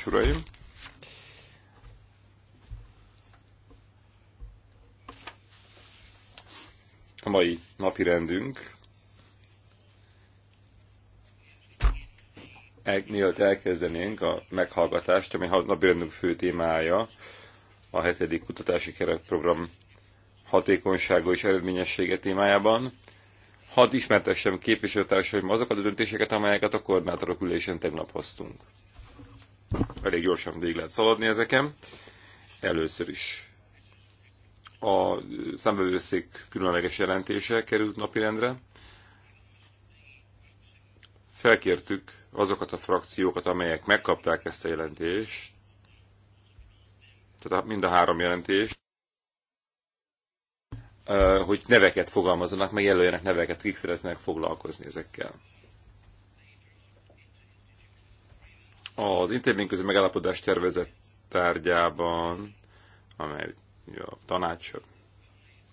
és uraim! A mai napi rendünk e, mielőtt elkezdenénk a meghallgatást, ami a napirendünk fő témája, a hetedik kutatási keretprogram hatékonysága és eredményessége témájában. Hadd ismertessem képviselőtársaim azokat a döntéseket, amelyeket a koordinátorok ülésen tegnap hoztunk elég gyorsan végig lehet szaladni ezeken. Először is a számvevőszék különleges jelentése került napirendre. Felkértük azokat a frakciókat, amelyek megkapták ezt a jelentést, tehát mind a három jelentést, hogy neveket fogalmazzanak, meg jelöljenek neveket, kik szeretnek foglalkozni ezekkel. Az intézményközi megállapodás tervezett tárgyában, amely a tanács, a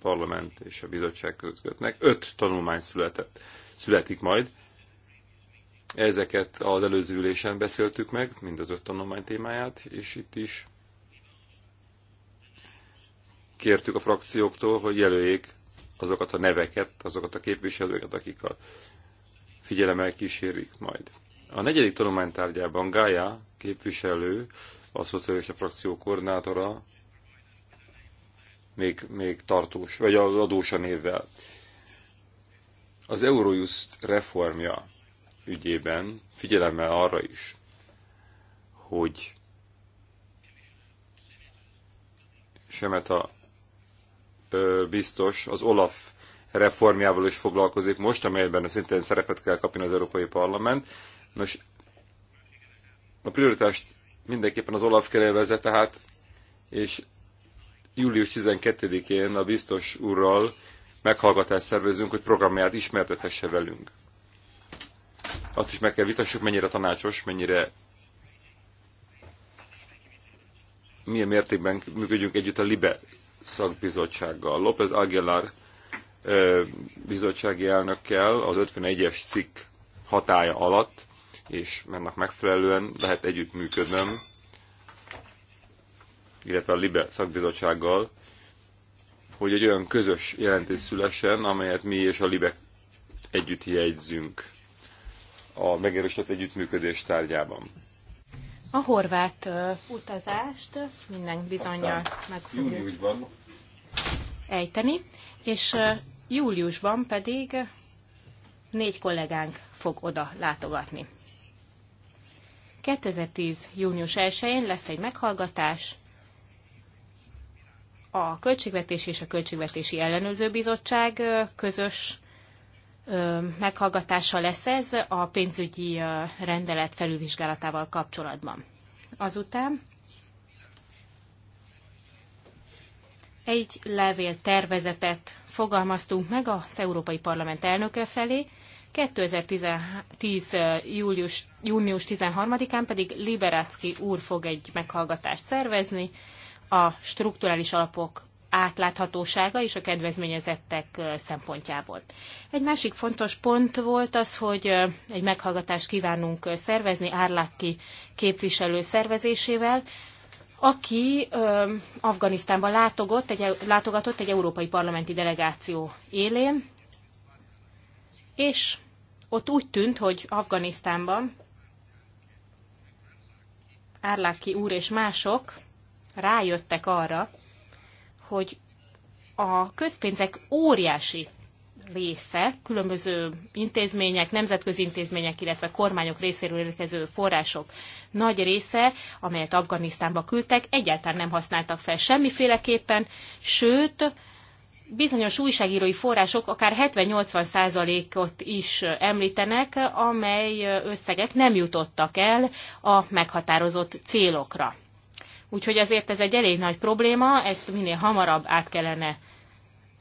parlament és a bizottság közgötnek, öt tanulmány született, születik majd. Ezeket az előző ülésen beszéltük meg, mind az öt tanulmány témáját, és itt is kértük a frakcióktól, hogy jelöljék azokat a neveket, azokat a képviselőket, akik a figyelemmel kísérik majd a negyedik tanulmánytárgyában Gája képviselő, a szocialista frakció koordinátora, még, még tartós, vagy az adósa névvel. Az Eurojust reformja ügyében figyelemmel arra is, hogy Semet a biztos az Olaf reformjával is foglalkozik most, amelyben szintén szerepet kell kapni az Európai Parlament, Nos, a prioritást mindenképpen az Olaf kell élvezze, tehát, és július 12-én a biztos úrral meghallgatást szervezünk, hogy programját ismertethesse velünk. Azt is meg kell vitassuk, mennyire tanácsos, mennyire milyen mértékben működjünk együtt a LIBE szakbizottsággal. López Aguilar bizottsági elnökkel az 51-es cikk hatája alatt és mennek megfelelően lehet együttműködnöm, illetve a LIBE szakbizottsággal, hogy egy olyan közös jelentés szülessen, amelyet mi és a LIBE együtt jegyzünk a megerősített együttműködés tárgyában. A horvát uh, utazást minden bizonyal meg fogjuk júliusban. ejteni, és uh, júliusban pedig négy kollégánk fog oda látogatni. 2010. június 1-én lesz egy meghallgatás a Költségvetés és a Költségvetési Ellenőrző Bizottság közös meghallgatása lesz ez a pénzügyi rendelet felülvizsgálatával kapcsolatban. Azután egy levél tervezetet fogalmaztunk meg az Európai Parlament elnöke felé, 2010. Július, június 13-án pedig Liberácki úr fog egy meghallgatást szervezni a strukturális alapok átláthatósága és a kedvezményezettek szempontjából. Egy másik fontos pont volt az, hogy egy meghallgatást kívánunk szervezni Árlákki képviselő szervezésével, aki ö, Afganisztánban látogott, egy, látogatott egy európai parlamenti delegáció élén, és ott úgy tűnt, hogy Afganisztánban Árláki úr és mások rájöttek arra, hogy a közpénzek óriási része, különböző intézmények, nemzetközi intézmények, illetve kormányok részéről érkező források nagy része, amelyet Afganisztánba küldtek, egyáltalán nem használtak fel semmiféleképpen, sőt, bizonyos újságírói források akár 70-80%-ot is említenek, amely összegek nem jutottak el a meghatározott célokra. Úgyhogy azért ez egy elég nagy probléma, ezt minél hamarabb át kellene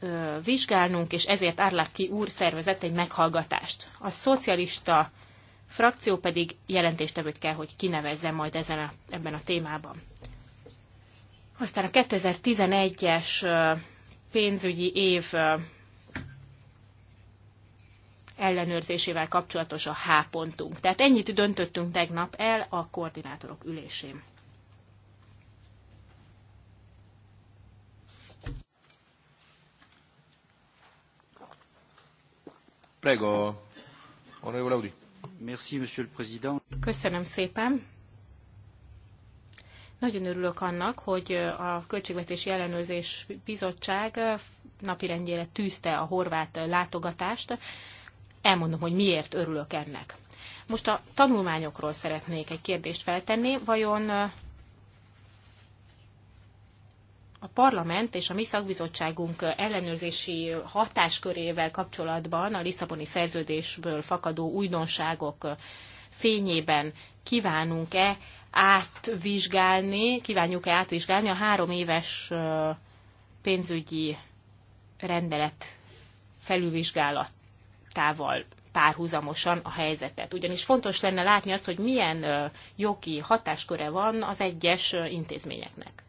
ö, vizsgálnunk, és ezért Árlaki úr szervezett egy meghallgatást. A szocialista frakció pedig jelentéstevőt kell, hogy kinevezzen majd ezen a, ebben a témában. Aztán a 2011-es pénzügyi év ellenőrzésével kapcsolatos a H pontunk. Tehát ennyit döntöttünk tegnap el a koordinátorok ülésén. Prego, onorevole Audi. Merci, monsieur le président. Köszönöm szépen. Nagyon örülök annak, hogy a Költségvetési Ellenőrzés Bizottság napirendjére tűzte a horvát látogatást. Elmondom, hogy miért örülök ennek. Most a tanulmányokról szeretnék egy kérdést feltenni. Vajon a parlament és a mi szakbizottságunk ellenőrzési hatáskörével kapcsolatban a Lisszaboni szerződésből fakadó újdonságok fényében kívánunk-e átvizsgálni, kívánjuk-e átvizsgálni a három éves pénzügyi rendelet felülvizsgálatával párhuzamosan a helyzetet. Ugyanis fontos lenne látni azt, hogy milyen jogi hatásköre van az egyes intézményeknek.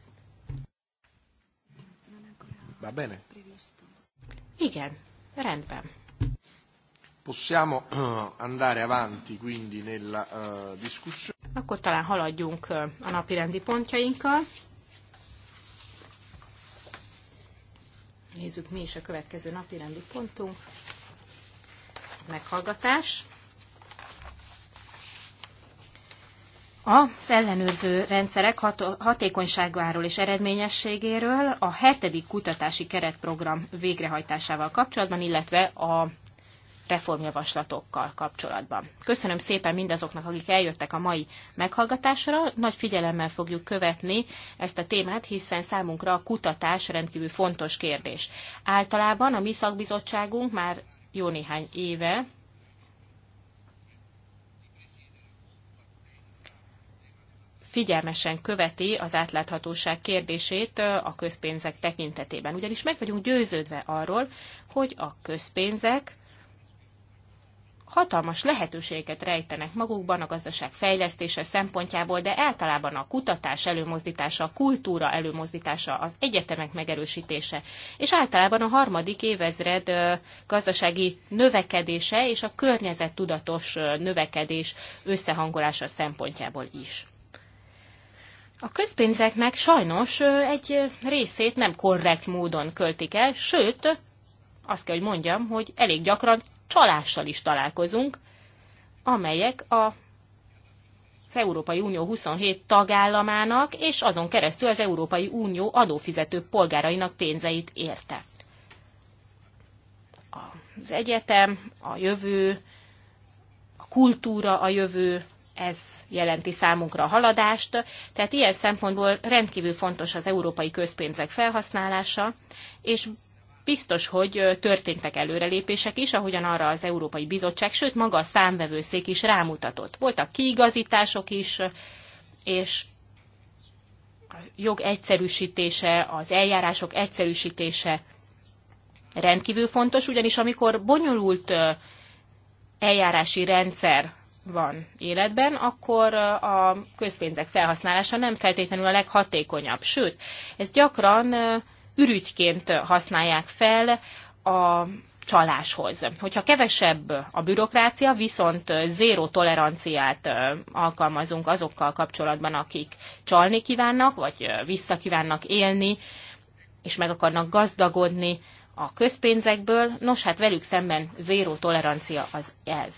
Igen, rendben. Possiamo eh, andare avanti quindi nella uh, discussione. Akkor talán haladjunk eh, a napi rendi pontjainkkal. Nézzük mi is a következő napi rendi pontunk. Meghallgatás. Az ellenőrző rendszerek hat hatékonyságáról és eredményességéről a hetedik kutatási keretprogram végrehajtásával kapcsolatban, illetve a reformjavaslatokkal kapcsolatban. Köszönöm szépen mindazoknak, akik eljöttek a mai meghallgatásra. Nagy figyelemmel fogjuk követni ezt a témát, hiszen számunkra a kutatás rendkívül fontos kérdés. Általában a mi szakbizottságunk már jó néhány éve figyelmesen követi az átláthatóság kérdését a közpénzek tekintetében. Ugyanis meg vagyunk győződve arról, hogy a közpénzek hatalmas lehetőségeket rejtenek magukban a gazdaság fejlesztése szempontjából, de általában a kutatás előmozdítása, a kultúra előmozdítása, az egyetemek megerősítése, és általában a harmadik évezred gazdasági növekedése és a környezet tudatos növekedés összehangolása szempontjából is. A közpénzeknek sajnos egy részét nem korrekt módon költik el, sőt, azt kell, hogy mondjam, hogy elég gyakran csalással is találkozunk, amelyek a az Európai Unió 27 tagállamának, és azon keresztül az Európai Unió adófizető polgárainak pénzeit érte. Az egyetem, a jövő, a kultúra a jövő, ez jelenti számunkra a haladást, tehát ilyen szempontból rendkívül fontos az európai közpénzek felhasználása, és biztos, hogy történtek előrelépések is, ahogyan arra az Európai Bizottság, sőt maga a számvevőszék is rámutatott. Voltak kiigazítások is, és a jog egyszerűsítése, az eljárások egyszerűsítése rendkívül fontos, ugyanis amikor bonyolult eljárási rendszer van életben, akkor a közpénzek felhasználása nem feltétlenül a leghatékonyabb. Sőt, ez gyakran ürügyként használják fel a csaláshoz. Hogyha kevesebb a bürokrácia, viszont zéró toleranciát alkalmazunk azokkal kapcsolatban, akik csalni kívánnak, vagy vissza kívánnak élni, és meg akarnak gazdagodni a közpénzekből, nos hát velük szemben zéró tolerancia az elv.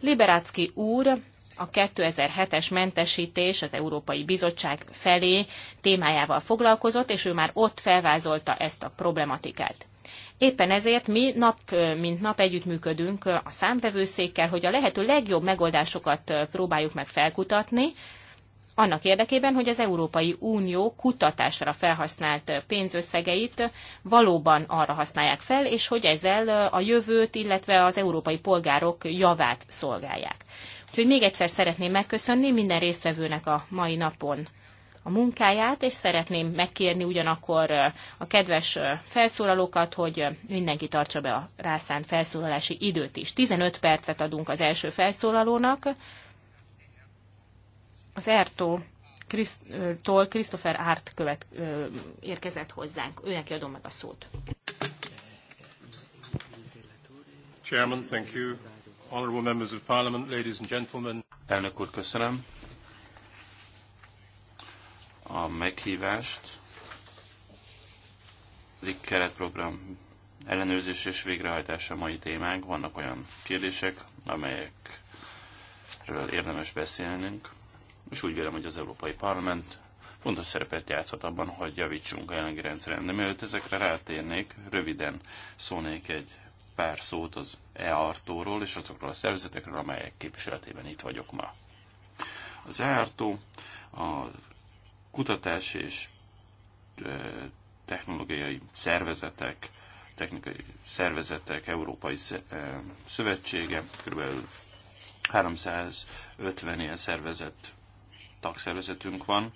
Liberácki úr a 2007-es mentesítés az Európai Bizottság felé témájával foglalkozott, és ő már ott felvázolta ezt a problematikát. Éppen ezért mi nap mint nap együttműködünk a számvevőszékkel, hogy a lehető legjobb megoldásokat próbáljuk meg felkutatni, annak érdekében, hogy az Európai Unió kutatásra felhasznált pénzösszegeit valóban arra használják fel, és hogy ezzel a jövőt, illetve az európai polgárok javát szolgálják. Úgyhogy még egyszer szeretném megköszönni minden résztvevőnek a mai napon a munkáját, és szeretném megkérni ugyanakkor a kedves felszólalókat, hogy mindenki tartsa be a rászánt felszólalási időt is. 15 percet adunk az első felszólalónak. Az Ertó tól Christopher Art követ, ö, érkezett hozzánk. Őnek adom meg a szót. Chairman, thank you. Honourable members of parliament, ladies and gentlemen. Elnök úr, köszönöm a meghívást. Lik keretprogram ellenőrzés és végrehajtása mai témánk. Vannak olyan kérdések, amelyekről érdemes beszélnünk, és úgy vélem, hogy az Európai Parlament fontos szerepet játszhat abban, hogy javítsunk a jelenlegi rendszeren. De mielőtt ezekre rátérnék, röviden szólnék egy pár szót az EARTO-ról és azokról a szervezetekről, amelyek képviseletében itt vagyok ma. Az EARTO a kutatás és technológiai szervezetek, technikai szervezetek Európai Szövetsége, kb. 350 ilyen szervezet, tagszervezetünk van.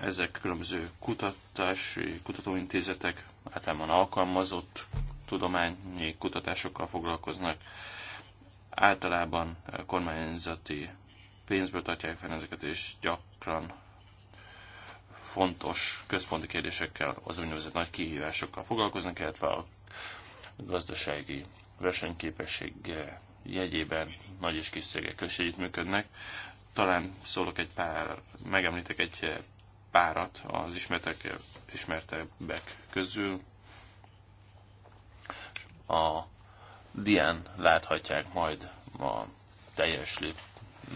Ezek különböző kutatási kutatóintézetek, általában alkalmazott tudományi kutatásokkal foglalkoznak, általában kormányzati pénzből tartják fel ezeket, és gyakran fontos központi kérdésekkel, az úgynevezett nagy kihívásokkal foglalkoznak, illetve a gazdasági versenyképesség jegyében nagy és kis cégekkel is együttműködnek. Talán szólok egy pár, megemlítek egy párat az ismertek, ismertebbek közül. A dián láthatják majd a teljes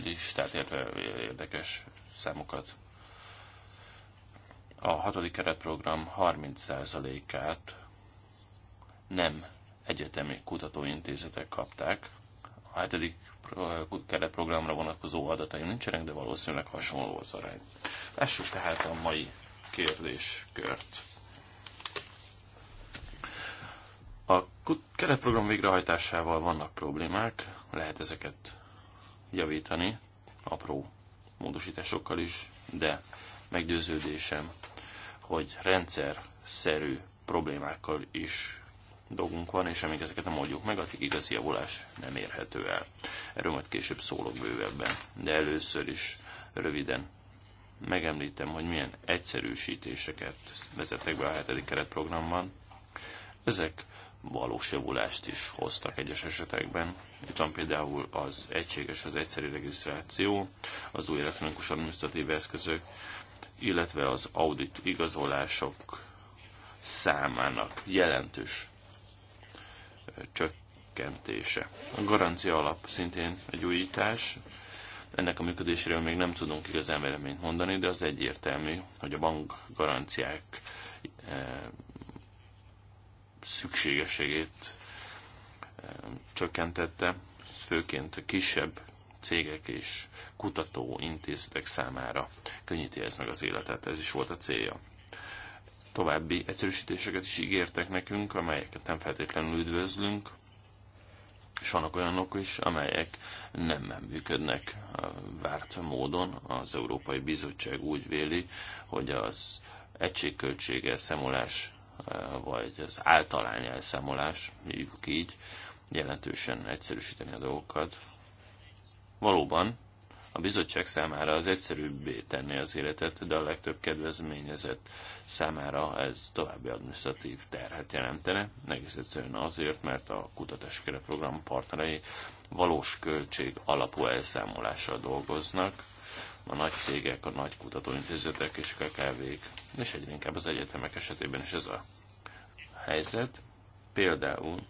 listát, illetve érdekes számokat. A hatodik keretprogram 30%-át nem egyetemi kutatóintézetek kapták. A hetedik keretprogramra vonatkozó adataim nincsenek, de valószínűleg hasonló az arány. Lássuk tehát a mai kérdéskört. A keretprogram végrehajtásával vannak problémák, lehet ezeket javítani, apró módosításokkal is, de meggyőződésem, hogy rendszer szerű problémákkal is dolgunk van, és amíg ezeket nem oldjuk meg, addig igazi javulás nem érhető el. Erről majd később szólok bővebben, de először is röviden megemlítem, hogy milyen egyszerűsítéseket vezetek be a 7. keretprogramban. Ezek valós javulást is hoztak egyes esetekben. Itt van például az egységes, az egyszerű regisztráció, az új elektronikus adminisztratív eszközök, illetve az audit igazolások számának jelentős csökkentése. A garancia alap szintén egy újítás, ennek a működéséről még nem tudunk igazán véleményt mondani, de az egyértelmű, hogy a bank garanciák szükségességét eh, csökkentette, főként a kisebb cégek és kutatóintézetek számára könnyíti ez meg az életet, ez is volt a célja. További egyszerűsítéseket is ígértek nekünk, amelyeket nem feltétlenül üdvözlünk, és vannak olyanok is, amelyek nem működnek várt módon. Az Európai Bizottság úgy véli, hogy az egységköltsége szemolás vagy az általány elszámolás, mondjuk így, jelentősen egyszerűsíteni a dolgokat. Valóban a bizottság számára az egyszerűbbé tenni az életet, de a legtöbb kedvezményezett számára ez további administratív terhet jelentene, egész egyszerűen azért, mert a kutatási program partnerei valós költség alapú elszámolással dolgoznak, a nagy cégek, a nagy kutatóintézetek és KKV-k, és egyre inkább az egyetemek esetében is ez a helyzet. Például,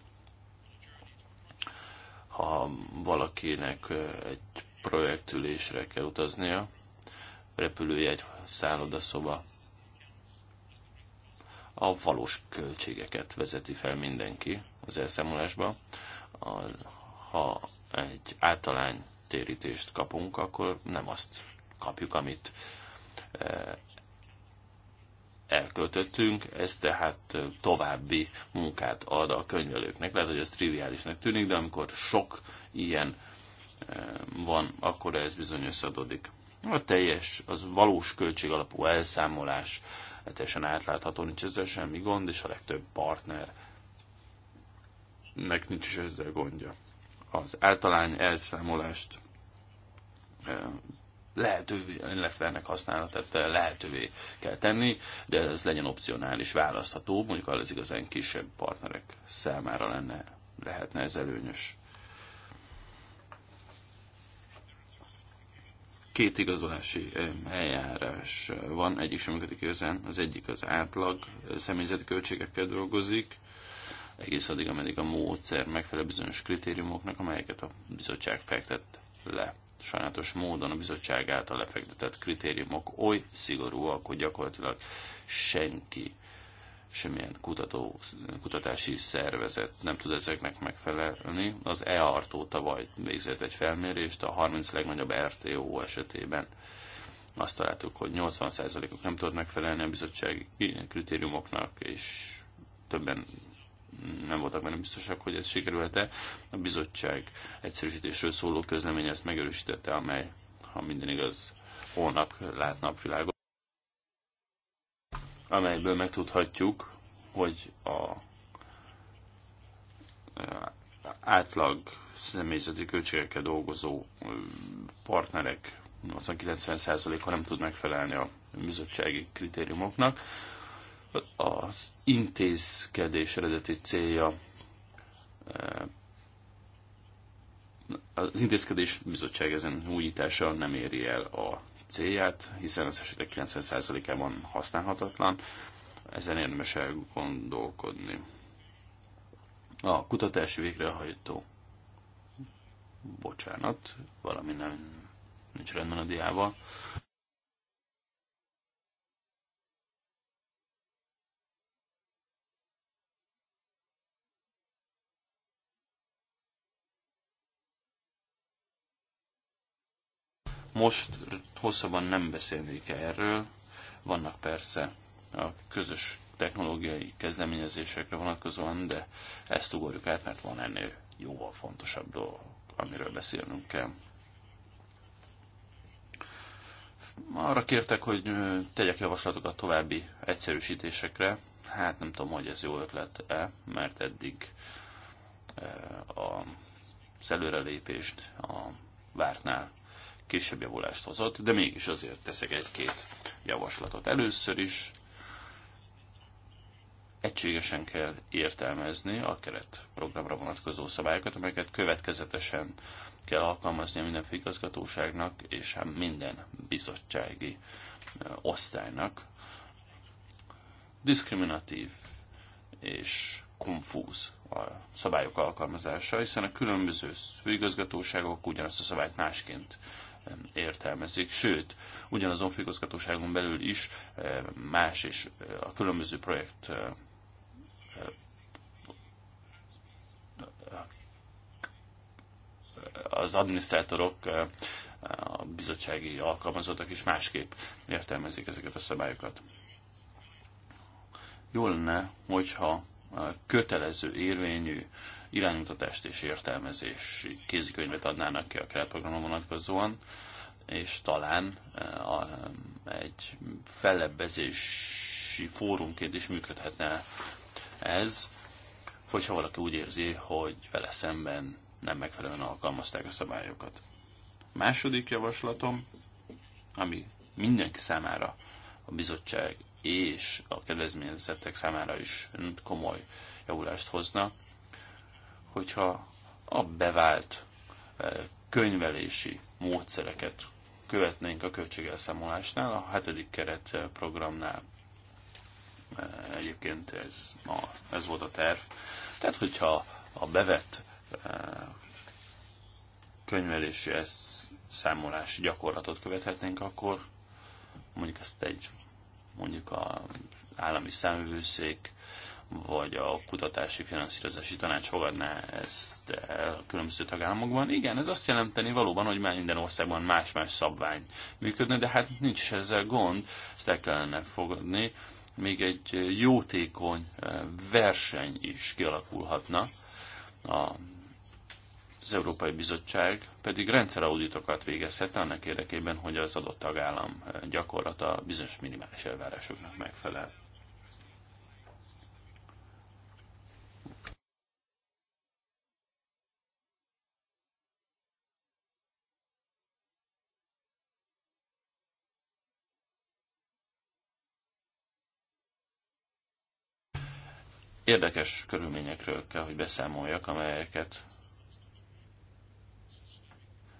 ha valakinek egy projektülésre kell utaznia, repülőjegy, szállodaszoba, a valós költségeket vezeti fel mindenki az elszámolásba. ha egy általány térítést kapunk, akkor nem azt kapjuk, amit eh, elköltöttünk, ez tehát eh, további munkát ad a könyvelőknek. Lehet, hogy ez triviálisnak tűnik, de amikor sok ilyen eh, van, akkor ez bizony összeadódik. A teljes, az valós költségalapú elszámolás hát teljesen átlátható, nincs ezzel semmi gond, és a legtöbb partnernek nincs is ezzel gondja. Az általány elszámolást lehetővé, illetve ennek használatát lehetővé kell tenni, de ez legyen opcionális, választható, mondjuk az igazán kisebb partnerek számára lenne, lehetne ez előnyös. Két igazolási eljárás van, egyik sem működik igazán, az egyik az átlag személyzeti költségekkel dolgozik, egész addig, ameddig a módszer megfelel bizonyos kritériumoknak, amelyeket a bizottság fektet le sajnálatos módon a bizottság által lefektetett kritériumok oly szigorúak, hogy gyakorlatilag senki, semmilyen kutató, kutatási szervezet nem tud ezeknek megfelelni. Az EARTO tavaly végzett egy felmérést a 30 legnagyobb RTO esetében. Azt találtuk, hogy 80%-uk nem tud megfelelni a bizottsági kritériumoknak, és többen nem voltak benne biztosak, hogy ez sikerülhet-e. A bizottság egyszerűsítésről szóló közleménye ezt megerősítette, amely, ha minden igaz, holnap lát napvilágot, amelyből megtudhatjuk, hogy a átlag személyzeti költségekkel dolgozó partnerek 80-90%-a nem tud megfelelni a bizottsági kritériumoknak az intézkedés eredeti célja eh, az intézkedés bizottság ezen újítása nem éri el a célját, hiszen az esetek 90%-ában használhatatlan, ezen érdemes elgondolkodni. A kutatási végrehajtó. Bocsánat, valami nem nincs rendben a diával. Most hosszabban nem beszélnék erről, vannak persze a közös technológiai kezdeményezésekre vonatkozóan, de ezt ugorjuk át, mert van ennél jóval fontosabb dolog, amiről beszélnünk kell. Arra kértek, hogy tegyek javaslatokat további egyszerűsítésekre. Hát nem tudom, hogy ez jó ötlet-e, mert eddig a előrelépést a vártnál kisebb javulást hozott, de mégis azért teszek egy-két javaslatot. Először is egységesen kell értelmezni a keretprogramra vonatkozó szabályokat, amelyeket következetesen kell alkalmazni minden igazgatóságnak és minden bizottsági osztálynak. Diszkriminatív és konfúz a szabályok alkalmazása, hiszen a különböző főigazgatóságok ugyanazt a szabályt másként értelmezik, sőt, ugyanazon főigazgatóságon belül is eh, más és eh, a különböző projekt eh, az adminisztrátorok, a bizottsági alkalmazottak is másképp értelmezik ezeket a szabályokat. Jó lenne, hogyha kötelező érvényű iránymutatást és értelmezési kézikönyvet adnának ki a CRED programra vonatkozóan, és talán eh, egy fellebbezési fórumként is működhetne ez, hogyha valaki úgy érzi, hogy vele szemben nem megfelelően alkalmazták a szabályokat. második javaslatom, ami mindenki számára a bizottság és a kedvezményezettek számára is komoly javulást hozna, hogyha a bevált eh, könyvelési módszereket követnénk a költségelszámolásnál, a hetedik keret eh, programnál. Eh, egyébként ez, a, ez volt a terv. Tehát, hogyha a bevett könyvelési számolási gyakorlatot követhetnénk, akkor mondjuk ezt egy mondjuk a állami szemvőszék, vagy a kutatási finanszírozási tanács fogadná ezt el a különböző tagállamokban. Igen, ez azt jelenteni valóban, hogy már minden országban más-más szabvány működne, de hát nincs is ezzel gond, ezt el kellene fogadni. Még egy jótékony eh, verseny is kialakulhatna a az Európai Bizottság pedig rendszerauditokat végezhetne annak érdekében, hogy az adott tagállam eh, gyakorlata bizonyos minimális elvárásoknak megfelel. Érdekes körülményekről kell, hogy beszámoljak, amelyeket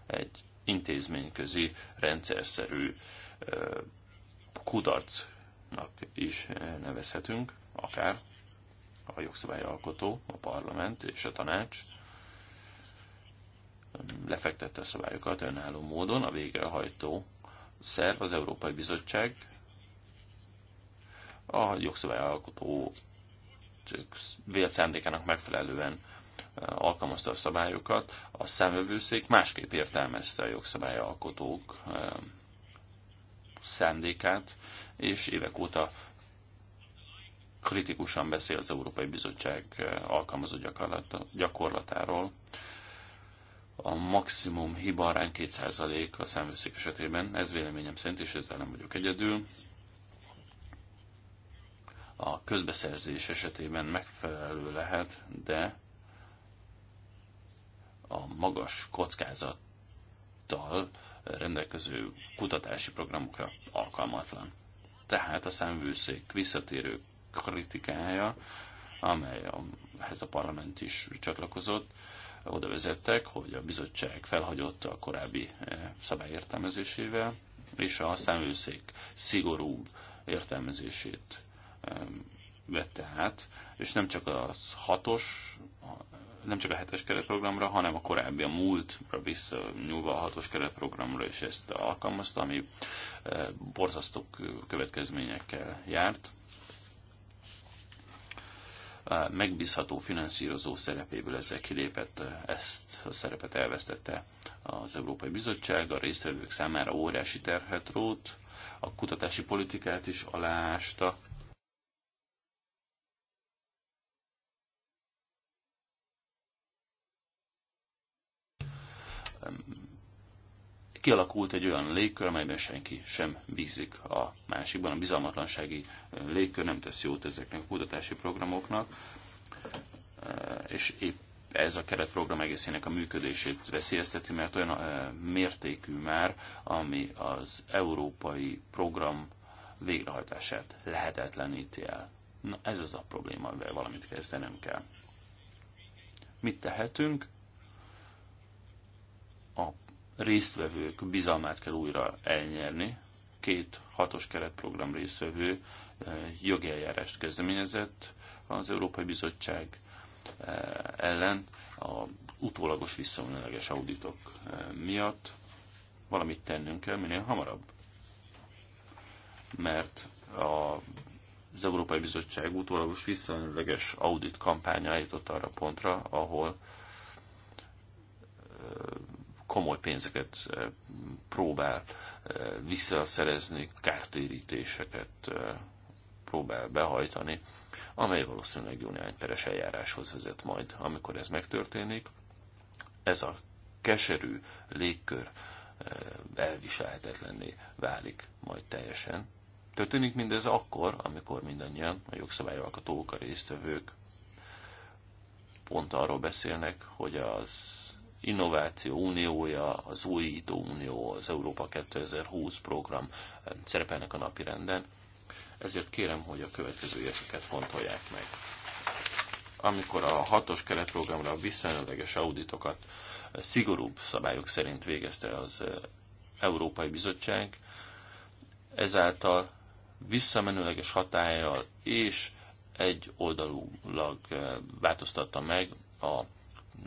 egy intézményközi, rendszerszerű kudarcnak is nevezhetünk, akár a jogszabályalkotó, a parlament és a tanács lefektette a szabályokat önálló módon, a végrehajtó szerv, az Európai Bizottság a jogszabályalkotó vélt szándékának megfelelően alkalmazta a szabályokat, a szemövőszék másképp értelmezte a jogszabályalkotók szándékát, és évek óta kritikusan beszél az Európai Bizottság alkalmazó gyakorlatáról. A maximum hiba arány 2% a számvőszék esetében, ez véleményem szerint, és ezzel nem vagyok egyedül. A közbeszerzés esetében megfelelő lehet, de a magas kockázattal rendelkező kutatási programokra alkalmatlan. Tehát a számvőszék visszatérő kritikája, amelyhez a parlament is csatlakozott, oda vezettek, hogy a bizottság felhagyott a korábbi eh, szabályértelmezésével, és a számvőszék szigorú értelmezését eh, vette át, és nem csak az hatos nem csak a hetes keretprogramra, hanem a korábbi, a múltra visszanyúlva a hatos keretprogramra is ezt alkalmazta, ami eh, borzasztó következményekkel járt. A eh, megbízható finanszírozó szerepéből ezzel kilépett, eh, ezt a szerepet elvesztette az Európai Bizottság, a résztvevők számára óriási terhet rót, a kutatási politikát is aláásta, kialakult egy olyan légkör, amelyben senki sem bízik a másikban. A bizalmatlansági légkör nem tesz jót ezeknek a kutatási programoknak, és épp ez a keretprogram egészének a működését veszélyezteti, mert olyan mértékű már, ami az európai program végrehajtását lehetetleníti el. Na ez az a probléma, amivel valamit kezdenünk kell. Mit tehetünk? a résztvevők bizalmát kell újra elnyerni. Két hatos keretprogram résztvevő eh, jogi eljárást kezdeményezett az Európai Bizottság eh, ellen a utólagos visszavonulagos auditok eh, miatt valamit tennünk kell minél hamarabb. Mert a az Európai Bizottság utólagos visszanőleges audit kampánya eljutott arra pontra, ahol komoly pénzeket próbál visszaszerezni, kártérítéseket próbál behajtani, amely valószínűleg jó néhány peres eljáráshoz vezet majd, amikor ez megtörténik. Ez a keserű légkör elviselhetetlenné válik majd teljesen. Történik mindez akkor, amikor mindannyian, a jogszabályalkotók, a résztvevők pont arról beszélnek, hogy az Innováció Uniója, az Újító Unió, az Európa 2020 program szerepelnek a napi renden. Ezért kérem, hogy a következő éveket fontolják meg. Amikor a hatos keretprogramra viszonylages auditokat eh, szigorúbb szabályok szerint végezte az eh, Európai Bizottság, ezáltal visszamenőleges hatállyal és egy oldalulag eh, változtatta meg a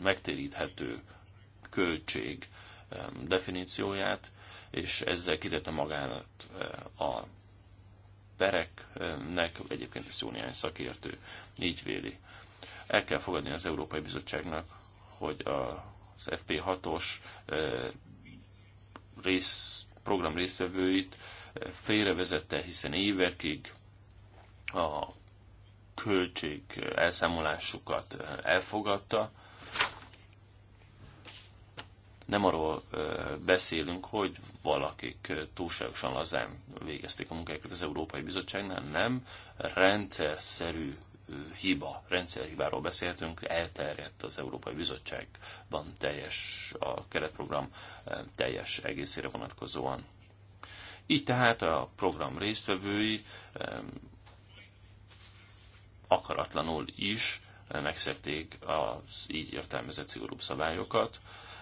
megtéríthető költség definícióját, és ezzel kitette magát eh, a pereknek, egyébként ezt jó néhány szakértő így véli. El kell fogadni az Európai Bizottságnak, hogy az FP6-os eh, rész, program résztvevőit eh, félrevezette, hiszen évekig a költség elszámolásukat elfogadta, nem arról beszélünk, hogy valakik túlságosan lazán végezték a munkájukat az Európai Bizottságnál, nem. Rendszer szerű hiba, rendszerhibáról beszéltünk, elterjedt az Európai Bizottságban teljes, a keretprogram teljes egészére vonatkozóan. Így tehát a program résztvevői akaratlanul is megszerték az így értelmezett szigorúbb szabályokat,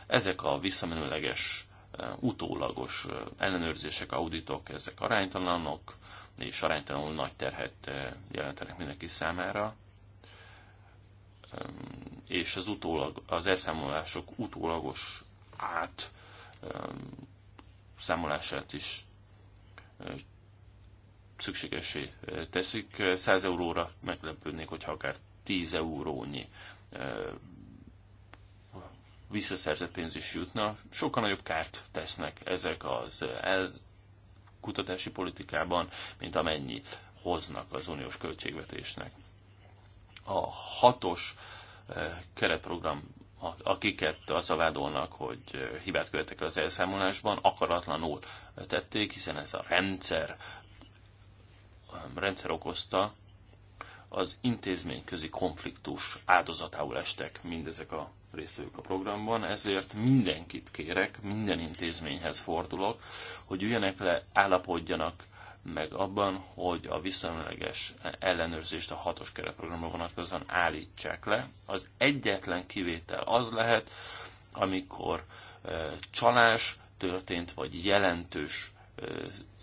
ezek a visszamenőleges, e, utólagos e, ellenőrzések, auditok, ezek aránytalanok, és aránytalanul nagy terhet e, jelentenek mindenki számára, és az, utólag, az elszámolások utólagos át számolását is szükségesé teszik. 100 euróra meglepődnék, hogyha akár 10 eurónyi visszaszerzett pénz is jutna, sokkal nagyobb kárt tesznek ezek az elkutatási politikában, mint amennyit hoznak az uniós költségvetésnek. A hatos eh, keretprogram, akiket a vádolnak, hogy eh, hibát követtek el az elszámolásban, akaratlanul tették, hiszen ez a rendszer, eh, rendszer okozta, az intézményközi konfliktus áldozatául estek mindezek a résztvevők a programban, ezért mindenkit kérek, minden intézményhez fordulok, hogy üljenek le, állapodjanak meg abban, hogy a viszonylagos ellenőrzést a hatos keretprogramra vonatkozóan állítsák le. Az egyetlen kivétel az lehet, amikor csalás történt, vagy jelentős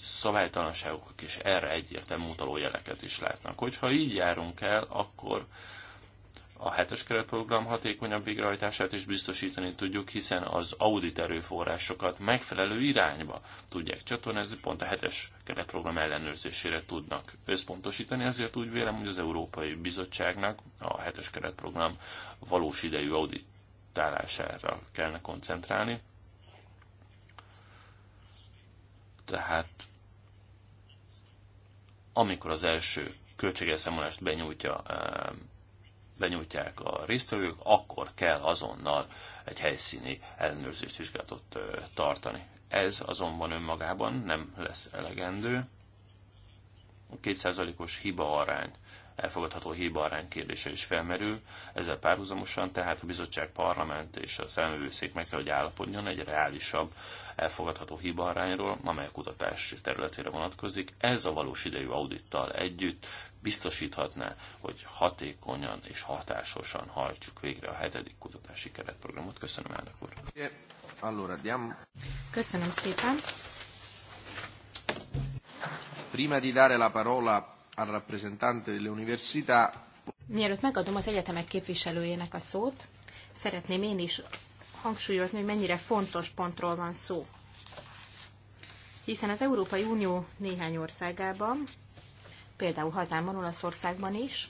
szabálytalanságok és erre egyértelmű utaló jeleket is látnak. Hogyha így járunk el, akkor a hetes keretprogram hatékonyabb végrehajtását is biztosítani tudjuk, hiszen az audit erőforrásokat megfelelő irányba tudják csatornázni, pont a hetes keretprogram ellenőrzésére tudnak összpontosítani, ezért úgy vélem, hogy az Európai Bizottságnak a hetes keretprogram valós idejű auditálására kellene koncentrálni, Tehát amikor az első költségelszámolást benyújtja, benyújtják a résztvevők, akkor kell azonnal egy helyszíni ellenőrzést vizsgálatot tartani. Ez azonban önmagában nem lesz elegendő. A kétszázalékos hiba arány elfogadható hibaarány kérdése is felmerül. Ezzel párhuzamosan tehát a bizottság, parlament és a szemlővőszék meg kell, hogy állapodjon egy reálisabb elfogadható hibaarányról, amely a kutatás területére vonatkozik. Ez a valós idejű audittal együtt biztosíthatná, hogy hatékonyan és hatásosan hajtsuk végre a hetedik kutatási keretprogramot. Köszönöm, elnök úr! Köszönöm szépen! Prima di dare la parola al rappresentante delle università. Mielőtt megadom az egyetemek képviselőjének a szót, szeretném én is hangsúlyozni, hogy mennyire fontos pontról van szó. Hiszen az Európai Unió néhány országában, például hazámban, Olaszországban is,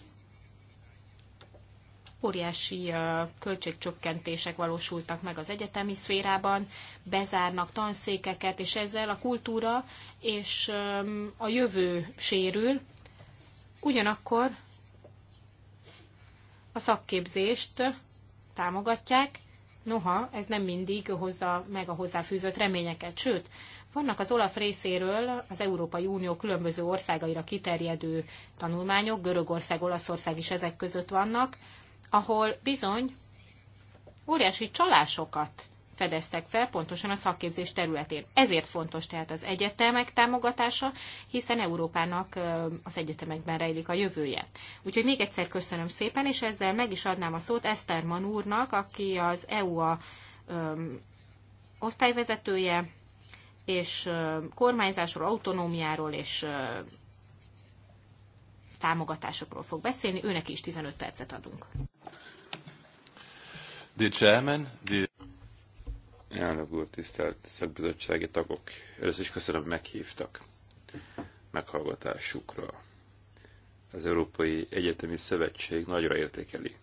óriási költségcsökkentések valósultak meg az egyetemi szférában, bezárnak tanszékeket, és ezzel a kultúra és a jövő sérül, Ugyanakkor a szakképzést támogatják, noha ez nem mindig hozza meg a hozzáfűzött reményeket, sőt, vannak az Olaf részéről az Európai Unió különböző országaira kiterjedő tanulmányok, Görögország, Olaszország is ezek között vannak, ahol bizony óriási csalásokat fedeztek fel, pontosan a szakképzés területén. Ezért fontos tehát az egyetemek támogatása, hiszen Európának az egyetemekben rejlik a jövője. Úgyhogy még egyszer köszönöm szépen, és ezzel meg is adnám a szót Eszter Manúrnak, aki az EU a osztályvezetője, és kormányzásról, autonómiáról és támogatásokról fog beszélni. Őnek is 15 percet adunk. The chairman, the... Elnök úr, tisztelt szakbizottsági tagok! Először is köszönöm, hogy meghívtak meghallgatásukra. Az Európai Egyetemi Szövetség nagyra értékeli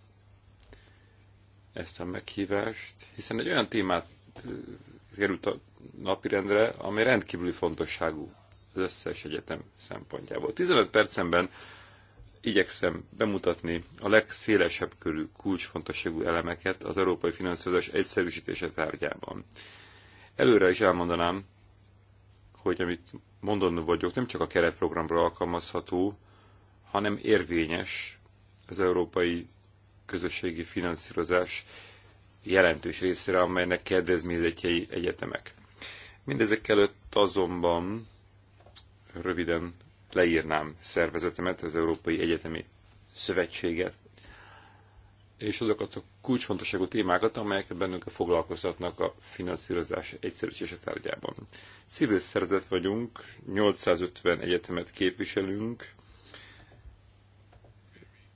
ezt a meghívást, hiszen egy olyan témát eh, került a napirendre, ami rendkívüli fontosságú az összes egyetem szempontjából. 15 percenben igyekszem bemutatni a legszélesebb körű kulcsfontosságú elemeket az európai finanszírozás egyszerűsítése tárgyában. Előre is elmondanám, hogy amit mondanú vagyok, nem csak a keretprogramra alkalmazható, hanem érvényes az európai közösségi finanszírozás jelentős részére, amelynek kedvezményezetjei egyetemek. Mindezek előtt azonban röviden leírnám szervezetemet, az Európai Egyetemi Szövetséget, és azokat a kulcsfontosságú témákat, amelyek bennünket foglalkoztatnak a finanszírozás egyszerűsése tárgyában. Civil szerzet vagyunk, 850 egyetemet képviselünk,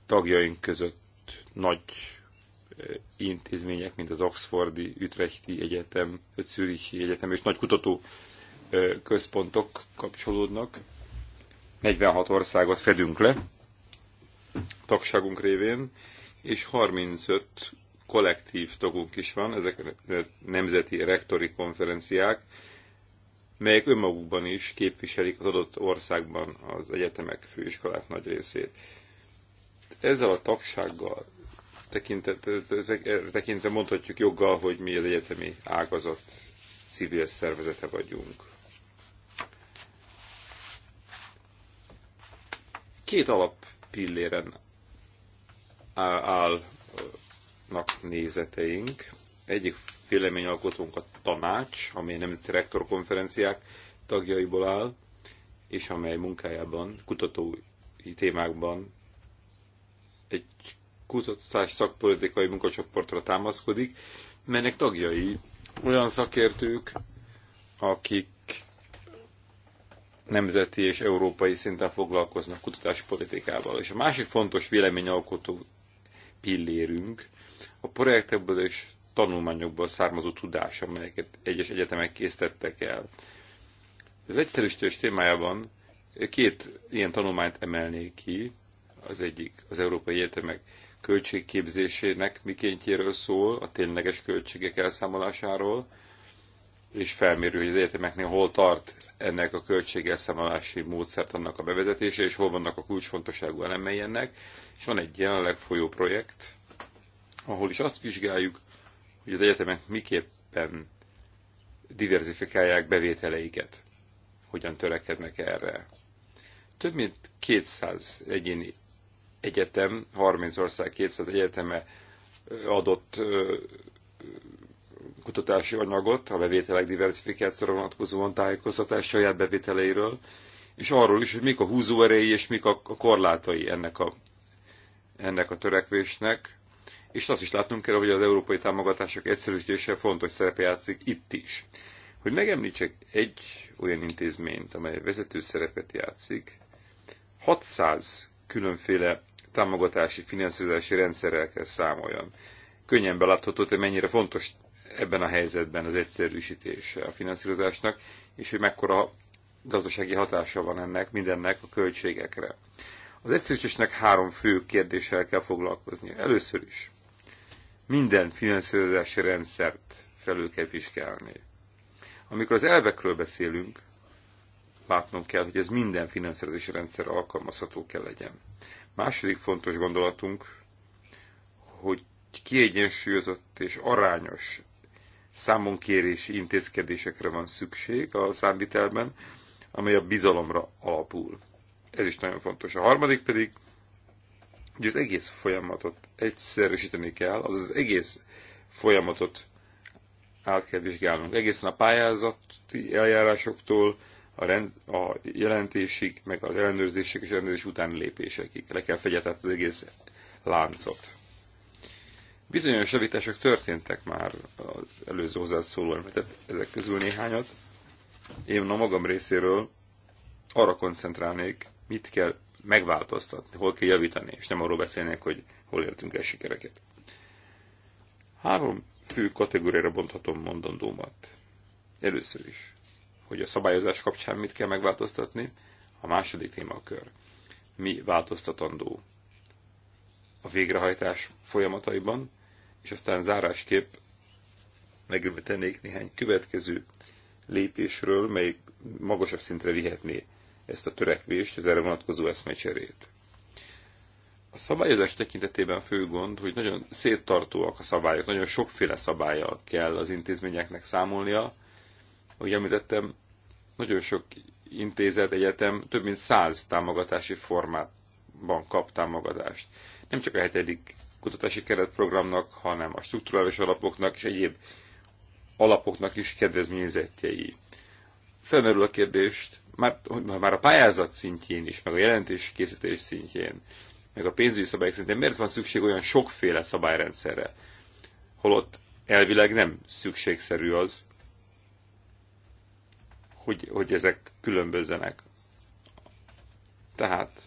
tagjaink között nagy eh, intézmények, mint az Oxfordi, Utrechti Egyetem, a Zürichi Egyetem és nagy kutató eh, központok kapcsolódnak 46 országot fedünk le tagságunk révén, és 35 kollektív tagunk is van, ezek nemzeti rektori konferenciák, melyek önmagukban is képviselik az adott országban az egyetemek, főiskolák nagy részét. Ezzel a tagsággal tekintve mondhatjuk joggal, hogy mi az egyetemi ágazat civil szervezete vagyunk. Két alap pilléren állnak nézeteink. Egyik véleményalkotónk a tanács, amely a Nemzeti tagjaiból áll, és amely munkájában, kutatói témákban egy kutatás szakpolitikai munkacsoportra támaszkodik, melynek tagjai olyan szakértők, akik nemzeti és európai szinten foglalkoznak kutatási politikával. És a másik fontos véleményalkotó pillérünk a projektekből és tanulmányokból származó tudás, amelyeket egyes egyetemek készítettek el. Az egyszerűsítés témájában két ilyen tanulmányt emelnék ki, az egyik az Európai Egyetemek költségképzésének mikéntjéről szól, a tényleges költségek elszámolásáról, és felmérő, hogy az egyetemeknél hol tart ennek a költségelszámolási módszert annak a bevezetése, és hol vannak a kulcsfontosságú elemei ennek. És van egy jelenleg folyó projekt, ahol is azt vizsgáljuk, hogy az egyetemek miképpen diverzifikálják bevételeiket, hogyan törekednek erre. Több mint 200 egyéni egyetem, 30 ország 200 egyeteme adott kutatási anyagot a bevételek diversifikációra vonatkozóan tájékoztatás saját bevételeiről, és arról is, hogy mik a húzóerei és mik a korlátai ennek a, ennek a törekvésnek, és azt is látnunk kell, hogy az európai támogatások egyszerűsítése fontos szerepe játszik itt is. Hogy megemlítsek egy olyan intézményt, amely vezető szerepet játszik, 600 különféle támogatási finanszírozási rendszerrel kell számoljon. Könnyen belátható, hogy mennyire fontos ebben a helyzetben az egyszerűsítés a finanszírozásnak, és hogy mekkora gazdasági hatása van ennek, mindennek a költségekre. Az egyszerűsítésnek három fő kérdéssel kell foglalkozni. Először is minden finanszírozási rendszert felül kell vizsgálni. Amikor az elvekről beszélünk, látnom kell, hogy ez minden finanszírozási rendszer alkalmazható kell legyen. Második fontos gondolatunk, hogy kiegyensúlyozott és arányos számonkérési intézkedésekre van szükség a számvitelben, amely a bizalomra alapul. Ez is nagyon fontos. A harmadik pedig, hogy az egész folyamatot egyszerűsíteni kell, azaz az egész folyamatot át kell vizsgálnunk. Egészen a pályázati eljárásoktól, a, rend, a jelentésig, meg a ellenőrzések és rendezés után lépésekig. Le kell fegyetet az egész láncot. Bizonyos javítások történtek már az előző hozzászóló említett ezek közül néhányat. Én a magam részéről arra koncentrálnék, mit kell megváltoztatni, hol kell javítani, és nem arról beszélnék, hogy hol értünk el sikereket. Három fő kategóriára bonthatom mondandómat. Először is, hogy a szabályozás kapcsán mit kell megváltoztatni, a második témakör. Mi változtatandó a végrehajtás folyamataiban, és aztán zárásképp megrövetenék néhány következő lépésről, mely magasabb szintre vihetné ezt a törekvést, az erre vonatkozó eszmecserét. A szabályozás tekintetében fő gond, hogy nagyon széttartóak a szabályok, nagyon sokféle szabályjal kell az intézményeknek számolnia. Ahogy említettem, nagyon sok intézet, egyetem több mint száz támogatási formában kap támogatást nem csak a hetedik kutatási keretprogramnak, hanem a struktúrális alapoknak és egyéb alapoknak is kedvezményezettjei. Felmerül a kérdést, már, már a pályázat szintjén is, meg a jelentés készítés szintjén, meg a pénzügyi szabályok szintjén, miért van szükség olyan sokféle szabályrendszerre? Holott elvileg nem szükségszerű az, hogy, hogy ezek különbözzenek. Tehát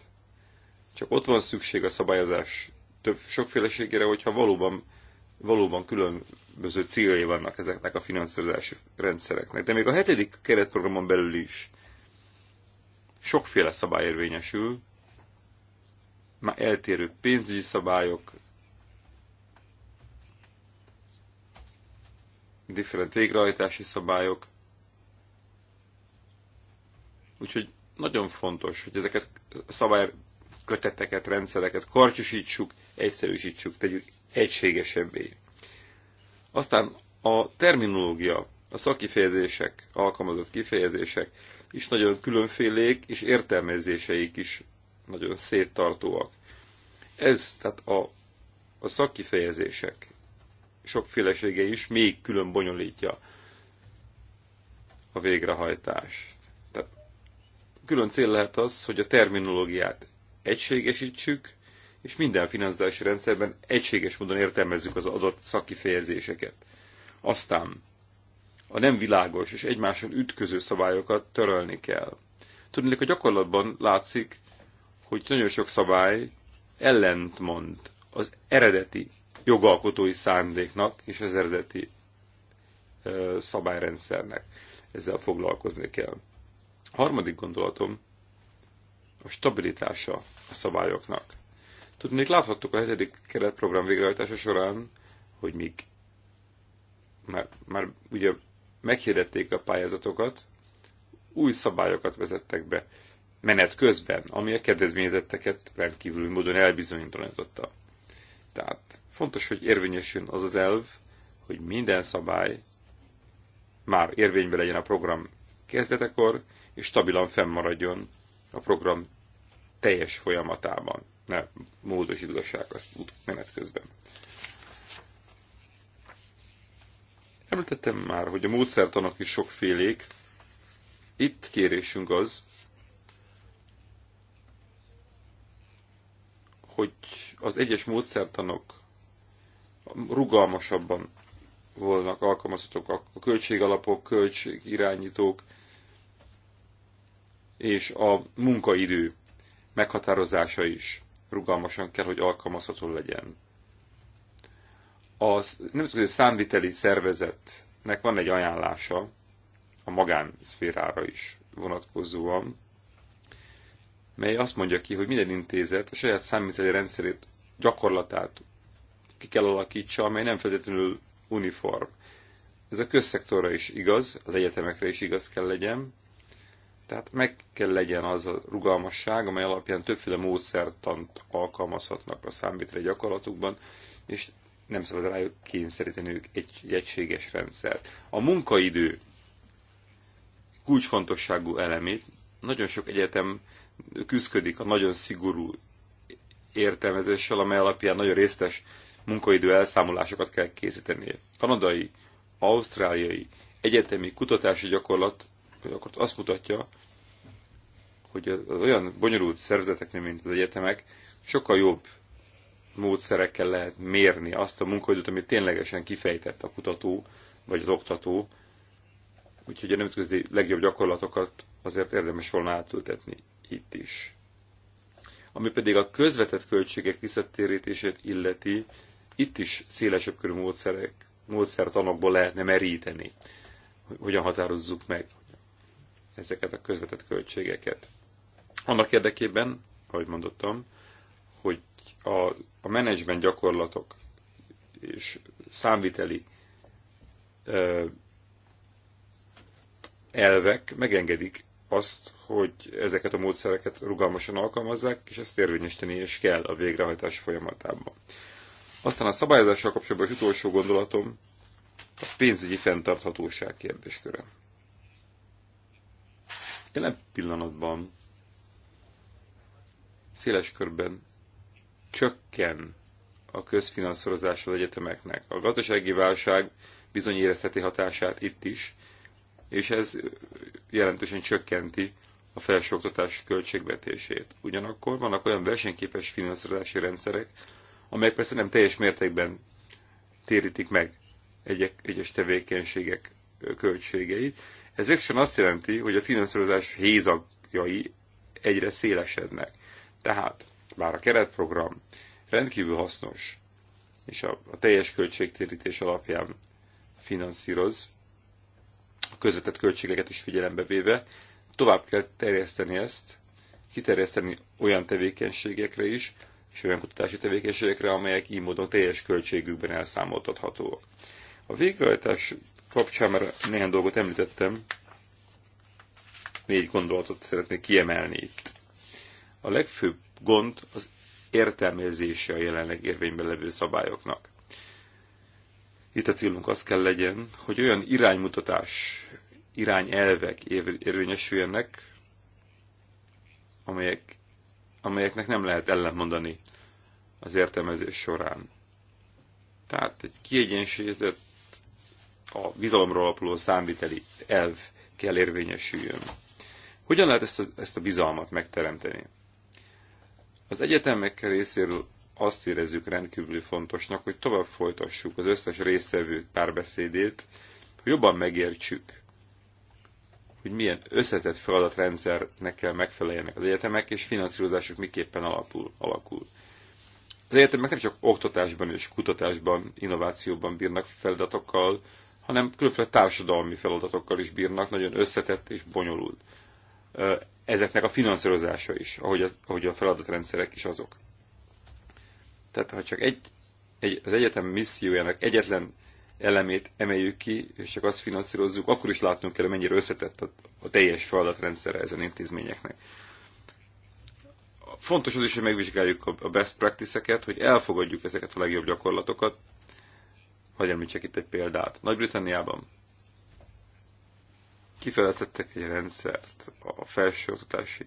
csak ott van szükség a szabályozás több sokféleségére, hogyha valóban, valóban különböző céljai vannak ezeknek a finanszírozási rendszereknek. De még a hetedik keretprogramon belül is sokféle szabály érvényesül, már eltérő pénzügyi szabályok, different végrehajtási szabályok. Úgyhogy nagyon fontos, hogy ezeket a szabály köteteket, rendszereket karcsúsítsuk, egyszerűsítsük, tegyük egységesebbé. Aztán a terminológia, a szakifejezések, alkalmazott kifejezések is nagyon különfélék, és értelmezéseik is nagyon széttartóak. Ez, tehát a, a szakifejezések sokfélesége is még külön bonyolítja a végrehajtást. Tehát külön cél lehet az, hogy a terminológiát egységesítsük, és minden finanszírozási rendszerben egységes módon értelmezzük az adott szakifejezéseket. Aztán a nem világos és egymáson ütköző szabályokat törölni kell. Tudni, hogy gyakorlatban látszik, hogy nagyon sok szabály ellentmond az eredeti jogalkotói szándéknak és az eredeti szabályrendszernek. Ezzel foglalkozni kell. A harmadik gondolatom, a stabilitása a szabályoknak. Tudnék, láthattuk a hetedik keretprogram végrehajtása során, hogy míg már, már ugye meghirdették a pályázatokat, új szabályokat vezettek be menet közben, ami a kedvezményezetteket rendkívül módon elbizonyította. Tehát fontos, hogy érvényesüljön az az elv, hogy minden szabály már érvényben legyen a program kezdetekor, és stabilan fennmaradjon a program teljes folyamatában, ne módosítgassák azt menet közben. Említettem már, hogy a módszertanok is sokfélék. Itt kérésünk az, hogy az egyes módszertanok rugalmasabban volnak alkalmazhatók a költségalapok, költségirányítók, és a munkaidő meghatározása is rugalmasan kell, hogy alkalmazható legyen. A nemzetközi számviteli szervezetnek van egy ajánlása a magánszférára is vonatkozóan, mely azt mondja ki, hogy minden intézet a saját számviteli rendszerét, gyakorlatát ki kell alakítsa, amely nem feltétlenül uniform. Ez a közszektorra is igaz, az egyetemekre is igaz kell legyen, tehát meg kell legyen az a rugalmasság, amely alapján többféle módszertant alkalmazhatnak a számítre gyakorlatukban, és nem szabad rájuk kényszeríteni ők egy, egy egységes rendszert. A munkaidő kulcsfontosságú elemét nagyon sok egyetem küzdik a nagyon szigorú értelmezéssel, amely alapján nagyon résztes munkaidő elszámolásokat kell készíteni. Kanadai, ausztráliai egyetemi kutatási gyakorlat akkor azt mutatja, hogy az olyan bonyolult szervezeteknél, mint az egyetemek, sokkal jobb módszerekkel lehet mérni azt a munkahogyot, amit ténylegesen kifejtett a kutató, vagy az oktató. Úgyhogy a nemzetközi legjobb gyakorlatokat azért érdemes volna átültetni itt is. Ami pedig a közvetett költségek visszatérítését illeti, itt is szélesebb körű módszerek, módszertanokból lehetne meríteni, hogy hogyan határozzuk meg ezeket a közvetett költségeket. Annak érdekében, ahogy mondottam, hogy a, a menedzsment gyakorlatok és számviteli ö, elvek megengedik azt, hogy ezeket a módszereket rugalmasan alkalmazzák, és ezt érvényesíteni is kell a végrehajtás folyamatában. Aztán a szabályozással kapcsolatban az utolsó gondolatom a pénzügyi fenntarthatóság kérdésköre. Jelen pillanatban széles körben csökken a közfinanszírozás az egyetemeknek. A gazdasági válság bizony érezheti hatását itt is, és ez jelentősen csökkenti a felsőoktatás költségvetését. Ugyanakkor vannak olyan versenyképes finanszírozási rendszerek, amelyek persze nem teljes mértékben térítik meg egyek, egyes tevékenységek költségeit. Ez végsősorban azt jelenti, hogy a finanszírozás hézagjai egyre szélesednek. Tehát, bár a keretprogram rendkívül hasznos, és a, a teljes költségtérítés alapján finanszíroz, a közvetett költségeket is figyelembe véve, tovább kell terjeszteni ezt, kiterjeszteni olyan tevékenységekre is, és olyan kutatási tevékenységekre, amelyek így módon teljes költségükben elszámoltathatóak. A végrehajtás kapcsán már néhány dolgot említettem, négy gondolatot szeretnék kiemelni itt. A legfőbb gond az értelmezése a jelenleg érvényben levő szabályoknak. Itt a célunk az kell legyen, hogy olyan iránymutatás, irányelvek érvényesüljenek, amelyek, amelyeknek nem lehet ellentmondani az értelmezés során. Tehát egy kiegyensúlyozott a bizalomról alapuló számviteli elv kell érvényesüljön. Hogyan lehet ezt a, ezt a bizalmat megteremteni? Az egyetemek részéről azt érezzük rendkívül fontosnak, hogy tovább folytassuk az összes részvevő párbeszédét, hogy jobban megértsük, hogy milyen összetett feladatrendszernek kell megfeleljenek az egyetemek, és finanszírozásuk miképpen alapul, alakul. Az egyetemek nem csak oktatásban és kutatásban, innovációban bírnak feladatokkal, hanem különféle társadalmi feladatokkal is bírnak, nagyon összetett és bonyolult ezeknek a finanszírozása is, ahogy a, ahogy a feladatrendszerek is azok. Tehát ha csak egy, egy, az egyetem missziójának egyetlen elemét emeljük ki, és csak azt finanszírozzuk, akkor is látnunk kell, mennyire összetett a, a teljes feladatrendszere ezen intézményeknek. Fontos az is, hogy megvizsgáljuk a best practice-eket, hogy elfogadjuk ezeket a legjobb gyakorlatokat. Hagyj csak itt egy példát. Nagy-Britanniában kifejlesztettek egy rendszert a felsőoktatási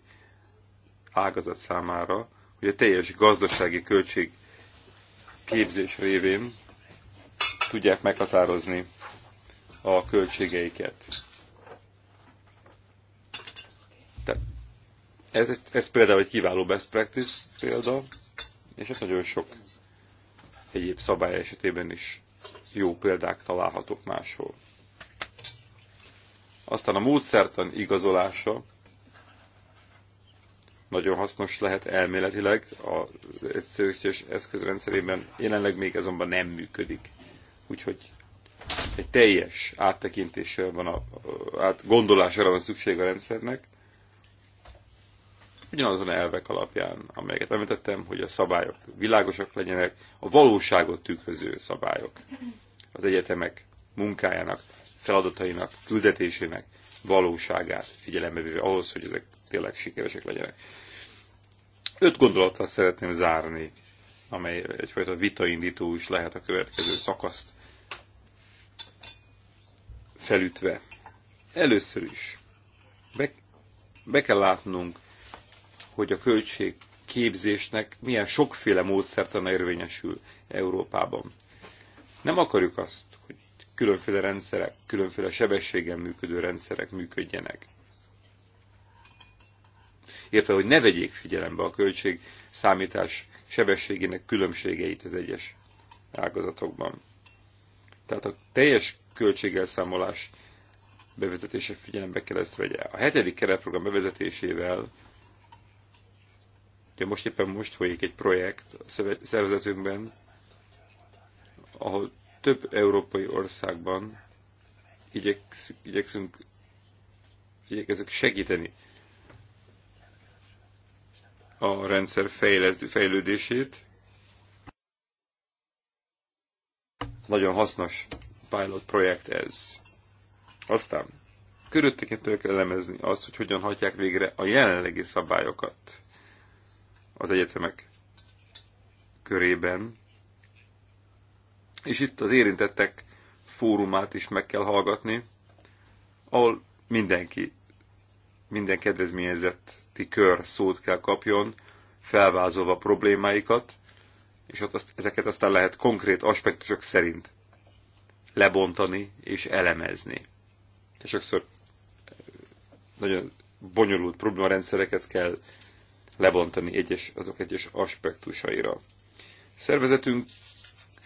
ágazat számára, hogy a teljes gazdasági költség képzés révén tudják meghatározni a költségeiket. Tehát ez, ez, ez például egy kiváló best practice példa, és ez nagyon sok egyéb szabály esetében is jó példák találhatók máshol. Aztán a módszertan igazolása nagyon hasznos lehet elméletileg az egyszerűsítés eszközrendszerében, jelenleg még azonban nem működik. Úgyhogy egy teljes áttekintésre van, a, át gondolásra van szükség a rendszernek, ugyanazon elvek alapján, amelyeket említettem, hogy a szabályok világosak legyenek, a valóságot tükröző szabályok az egyetemek munkájának feladatainak, küldetésének valóságát figyelembe véve ahhoz, hogy ezek tényleg sikeresek legyenek. Öt gondolattal szeretném zárni, amely egyfajta vitaindító is lehet a következő szakaszt felütve. Először is be, be kell látnunk, hogy a költség képzésnek milyen sokféle módszertan érvényesül Európában. Nem akarjuk azt, hogy különféle rendszerek, különféle sebességgel működő rendszerek működjenek. Értve, hogy ne vegyék figyelembe a költség számítás sebességének különbségeit az egyes ágazatokban. Tehát a teljes költségelszámolás bevezetése figyelembe kell ezt vegye. A hetedik keretprogram bevezetésével, ugye most éppen most folyik egy projekt a szervezetünkben, ahol több európai országban igyeksz, igyekszünk, igyekezünk segíteni a rendszer fejlet, fejlődését. Nagyon hasznos pilot projekt ez. Aztán körültekintően kell elemezni azt, hogy hogyan hagyják végre a jelenlegi szabályokat az egyetemek körében, és itt az érintettek fórumát is meg kell hallgatni, ahol mindenki, minden kedvezményezetti kör szót kell kapjon, felvázolva problémáikat, és ott azt, ezeket aztán lehet konkrét aspektusok szerint lebontani és elemezni. És sokszor eh, nagyon bonyolult problémarendszereket kell lebontani egyes, azok egyes aspektusaira. Szervezetünk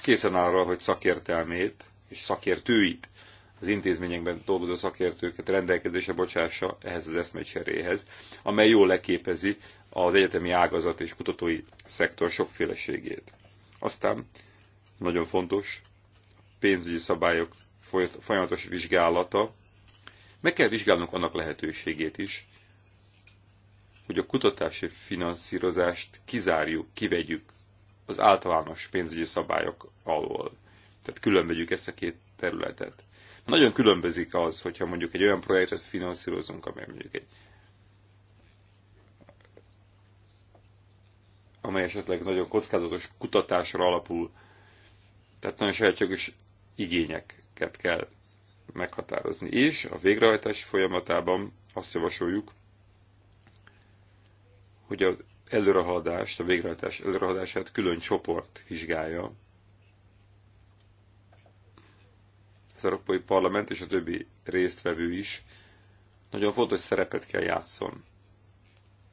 készen arra, hogy szakértelmét és szakértőit, az intézményekben dolgozó szakértőket rendelkezésre bocsássa ehhez az eszmecseréhez, amely jól leképezi az egyetemi ágazat és kutatói szektor sokféleségét. Aztán nagyon fontos pénzügyi szabályok folyamatos vizsgálata. Meg kell vizsgálnunk annak lehetőségét is, hogy a kutatási finanszírozást kizárjuk, kivegyük az általános pénzügyi szabályok alól. Tehát különbözjük ezt a két területet. Nagyon különbözik az, hogyha mondjuk egy olyan projektet finanszírozunk, amely mondjuk egy amely esetleg nagyon kockázatos kutatásra alapul, tehát nagyon sajátságos igényeket kell meghatározni. És a végrehajtás folyamatában azt javasoljuk, hogy az előrehaladást, a végrehajtás előrehaladását külön csoport vizsgálja. Az Európai Parlament és a többi résztvevő is nagyon fontos szerepet kell játszon.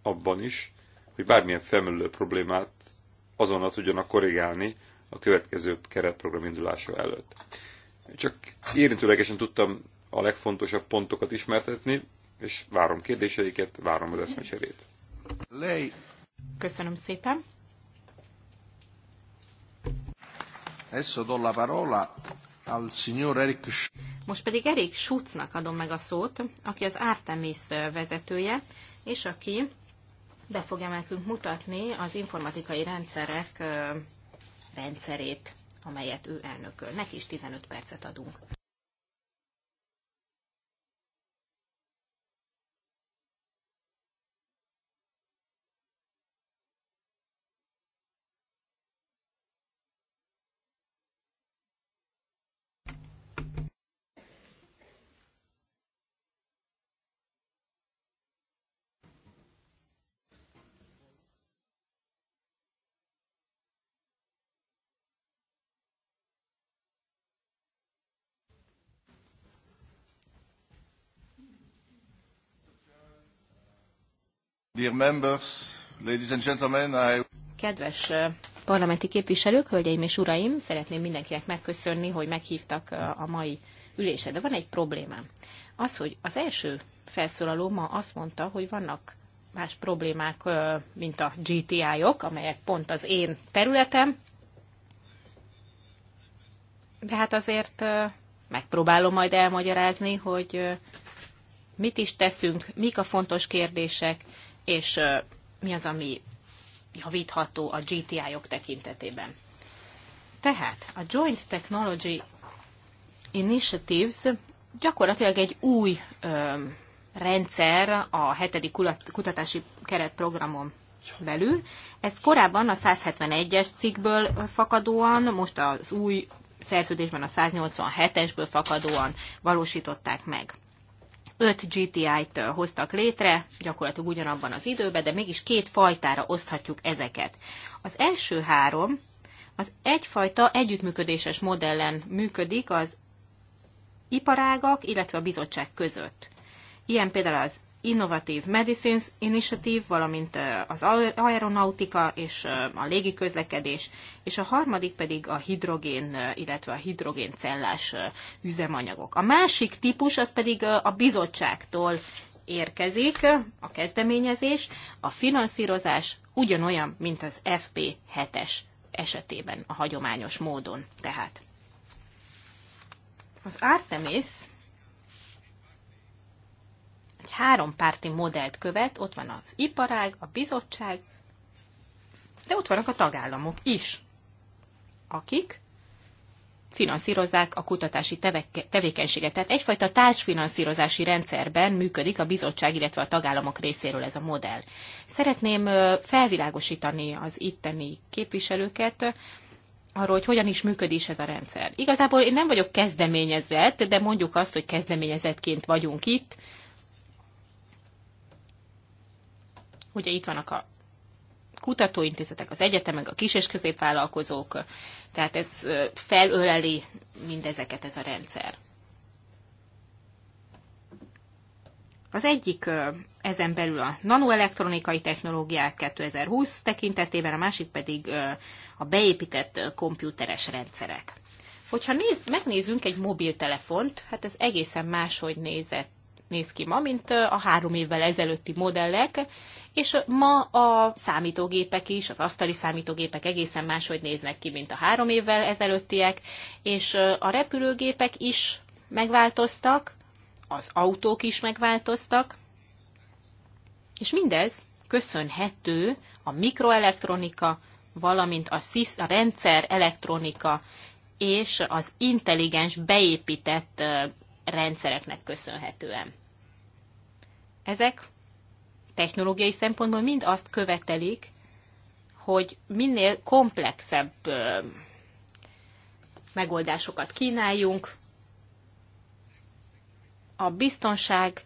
Abban is, hogy bármilyen felmerülő problémát azonnal tudjanak korrigálni a következő keretprogram indulása előtt. Csak érintőlegesen tudtam a legfontosabb pontokat ismertetni, és várom kérdéseiket, várom az eszmecserét. Köszönöm szépen. Most pedig Erik Schutznak adom meg a szót, aki az Artemis vezetője, és aki be fogja nekünk mutatni az informatikai rendszerek rendszerét, amelyet ő elnököl. Neki is 15 percet adunk. Dear members, ladies and gentlemen, I... Kedves parlamenti képviselők, hölgyeim és uraim, szeretném mindenkinek megköszönni, hogy meghívtak a mai ülésre, de van egy problémám. Az, hogy az első felszólaló ma azt mondta, hogy vannak más problémák, mint a GTI-ok, -ok, amelyek pont az én területem, de hát azért megpróbálom majd elmagyarázni, hogy mit is teszünk, mik a fontos kérdések, és mi az, ami javítható a GTI-ok -ok tekintetében. Tehát a Joint Technology Initiatives gyakorlatilag egy új ö, rendszer a hetedik kutatási keretprogramon belül. Ez korábban a 171-es cikkből fakadóan, most az új szerződésben a 187-esből fakadóan valósították meg. Öt GTI-t hoztak létre, gyakorlatilag ugyanabban az időben, de mégis két fajtára oszthatjuk ezeket. Az első három az egyfajta együttműködéses modellen működik az iparágak, illetve a bizottság között. Ilyen például az Innovative Medicines Initiative, valamint az aeronautika és a légiközlekedés, és a harmadik pedig a hidrogén, illetve a hidrogéncellás üzemanyagok. A másik típus az pedig a bizottságtól érkezik a kezdeményezés, a finanszírozás ugyanolyan, mint az FP7-es esetében a hagyományos módon. Tehát az Artemis egy hárompárti modellt követ, ott van az iparág, a bizottság, de ott vannak a tagállamok is, akik finanszírozzák a kutatási tevékenységet. Tehát egyfajta társfinanszírozási rendszerben működik a bizottság, illetve a tagállamok részéről ez a modell. Szeretném felvilágosítani az itteni képviselőket, arról, hogy hogyan is működik is ez a rendszer. Igazából én nem vagyok kezdeményezett, de mondjuk azt, hogy kezdeményezettként vagyunk itt, Ugye itt vannak a kutatóintézetek, az egyetemek, a kis- és középvállalkozók, tehát ez felöleli mindezeket ez a rendszer. Az egyik ezen belül a nanoelektronikai technológiák 2020 tekintetében, a másik pedig a beépített komputeres rendszerek. Hogyha néz, megnézzünk egy mobiltelefont, hát ez egészen máshogy nézett, néz ki ma, mint a három évvel ezelőtti modellek, és ma a számítógépek is, az asztali számítógépek egészen máshogy néznek ki, mint a három évvel ezelőttiek, és a repülőgépek is megváltoztak, az autók is megváltoztak, és mindez köszönhető a mikroelektronika, valamint a, szisz, a rendszer elektronika és az intelligens beépített rendszereknek köszönhetően. Ezek technológiai szempontból mind azt követelik, hogy minél komplexebb megoldásokat kínáljunk. A biztonság,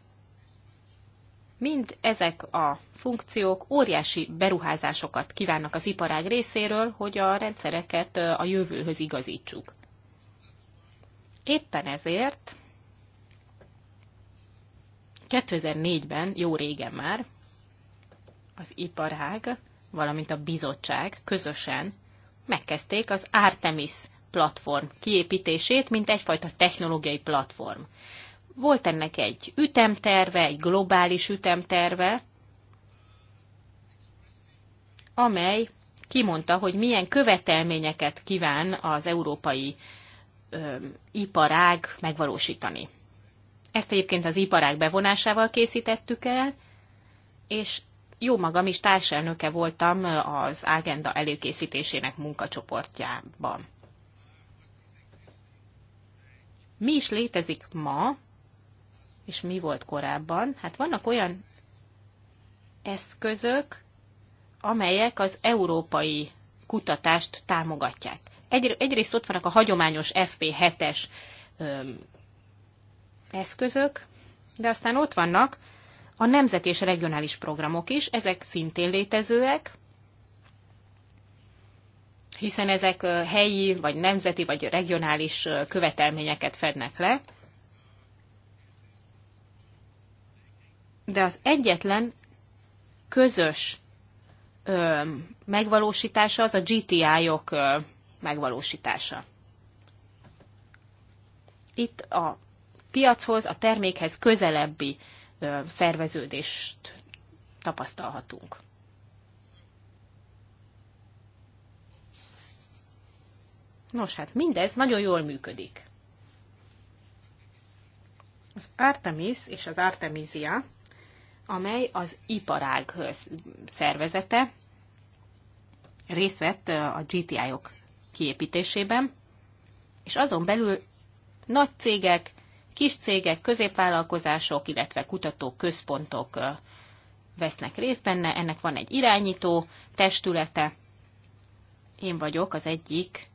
mind ezek a funkciók óriási beruházásokat kívánnak az iparág részéről, hogy a rendszereket a jövőhöz igazítsuk. Éppen ezért 2004-ben, jó régen már, az iparág, valamint a bizottság közösen megkezdték az Artemis platform kiépítését, mint egyfajta technológiai platform. Volt ennek egy ütemterve, egy globális ütemterve, amely kimondta, hogy milyen követelményeket kíván az európai ö, iparág megvalósítani. Ezt egyébként az iparág bevonásával készítettük el, és jó magam is társelnöke voltam az ágenda előkészítésének munkacsoportjában. Mi is létezik ma, és mi volt korábban? Hát vannak olyan eszközök, amelyek az európai kutatást támogatják. Egy, egyrészt ott vannak a hagyományos FP7-es eszközök, de aztán ott vannak a nemzet és regionális programok is, ezek szintén létezőek, hiszen ezek helyi, vagy nemzeti, vagy regionális követelményeket fednek le. De az egyetlen közös ö, megvalósítása az a GTI-ok -ok, megvalósítása. Itt a piachoz, a termékhez közelebbi szerveződést tapasztalhatunk. Nos, hát mindez nagyon jól működik. Az Artemis és az Artemisia, amely az iparág szervezete, részt vett a GTI-ok -ok kiépítésében, és azon belül nagy cégek, kis cégek, középvállalkozások, illetve központok vesznek részt benne. Ennek van egy irányító testülete. Én vagyok az egyik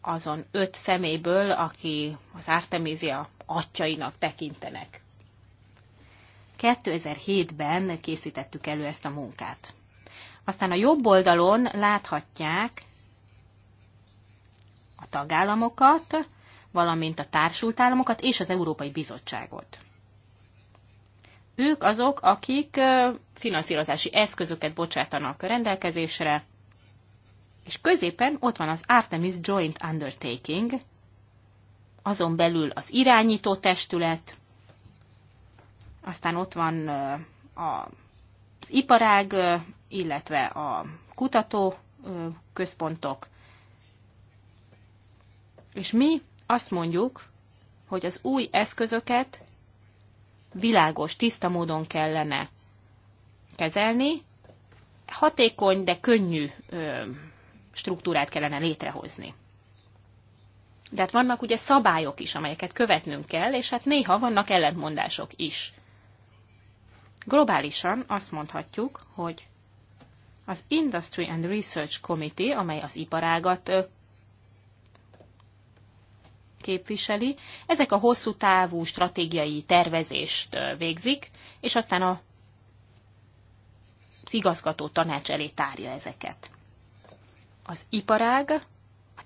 azon öt szeméből, aki az Artemisia atyainak tekintenek. 2007-ben készítettük elő ezt a munkát. Aztán a jobb oldalon láthatják a tagállamokat, valamint a társult államokat és az Európai Bizottságot. Ők azok, akik finanszírozási eszközöket bocsátanak rendelkezésre, és középen ott van az Artemis Joint Undertaking, azon belül az irányító testület, aztán ott van az iparág, illetve a kutató központok, és mi azt mondjuk, hogy az új eszközöket világos, tiszta módon kellene kezelni, hatékony, de könnyű ö, struktúrát kellene létrehozni. De hát vannak ugye szabályok is, amelyeket követnünk kell, és hát néha vannak ellentmondások is. Globálisan azt mondhatjuk, hogy az Industry and Research Committee, amely az iparágat képviseli, ezek a hosszú távú stratégiai tervezést végzik, és aztán a igazgató tanács elé tárja ezeket. Az iparág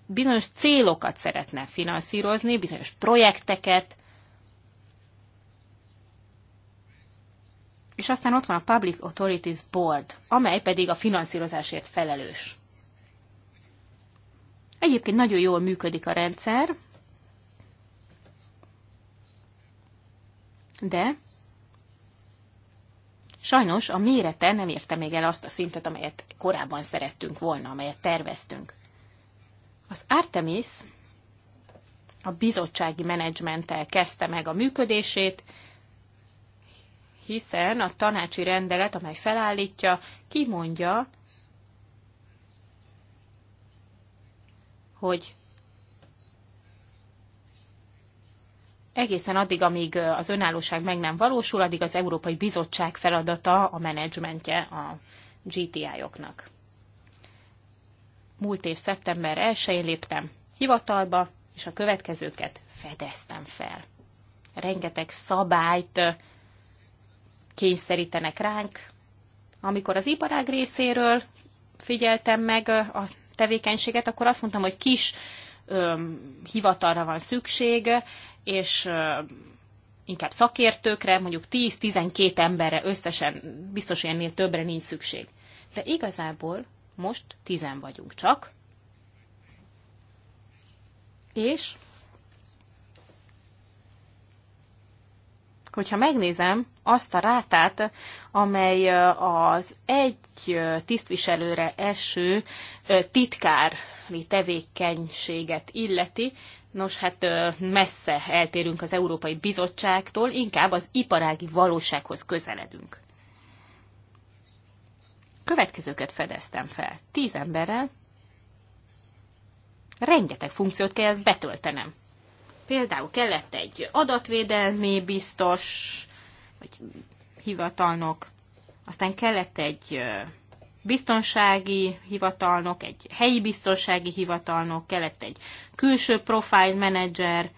bizonyos célokat szeretne finanszírozni, bizonyos projekteket, és aztán ott van a Public Authorities Board, amely pedig a finanszírozásért felelős. Egyébként nagyon jól működik a rendszer, de sajnos a mérete nem érte még el azt a szintet, amelyet korábban szerettünk volna, amelyet terveztünk. Az Artemis a bizottsági menedzsmenttel kezdte meg a működését, hiszen a tanácsi rendelet, amely felállítja, kimondja, hogy egészen addig, amíg az önállóság meg nem valósul, addig az Európai Bizottság feladata a menedzsmentje a GTI-oknak. Múlt év szeptember 1-én léptem hivatalba, és a következőket fedeztem fel. Rengeteg szabályt kényszerítenek ránk. Amikor az iparág részéről figyeltem meg a tevékenységet, akkor azt mondtam, hogy kis öm, hivatalra van szükség, és inkább szakértőkre, mondjuk 10-12 emberre összesen, biztos, hogy ennél többre nincs szükség. De igazából most tizen vagyunk csak, és hogyha megnézem azt a rátát, amely az egy tisztviselőre eső titkári tevékenységet illeti, Nos, hát messze eltérünk az Európai Bizottságtól, inkább az iparági valósághoz közeledünk. Következőket fedeztem fel. Tíz emberrel rengeteg funkciót kellett betöltenem. Például kellett egy adatvédelmi biztos, vagy hivatalnok, aztán kellett egy biztonsági hivatalnok, egy helyi biztonsági hivatalnok, kellett egy külső profile manager,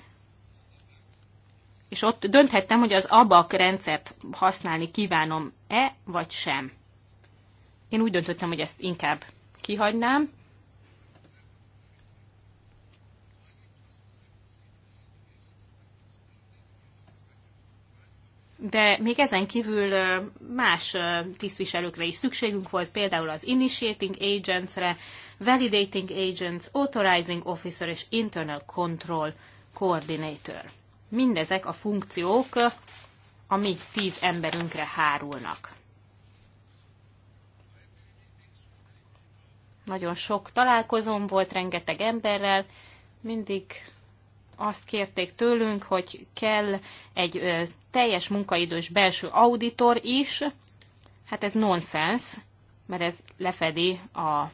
és ott dönthettem, hogy az ABAK rendszert használni kívánom-e, vagy sem. Én úgy döntöttem, hogy ezt inkább kihagynám, de még ezen kívül más tisztviselőkre is szükségünk volt, például az Initiating Agents-re, Validating Agents, Authorizing Officer és Internal Control Coordinator. Mindezek a funkciók ami tíz emberünkre hárulnak. Nagyon sok találkozom volt rengeteg emberrel, mindig azt kérték tőlünk, hogy kell egy ö, teljes munkaidős belső auditor is. Hát ez nonsens, mert ez lefedi a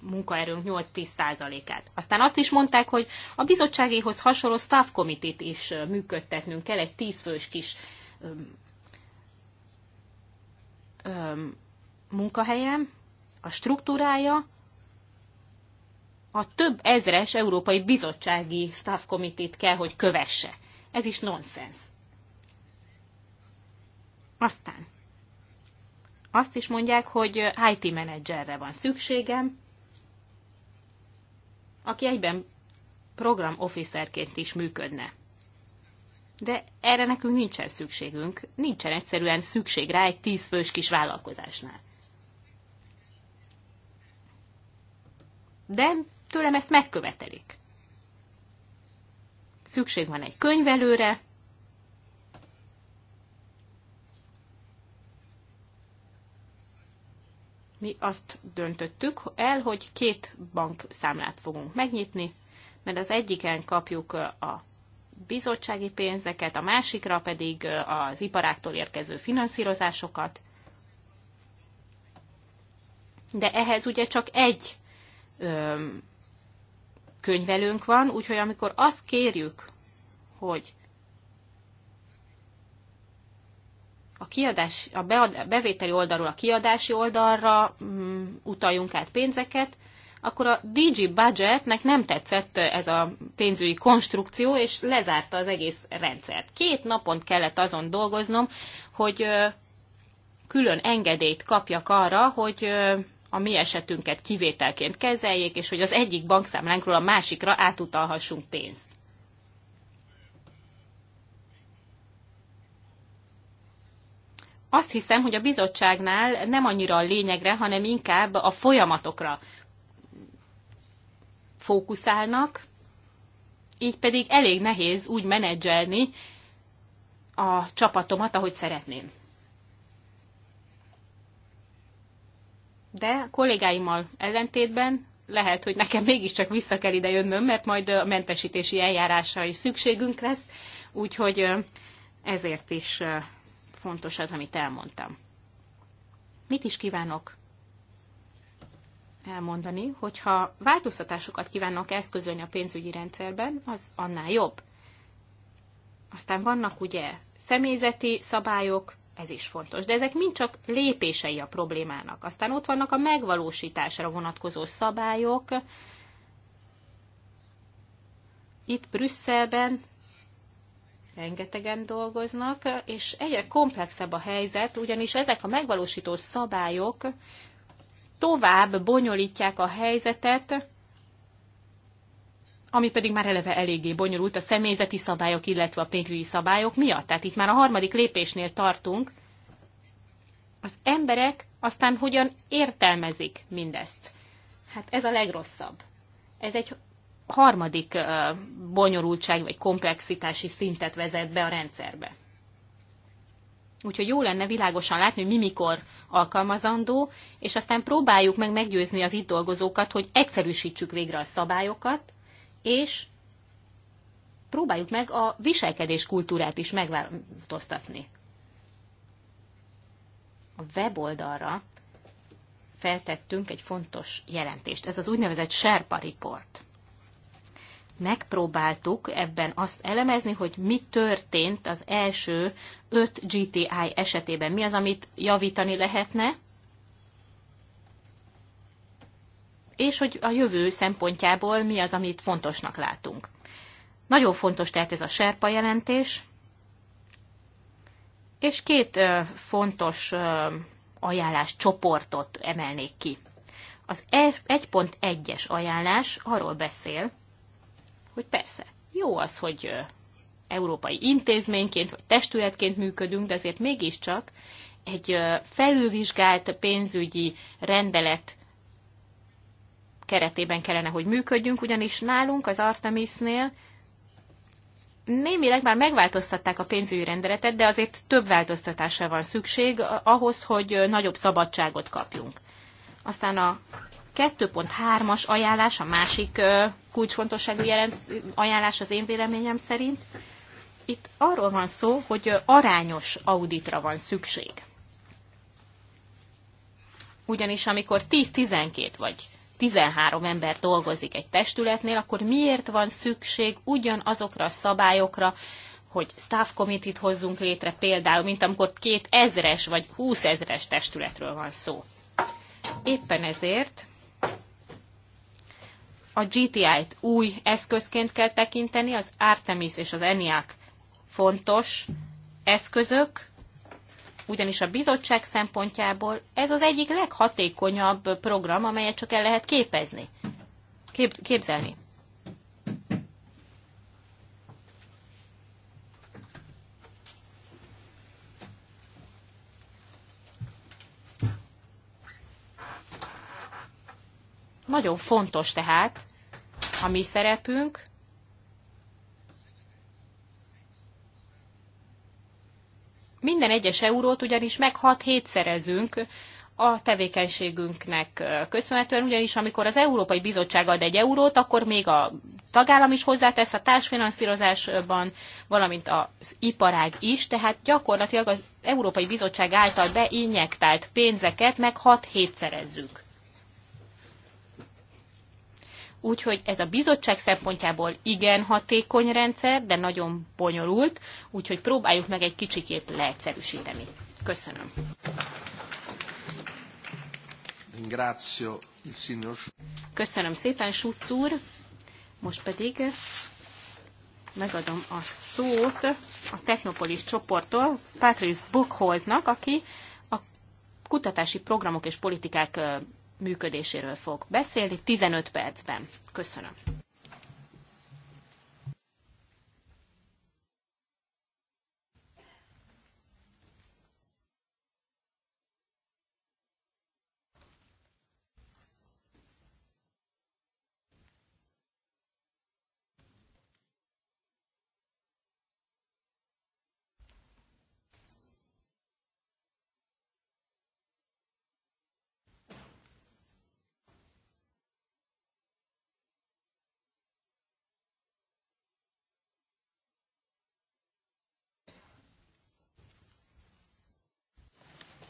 munkaerőnk 8-10%-át. Aztán azt is mondták, hogy a bizottságéhoz hasonló staff committee is működtetnünk kell, egy tízfős kis ö, ö, munkahelyem, a struktúrája a több ezres Európai Bizottsági Staff Committee-t kell, hogy kövesse. Ez is nonsens. Aztán azt is mondják, hogy IT menedzserre van szükségem, aki egyben program officerként is működne. De erre nekünk nincsen szükségünk, nincsen egyszerűen szükség rá egy fős kis vállalkozásnál. De tőlem ezt megkövetelik. Szükség van egy könyvelőre, mi azt döntöttük el, hogy két bankszámlát fogunk megnyitni, mert az egyiken kapjuk a bizottsági pénzeket, a másikra pedig az iparáktól érkező finanszírozásokat. De ehhez ugye csak egy könyvelőnk van, úgyhogy amikor azt kérjük, hogy a, kiadás, a bevételi oldalról a kiadási oldalra mm, utaljunk át pénzeket, akkor a DG Budgetnek nem tetszett ez a pénzügyi konstrukció, és lezárta az egész rendszert. Két napon kellett azon dolgoznom, hogy külön engedélyt kapjak arra, hogy a mi esetünket kivételként kezeljék, és hogy az egyik bankszámlánkról a másikra átutalhassunk pénzt. Azt hiszem, hogy a bizottságnál nem annyira a lényegre, hanem inkább a folyamatokra fókuszálnak, így pedig elég nehéz úgy menedzselni a csapatomat, ahogy szeretném. de kollégáimmal ellentétben lehet, hogy nekem mégiscsak vissza kell ide jönnöm, mert majd a mentesítési eljárásra is szükségünk lesz, úgyhogy ezért is fontos az, amit elmondtam. Mit is kívánok elmondani, hogyha változtatásokat kívánnak eszközölni a pénzügyi rendszerben, az annál jobb. Aztán vannak ugye személyzeti szabályok, ez is fontos. De ezek mind csak lépései a problémának. Aztán ott vannak a megvalósításra vonatkozó szabályok. Itt Brüsszelben rengetegen dolgoznak, és egyre komplexebb a helyzet, ugyanis ezek a megvalósító szabályok tovább bonyolítják a helyzetet, ami pedig már eleve eléggé bonyolult a személyzeti szabályok, illetve a pénzügyi szabályok miatt. Tehát itt már a harmadik lépésnél tartunk. Az emberek aztán hogyan értelmezik mindezt? Hát ez a legrosszabb. Ez egy harmadik uh, bonyolultság vagy komplexitási szintet vezet be a rendszerbe. Úgyhogy jó lenne világosan látni, hogy mi mikor alkalmazandó, és aztán próbáljuk meg meggyőzni az itt dolgozókat, hogy egyszerűsítsük végre a szabályokat, és próbáljuk meg a viselkedés kultúrát is megváltoztatni. A weboldalra feltettünk egy fontos jelentést. Ez az úgynevezett Sherpa Report. Megpróbáltuk ebben azt elemezni, hogy mi történt az első 5 GTI esetében, mi az, amit javítani lehetne, és hogy a jövő szempontjából mi az, amit fontosnak látunk. Nagyon fontos tehát ez a serpa jelentés, és két fontos ajánlás csoportot emelnék ki. Az 1.1-es e- ajánlás arról beszél, hogy persze, jó az, hogy európai intézményként vagy testületként működünk, de azért mégiscsak egy felülvizsgált pénzügyi rendelet keretében kellene, hogy működjünk, ugyanis nálunk az Artemisnél némileg már megváltoztatták a pénzügyi rendeletet, de azért több változtatásra van szükség ahhoz, hogy nagyobb szabadságot kapjunk. Aztán a 2.3-as ajánlás, a másik kulcsfontosságú jelent, ajánlás az én véleményem szerint, itt arról van szó, hogy arányos auditra van szükség. Ugyanis amikor 10-12 vagy 13 ember dolgozik egy testületnél, akkor miért van szükség ugyanazokra a szabályokra, hogy staff committee-t hozzunk létre például, mint amikor két ezres vagy 20 ezres testületről van szó. Éppen ezért a GTI-t új eszközként kell tekinteni, az Artemis és az ENIAC fontos eszközök, ugyanis a bizottság szempontjából ez az egyik leghatékonyabb program, amelyet csak el lehet képezni, kép, képzelni. Nagyon fontos tehát a mi szerepünk, Minden egyes eurót ugyanis meg 6-7 szerezünk a tevékenységünknek köszönhetően, ugyanis amikor az Európai Bizottság ad egy eurót, akkor még a tagállam is hozzátesz a társfinanszírozásban, valamint az iparág is, tehát gyakorlatilag az Európai Bizottság által beinjektált pénzeket meg 6-7 szerezzük. Úgyhogy ez a bizottság szempontjából igen hatékony rendszer, de nagyon bonyolult, úgyhogy próbáljuk meg egy kicsikét leegyszerűsíteni. Köszönöm. Köszönöm szépen, Sucz úr. Most pedig megadom a szót a Technopolis csoporttól Patrice Buchholtnak, aki a kutatási programok és politikák működéséről fog beszélni 15 percben. Köszönöm.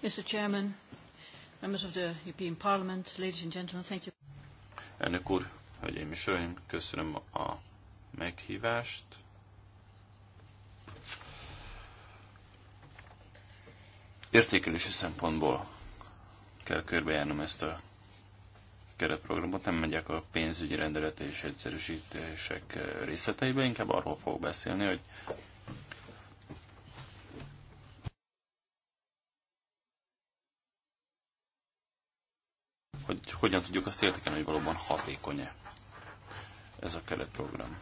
Mr. Chairman, members of the European Parliament, ladies and gentlemen, thank you. Elnök úr, hölgyeim és uraim, köszönöm a meghívást. Értékelési szempontból kell körbejárnom ezt a keretprogramot, nem megyek a pénzügyi rendelete és egyszerűsítések részleteibe, inkább arról fogok beszélni, hogy hogyan tudjuk azt értékelni, hogy valóban hatékony-e ez a keretprogram.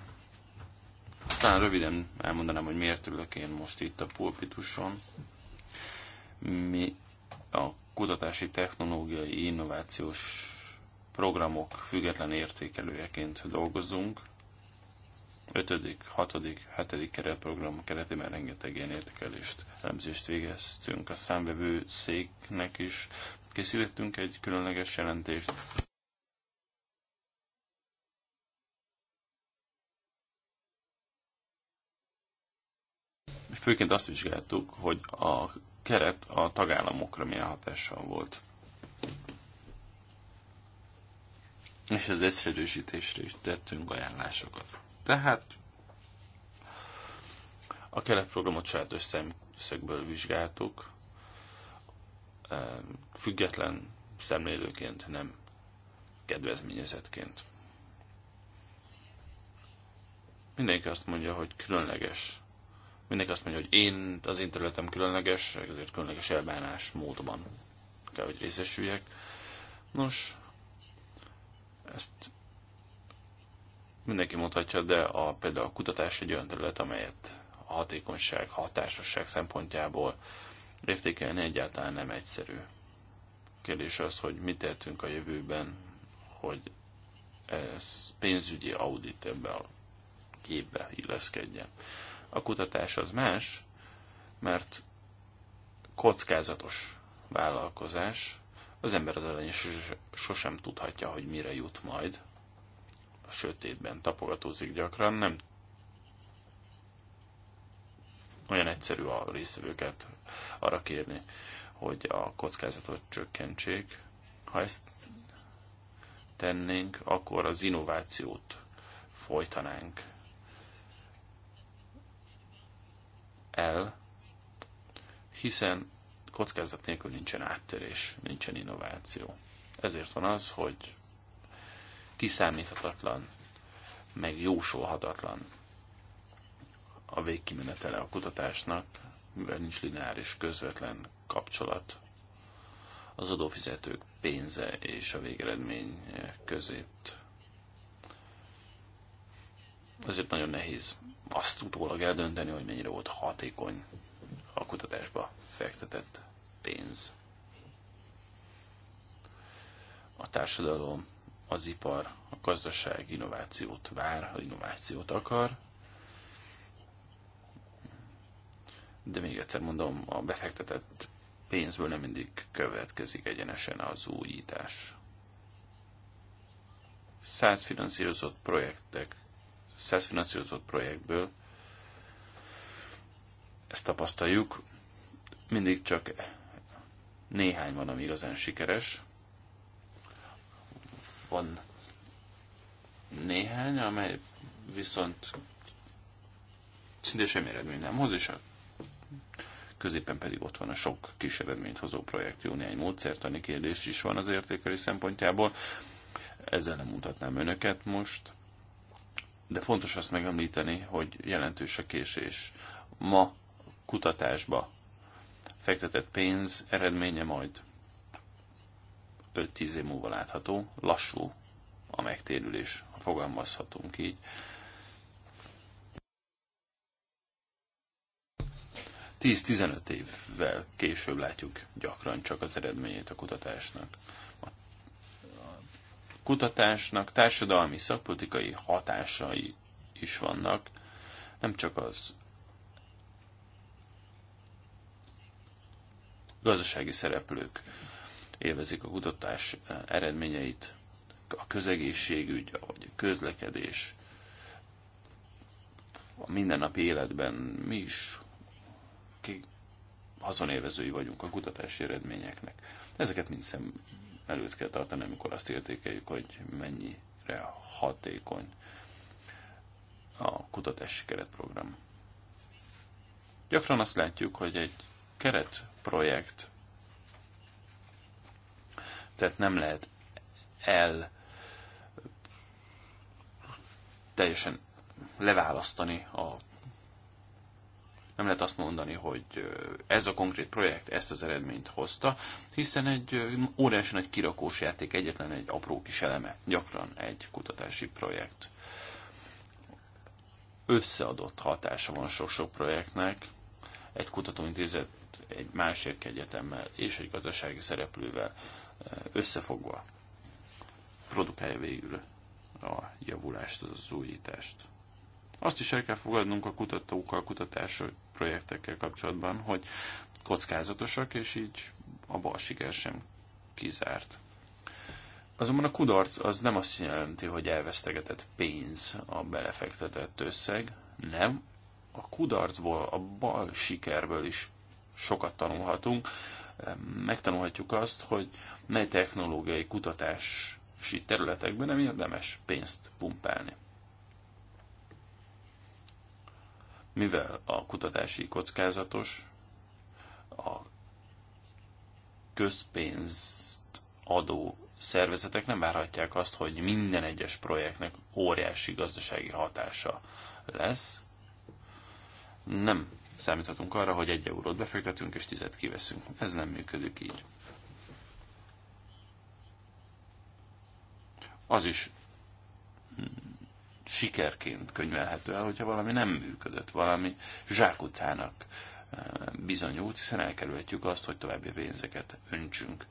Aztán röviden elmondanám, hogy miért ülök én most itt a pulpituson. Mi a kutatási technológiai innovációs programok független értékelőjeként dolgozunk. 5., 6., 7. keretprogram keretében rengeteg ilyen értékelést, elemzést végeztünk. A számvevő széknek is Készítettünk egy különleges jelentést. Főként azt vizsgáltuk, hogy a keret a tagállamokra milyen hatással volt. És az egyszerűsítésre is tettünk ajánlásokat. Tehát a keretprogramot sajátos szemszögből vizsgáltuk, független szemlélőként, nem kedvezményezetként. Mindenki azt mondja, hogy különleges. Mindenki azt mondja, hogy én, az én területem különleges, ezért különleges elbánás módban kell, hogy részesüljek. Nos, ezt mindenki mondhatja, de a, például a kutatás egy olyan terület, amelyet a hatékonyság, hatásosság szempontjából értékelni egyáltalán nem egyszerű. Kérdés az, hogy mit tettünk a jövőben, hogy ez pénzügyi audit ebbe a képbe illeszkedjen. A kutatás az más, mert kockázatos vállalkozás, az ember az elején sosem tudhatja, hogy mire jut majd. A sötétben tapogatózik gyakran, nem olyan egyszerű a részvevőket arra kérni, hogy a kockázatot csökkentsék. Ha ezt tennénk, akkor az innovációt folytanánk el, hiszen kockázat nélkül nincsen áttörés, nincsen innováció. Ezért van az, hogy kiszámíthatatlan, meg jósolhatatlan a végkimenetele a kutatásnak, mivel nincs lineáris közvetlen kapcsolat az adófizetők pénze és a végeredmény között. Azért nagyon nehéz azt utólag eldönteni, hogy mennyire volt hatékony a kutatásba fektetett pénz. A társadalom, az ipar, a gazdaság innovációt vár, innovációt akar, de még egyszer mondom, a befektetett pénzből nem mindig következik egyenesen az újítás. Száz finanszírozott projektek, száz finanszírozott projektből ezt tapasztaljuk, mindig csak néhány van, ami igazán sikeres. Van néhány, amely viszont szinte semmi eredmény nem hoz, és a középen pedig ott van a sok kis eredményt hozó projekt, jó néhány módszertani kérdés is van az értékelés szempontjából. Ezzel nem mutatnám önöket most, de fontos azt megemlíteni, hogy jelentős a késés. Ma kutatásba fektetett pénz eredménye majd 5-10 év múlva látható, lassú a megtérülés, ha fogalmazhatunk így. 10-15 évvel később látjuk gyakran csak az eredményét a kutatásnak. A kutatásnak társadalmi, szakpolitikai hatásai is vannak, nem csak az gazdasági szereplők élvezik a kutatás eredményeit, a közegészségügy, vagy a közlekedés, a mindennapi életben mi is akik évezői vagyunk a kutatási eredményeknek. Ezeket mind szem előtt kell tartani, amikor azt értékeljük, hogy mennyire hatékony a kutatási keretprogram. Gyakran azt látjuk, hogy egy keretprojekt, tehát nem lehet el teljesen leválasztani a nem lehet azt mondani, hogy ez a konkrét projekt ezt az eredményt hozta, hiszen egy óriási nagy kirakós játék egyetlen egy apró kis eleme, gyakran egy kutatási projekt. Összeadott hatása van sok-sok projektnek, egy kutatóintézet egy másik egyetemmel és egy gazdasági szereplővel összefogva produkálja végül a javulást, az újítást. Azt is el kell fogadnunk a kutatókkal, kutatási projektekkel kapcsolatban, hogy kockázatosak, és így a bal siker sem kizárt. Azonban a kudarc az nem azt jelenti, hogy elvesztegetett pénz a belefektetett összeg, nem. A kudarcból, a bal sikerből is sokat tanulhatunk. Megtanulhatjuk azt, hogy mely technológiai kutatási területekben nem érdemes pénzt pumpálni. mivel a kutatási kockázatos, a közpénzt adó szervezetek nem várhatják azt, hogy minden egyes projektnek óriási gazdasági hatása lesz. Nem számíthatunk arra, hogy egy eurót befektetünk és tizet kiveszünk. Ez nem működik így. Az is sikerként könyvelhető el, hogyha valami nem működött, valami zsákutcának eh, bizonyult, hiszen elkerülhetjük azt, hogy további pénzeket öntsünk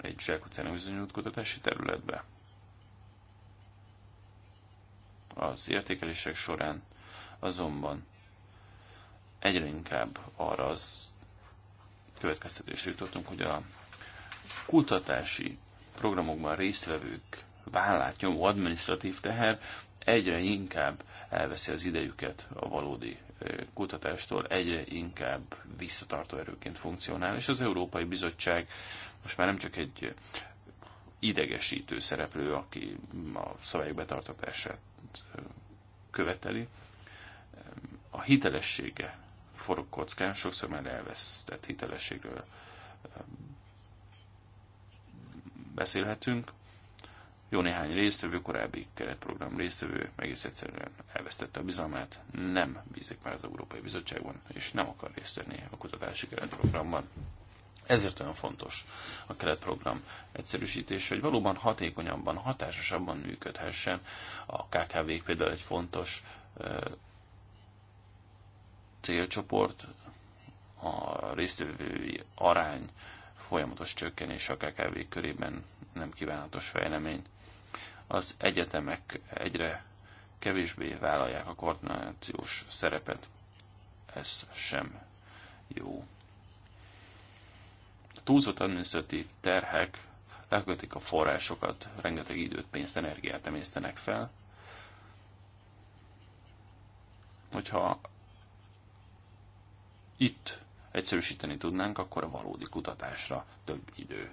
egy zsákutcának bizonyult kutatási területbe. Az értékelések során azonban egyre inkább arra az következtetésre jutottunk, hogy a kutatási programokban résztvevők vállát nyomó administratív teher egyre inkább elveszi az idejüket a valódi kutatástól, egyre inkább visszatartó erőként funkcionál, és az Európai Bizottság most már nem csak egy idegesítő szereplő, aki a szabályok betartatását követeli, a hitelessége forog kockán, sokszor már elvesztett hitelességről beszélhetünk jó néhány résztvevő, korábbi keretprogram résztvevő egész egyszerűen elvesztette a bizalmát, nem bízik már az Európai Bizottságban, és nem akar részt venni a kutatási keretprogramban. Ezért olyan fontos a keretprogram egyszerűsítése, hogy valóban hatékonyabban, hatásosabban működhessen. A kkv például egy fontos ö, célcsoport, a résztvevői arány folyamatos csökkenés a KKV körében nem kívánatos fejlemény. Az egyetemek egyre kevésbé vállalják a koordinációs szerepet. Ez sem jó. A túlzott administratív terhek lekötik a forrásokat, rengeteg időt, pénzt, energiát emésztenek fel. Hogyha itt egyszerűsíteni tudnánk, akkor a valódi kutatásra több idő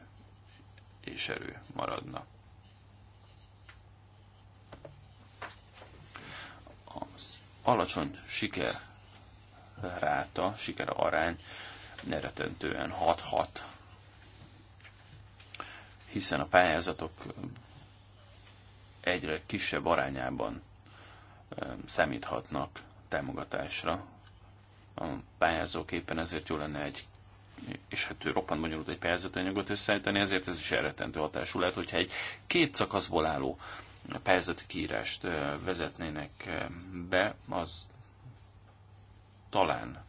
és erő maradna. Az alacsony siker ráta, siker arány neretentően 6-6, hiszen a pályázatok egyre kisebb arányában eh, számíthatnak támogatásra a pályázók éppen ezért jó lenne egy és hát roppant bonyolult egy pályázatanyagot összeállítani, ezért ez is elretentő hatású lehet, hogyha egy két szakaszból álló pályázati kiírást vezetnének be, az talán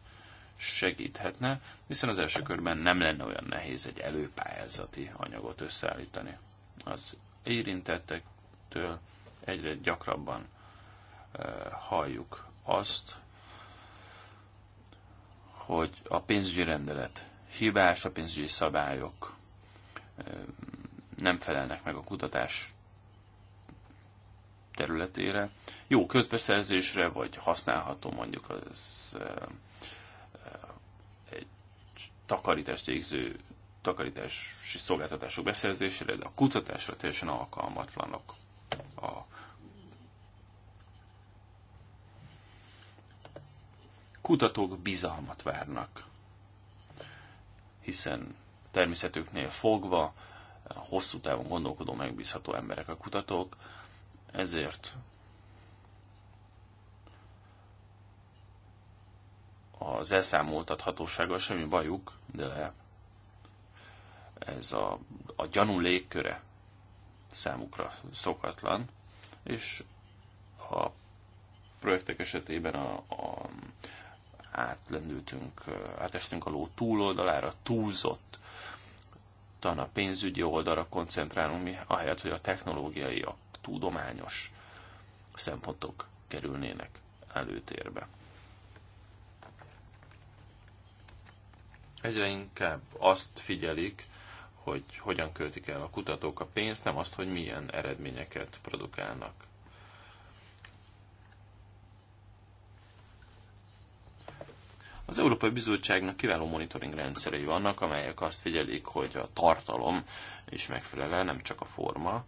segíthetne, hiszen az első körben nem lenne olyan nehéz egy előpályázati anyagot összeállítani. Az érintettektől egyre gyakrabban halljuk azt, hogy a pénzügyi rendelet hibás, a pénzügyi szabályok nem felelnek meg a kutatás területére. Jó közbeszerzésre, vagy használható mondjuk az egy takarítást végző takarítási szolgáltatások beszerzésére, de a kutatásra teljesen alkalmatlanok a kutatók bizalmat várnak, hiszen természetüknél fogva hosszú távon gondolkodó, megbízható emberek a kutatók, ezért az elszámoltathatósággal semmi bajuk, de ez a, a gyanú légköre számukra szokatlan, és a projektek esetében a, a átlendültünk, átestünk a ló túloldalára, túlzott a pénzügyi oldalra koncentrálunk mi, ahelyett, hogy a technológiai, a tudományos szempontok kerülnének előtérbe. Egyre inkább azt figyelik, hogy hogyan költik el a kutatók a pénzt, nem azt, hogy milyen eredményeket produkálnak. Az Európai Bizottságnak kiváló monitoring rendszerei vannak, amelyek azt figyelik, hogy a tartalom is megfelel, nem csak a forma.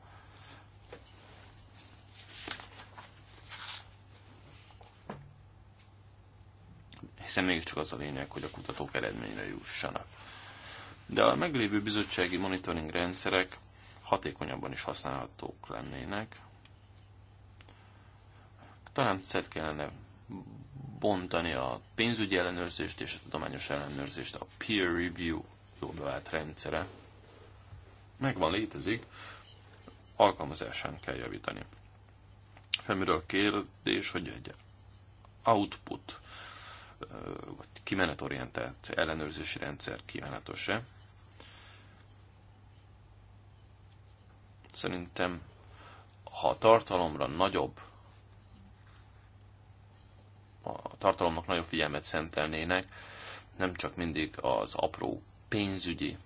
Hiszen mégiscsak az a lényeg, hogy a kutatók eredményre jussanak. De a meglévő bizottsági monitoring rendszerek hatékonyabban is használhatók lennének. Talán szed kellene bontani a pénzügyi ellenőrzést és a tudományos ellenőrzést, a peer review jól bevált rendszere. Megvan, létezik, alkalmazásán kell javítani. Felmerül a kérdés, hogy egy output vagy kimenetorientált ellenőrzési rendszer kívánatos-e. Szerintem, ha a tartalomra nagyobb a tartalomnak nagyobb figyelmet szentelnének, nem csak mindig az apró pénzügyi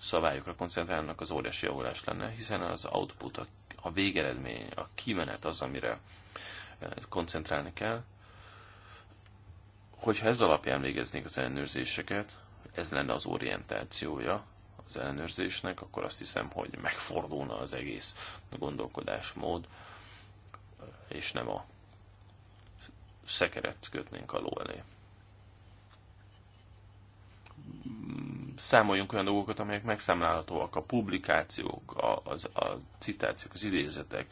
szabályokra koncentrálnak, az óriási javulás lenne, hiszen az output, a, a végeredmény, a kimenet az, amire eh, koncentrálni kell. Hogyha ez alapján végeznék az ellenőrzéseket, ez lenne az orientációja az ellenőrzésnek, akkor azt hiszem, hogy megfordulna az egész gondolkodásmód, eh, és nem a szekeret kötnénk a ló elé. Számoljunk olyan dolgokat, amelyek megszámlálhatóak, a publikációk, a, a, a citációk, az idézetek,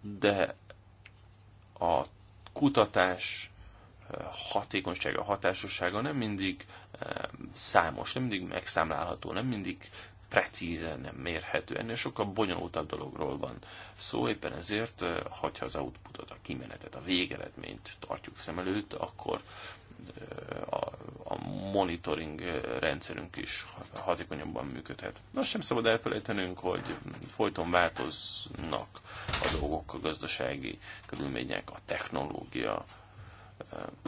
de a kutatás eh, hatékonysága, hatásossága nem mindig eh, számos, nem mindig megszámlálható, nem mindig precízen mérhető. Ennél sokkal bonyolultabb dologról van szó, éppen ezért, ha az outputot, a kimenetet, a végeredményt tartjuk szem előtt, akkor a, a monitoring rendszerünk is hatékonyabban működhet. Azt sem szabad elfelejtenünk, hogy folyton változnak a dolgok, a gazdasági körülmények, a technológia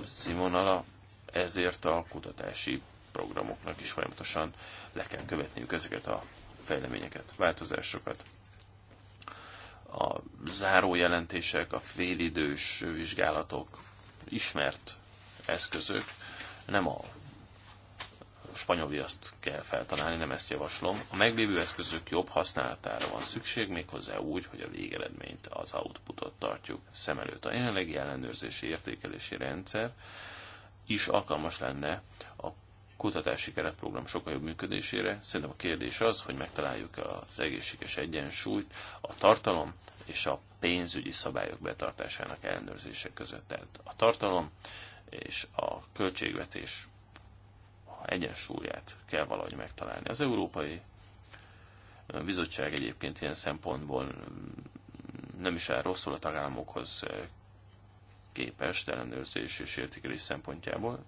színvonala, ezért a kutatási programoknak is folyamatosan le kell követniük ezeket a fejleményeket, változásokat. A zárójelentések, a félidős vizsgálatok ismert eszközök, nem a spanyol viaszt kell feltalálni, nem ezt javaslom. A meglévő eszközök jobb használatára van szükség, méghozzá úgy, hogy a végeredményt, az outputot tartjuk szem előtt. A jelenlegi ellenőrzési értékelési rendszer is alkalmas lenne a kutatási keretprogram sokkal jobb működésére. Szerintem a kérdés az, hogy megtaláljuk az egészséges egyensúlyt a tartalom és a pénzügyi szabályok betartásának ellenőrzése között. Tehát a tartalom és a költségvetés egyensúlyát kell valahogy megtalálni. Az Európai Bizottság egyébként ilyen szempontból nem is áll rosszul a tagállamokhoz képest ellenőrzés és értékelés szempontjából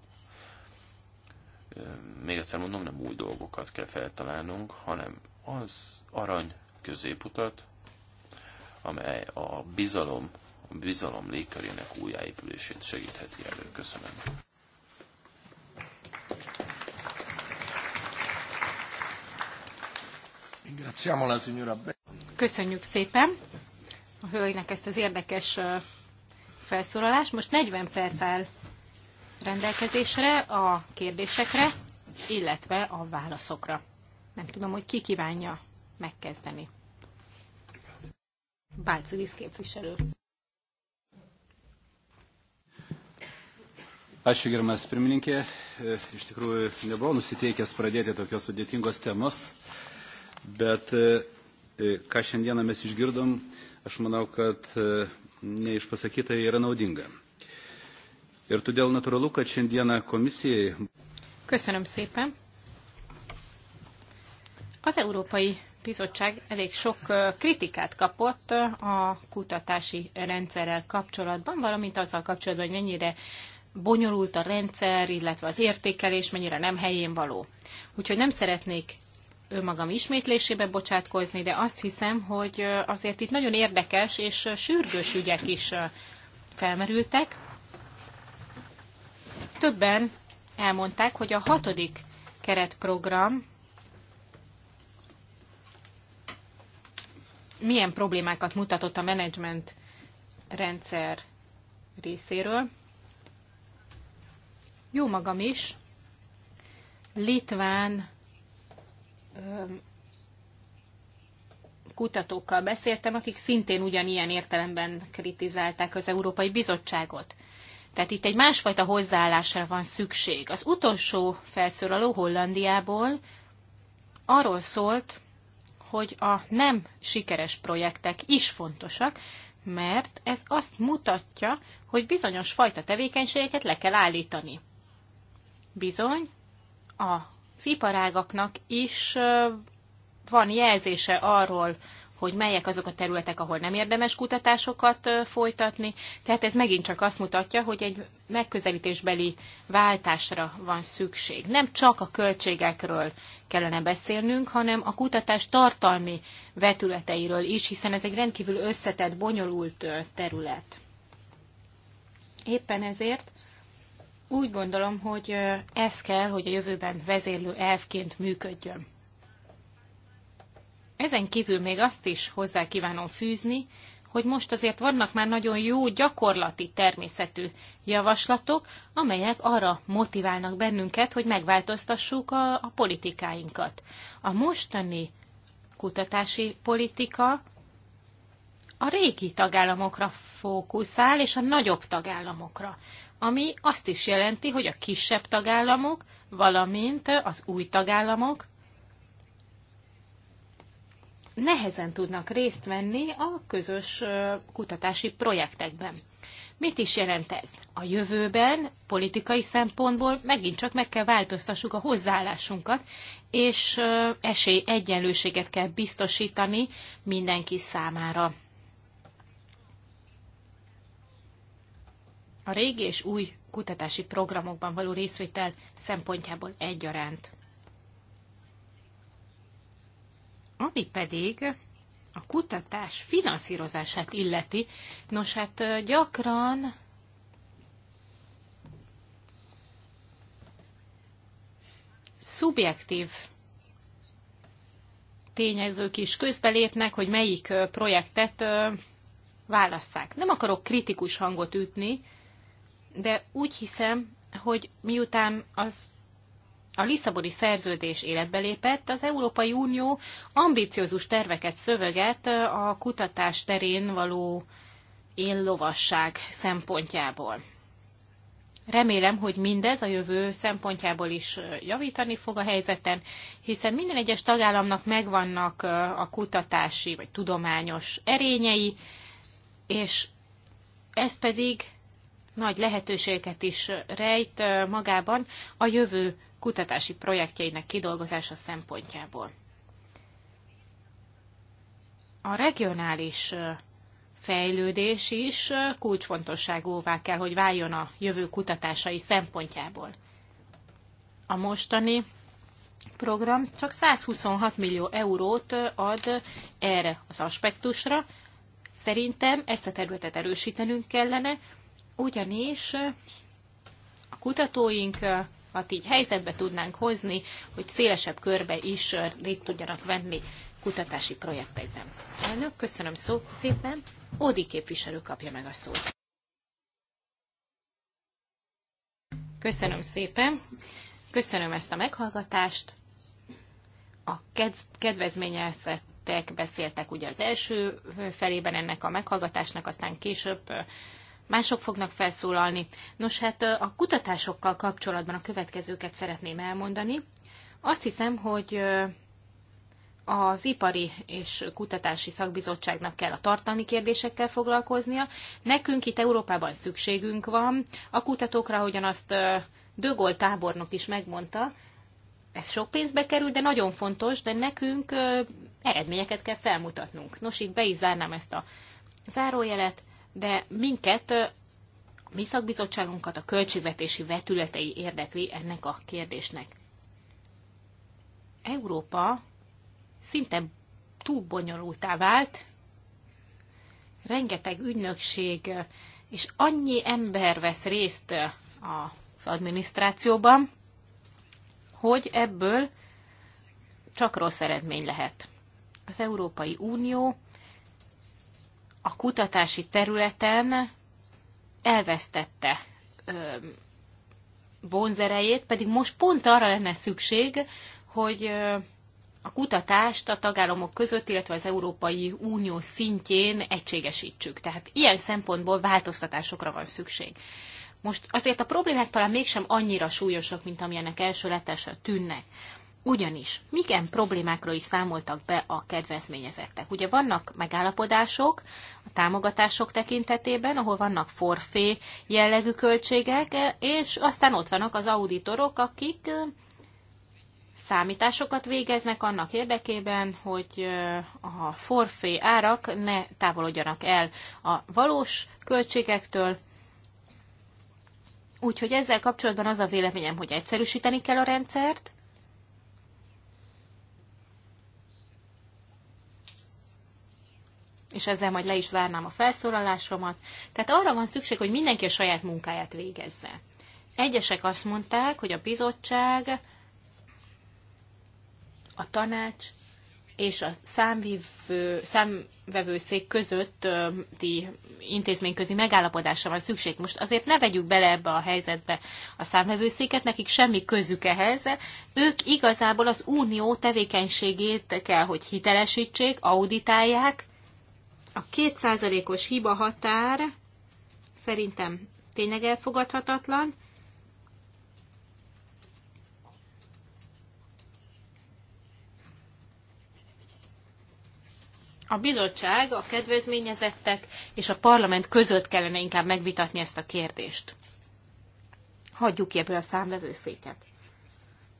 még egyszer mondom, nem új dolgokat kell feltalálnunk, hanem az arany középutat, amely a bizalom, a bizalom légkörének újjáépülését segítheti elő. Köszönöm. Köszönjük szépen a hölgynek ezt az érdekes felszólalást. Most 40 perc áll rendelkezésre a kérdésekre, illetve a válaszokra. Nem tudom, hogy ki kívánja megkezdeni. Bálci képviselő. Ačiū gerbiamas pirmininkė. E, iš tikrųjų, nebuvau nusiteikęs pradėti tokios sudėtingos temos, bet e, e, ką šiandieną mes išgirdom, aš manau, kad neišpasakytai yra naudinga. Ir todėl natūralu, kad šiandieną komisijai. Köszönöm szépen. Az Európai Bizottság elég sok kritikát kapott a kutatási rendszerrel kapcsolatban, valamint azzal kapcsolatban, hogy mennyire bonyolult a rendszer, illetve az értékelés mennyire nem helyén való. Úgyhogy nem szeretnék önmagam ismétlésébe bocsátkozni, de azt hiszem, hogy azért itt nagyon érdekes és sürgős ügyek is felmerültek. Többen elmondták, hogy a hatodik keretprogram milyen problémákat mutatott a menedzsment rendszer részéről. Jó magam is. Litván kutatókkal beszéltem, akik szintén ugyanilyen értelemben kritizálták az Európai Bizottságot. Tehát itt egy másfajta hozzáállásra van szükség. Az utolsó felszólaló Hollandiából arról szólt, hogy a nem sikeres projektek is fontosak, mert ez azt mutatja, hogy bizonyos fajta tevékenységeket le kell állítani. Bizony, a iparágaknak is van jelzése arról, hogy melyek azok a területek, ahol nem érdemes kutatásokat folytatni. Tehát ez megint csak azt mutatja, hogy egy megközelítésbeli váltásra van szükség. Nem csak a költségekről kellene beszélnünk, hanem a kutatás tartalmi vetületeiről is, hiszen ez egy rendkívül összetett, bonyolult terület. Éppen ezért úgy gondolom, hogy ez kell, hogy a jövőben vezérlő elfként működjön. Ezen kívül még azt is hozzá kívánom fűzni, hogy most azért vannak már nagyon jó gyakorlati természetű javaslatok, amelyek arra motiválnak bennünket, hogy megváltoztassuk a, a politikáinkat. A mostani kutatási politika a régi tagállamokra fókuszál, és a nagyobb tagállamokra, ami azt is jelenti, hogy a kisebb tagállamok, valamint az új tagállamok nehezen tudnak részt venni a közös kutatási projektekben. Mit is jelent ez? A jövőben politikai szempontból megint csak meg kell változtassuk a hozzáállásunkat, és esély egyenlőséget kell biztosítani mindenki számára. A régi és új kutatási programokban való részvétel szempontjából egyaránt. Ami pedig a kutatás finanszírozását illeti, nos hát gyakran szubjektív tényezők is közbelépnek, hogy melyik projektet válasszák. Nem akarok kritikus hangot ütni, de úgy hiszem, hogy miután az a Lisszaboni szerződés életbe lépett, az Európai Unió ambiciózus terveket szöveget a kutatás terén való éllovasság szempontjából. Remélem, hogy mindez a jövő szempontjából is javítani fog a helyzeten, hiszen minden egyes tagállamnak megvannak a kutatási vagy tudományos erényei, és ez pedig nagy lehetőséget is rejt magában a jövő kutatási projektjeinek kidolgozása szempontjából. A regionális fejlődés is kulcsfontosságúvá kell, hogy váljon a jövő kutatásai szempontjából. A mostani program csak 126 millió eurót ad erre az aspektusra. Szerintem ezt a területet erősítenünk kellene, ugyanis a kutatóink így helyzetbe tudnánk hozni, hogy szélesebb körbe is részt tudjanak venni kutatási projektekben. Elnök, köszönöm szó, szépen. Ódi képviselő kapja meg a szót. Köszönöm szépen. Köszönöm ezt a meghallgatást. A kedvezményezettek beszéltek ugye az első felében ennek a meghallgatásnak, aztán később mások fognak felszólalni. Nos, hát a kutatásokkal kapcsolatban a következőket szeretném elmondani. Azt hiszem, hogy az Ipari és Kutatási Szakbizottságnak kell a tartalmi kérdésekkel foglalkoznia. Nekünk itt Európában szükségünk van. A kutatókra, ahogyan azt Dögol tábornok is megmondta, ez sok pénzbe kerül, de nagyon fontos, de nekünk eredményeket kell felmutatnunk. Nos, itt be is zárnám ezt a zárójelet, de minket, mi szakbizottságunkat a költségvetési vetületei érdekli ennek a kérdésnek. Európa szinte túl bonyolultá vált, rengeteg ügynökség és annyi ember vesz részt az adminisztrációban, hogy ebből csak rossz eredmény lehet. Az Európai Unió a kutatási területen elvesztette vonzerejét, pedig most pont arra lenne szükség, hogy a kutatást a tagállamok között, illetve az Európai Unió szintjén egységesítsük. Tehát ilyen szempontból változtatásokra van szükség. Most azért a problémák talán mégsem annyira súlyosak, mint amilyenek első letesre tűnnek. Ugyanis milyen problémákról is számoltak be a kedvezményezettek? Ugye vannak megállapodások a támogatások tekintetében, ahol vannak forfé jellegű költségek, és aztán ott vannak az auditorok, akik számításokat végeznek annak érdekében, hogy a forfé árak ne távolodjanak el a valós költségektől, Úgyhogy ezzel kapcsolatban az a véleményem, hogy egyszerűsíteni kell a rendszert, és ezzel majd le is zárnám a felszólalásomat. Tehát arra van szükség, hogy mindenki a saját munkáját végezze. Egyesek azt mondták, hogy a bizottság, a tanács és a számvívő, számvevőszék közötti intézményközi megállapodásra van szükség. Most azért ne vegyük bele ebbe a helyzetbe a számvevőszéket, nekik semmi közük ehhez. Ők igazából az unió tevékenységét kell, hogy hitelesítsék, auditálják, a kétszázalékos hiba határ szerintem tényleg elfogadhatatlan. A bizottság, a kedvezményezettek és a parlament között kellene inkább megvitatni ezt a kérdést. Hagyjuk ki ebből a számvevőszéket.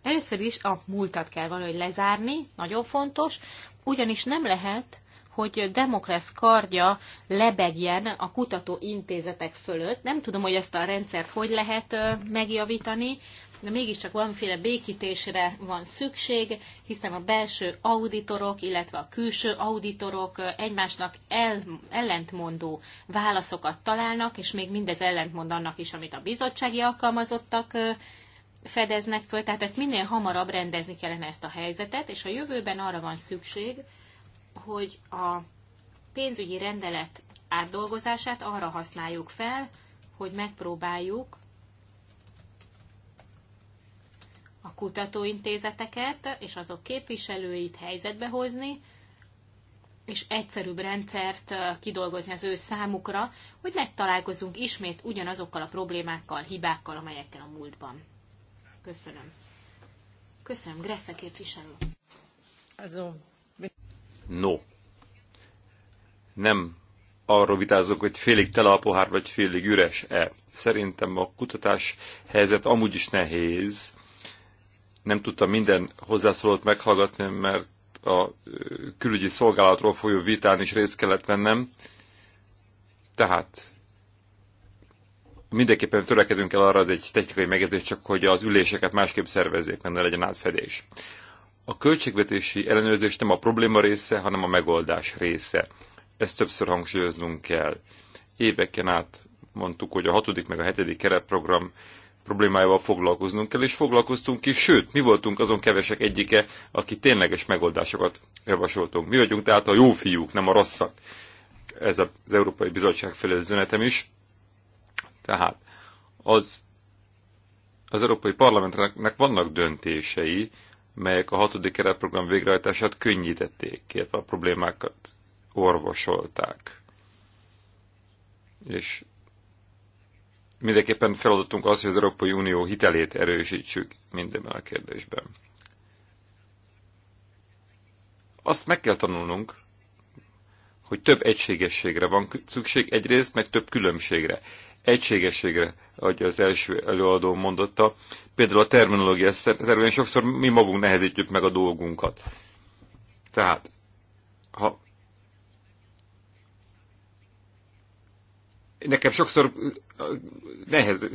Először is a múltat kell valahogy lezárni, nagyon fontos, ugyanis nem lehet hogy Demokrasz kardja lebegjen a kutatóintézetek fölött. Nem tudom, hogy ezt a rendszert hogy lehet megjavítani, de mégiscsak valamiféle békítésre van szükség, hiszen a belső auditorok, illetve a külső auditorok egymásnak el, ellentmondó válaszokat találnak, és még mindez ellentmond annak is, amit a bizottsági alkalmazottak fedeznek föl, tehát ezt minél hamarabb rendezni kellene ezt a helyzetet, és a jövőben arra van szükség, hogy a pénzügyi rendelet átdolgozását arra használjuk fel, hogy megpróbáljuk a kutatóintézeteket és azok képviselőit helyzetbe hozni, és egyszerűbb rendszert kidolgozni az ő számukra, hogy találkozunk ismét ugyanazokkal a problémákkal, hibákkal, amelyekkel a múltban. Köszönöm. Köszönöm, Gressze képviselő. Also, No. Nem arról vitázok, hogy félig tele a pohár, vagy félig üres-e. Szerintem a kutatás helyzet amúgy is nehéz. Nem tudtam minden hozzászólót meghallgatni, mert a külügyi szolgálatról folyó vitán is részt kellett vennem. Tehát mindenképpen törekedünk el arra, az egy technikai megjegyzés, csak hogy az üléseket másképp szervezzék, mert ne legyen átfedés a költségvetési ellenőrzés nem a probléma része, hanem a megoldás része. Ezt többször hangsúlyoznunk kell. Éveken át mondtuk, hogy a hatodik meg a hetedik keretprogram problémájával foglalkoznunk kell, és foglalkoztunk is, sőt, mi voltunk azon kevesek egyike, aki tényleges megoldásokat javasoltunk. Mi vagyunk tehát a jó fiúk, nem a rosszak. Ez az Európai Bizottság felé üzenetem is. Tehát az, az Európai Parlamentnek vannak döntései, melyek a hatodik keretprogram végrehajtását könnyítették, illetve a problémákat orvosolták. És mindenképpen feladatunk az, hogy az Európai Unió hitelét erősítsük mindenben a kérdésben. Azt meg kell tanulnunk, hogy több egységességre van szükség, egyrészt meg több különbségre egységességre, ahogy az első előadó mondotta. Például a terminológia szerint sokszor mi magunk nehezítjük meg a dolgunkat. Tehát, ha nekem sokszor nehez,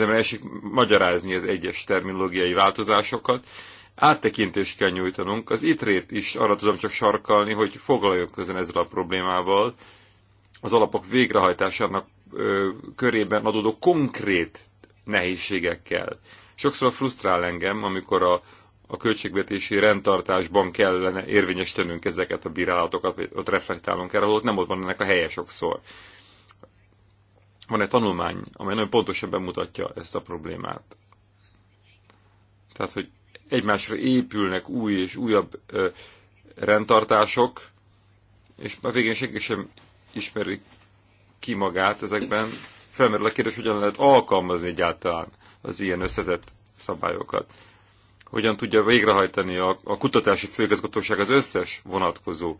esik magyarázni az egyes terminológiai változásokat, áttekintést kell nyújtanunk. Az itrét is arra tudom csak sarkalni, hogy foglaljon közön ezzel a problémával, az alapok végrehajtásának körében adódó konkrét nehézségekkel. Sokszor frusztrál engem, amikor a, a költségvetési rendtartásban kellene érvényesítenünk ezeket a bírálatokat, vagy ott reflektálunk erre, ott nem ott van ennek a helye sokszor. Van egy tanulmány, amely nagyon pontosan bemutatja ezt a problémát. Tehát, hogy egymásra épülnek új és újabb ö, rendtartások, és a végén senki sem ismeri ki magát ezekben, felmerül a kérdés, hogyan lehet alkalmazni egyáltalán az ilyen összetett szabályokat. Hogyan tudja végrehajtani a, a kutatási főigazgatóság az összes vonatkozó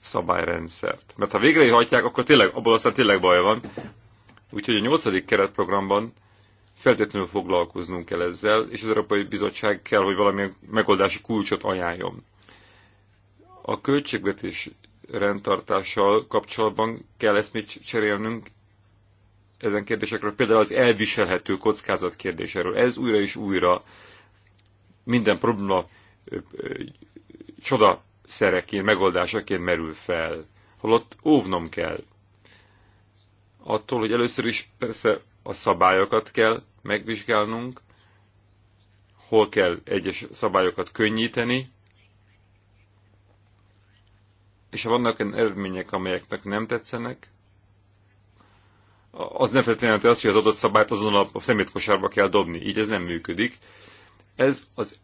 szabályrendszert. Mert ha végrehajtják, akkor tényleg, abból aztán tényleg baj van. Úgyhogy a nyolcadik keretprogramban feltétlenül foglalkoznunk kell ezzel, és az Európai Bizottság kell, hogy valamilyen megoldási kulcsot ajánljon. A költségvetés rendtartással kapcsolatban kell ezt még cserélnünk ezen kérdésekről, például az elviselhető kockázat kérdéséről. Ez újra és újra minden probléma csoda szereként, megoldásaként merül fel. Holott óvnom kell attól, hogy először is persze a szabályokat kell megvizsgálnunk, hol kell egyes szabályokat könnyíteni, és ha vannak olyan eredmények, amelyeknek nem tetszenek, az nem feltétlenül azt, hogy az adott szabályt azon a szemétkosárba kell dobni. Így ez nem működik. Ez az,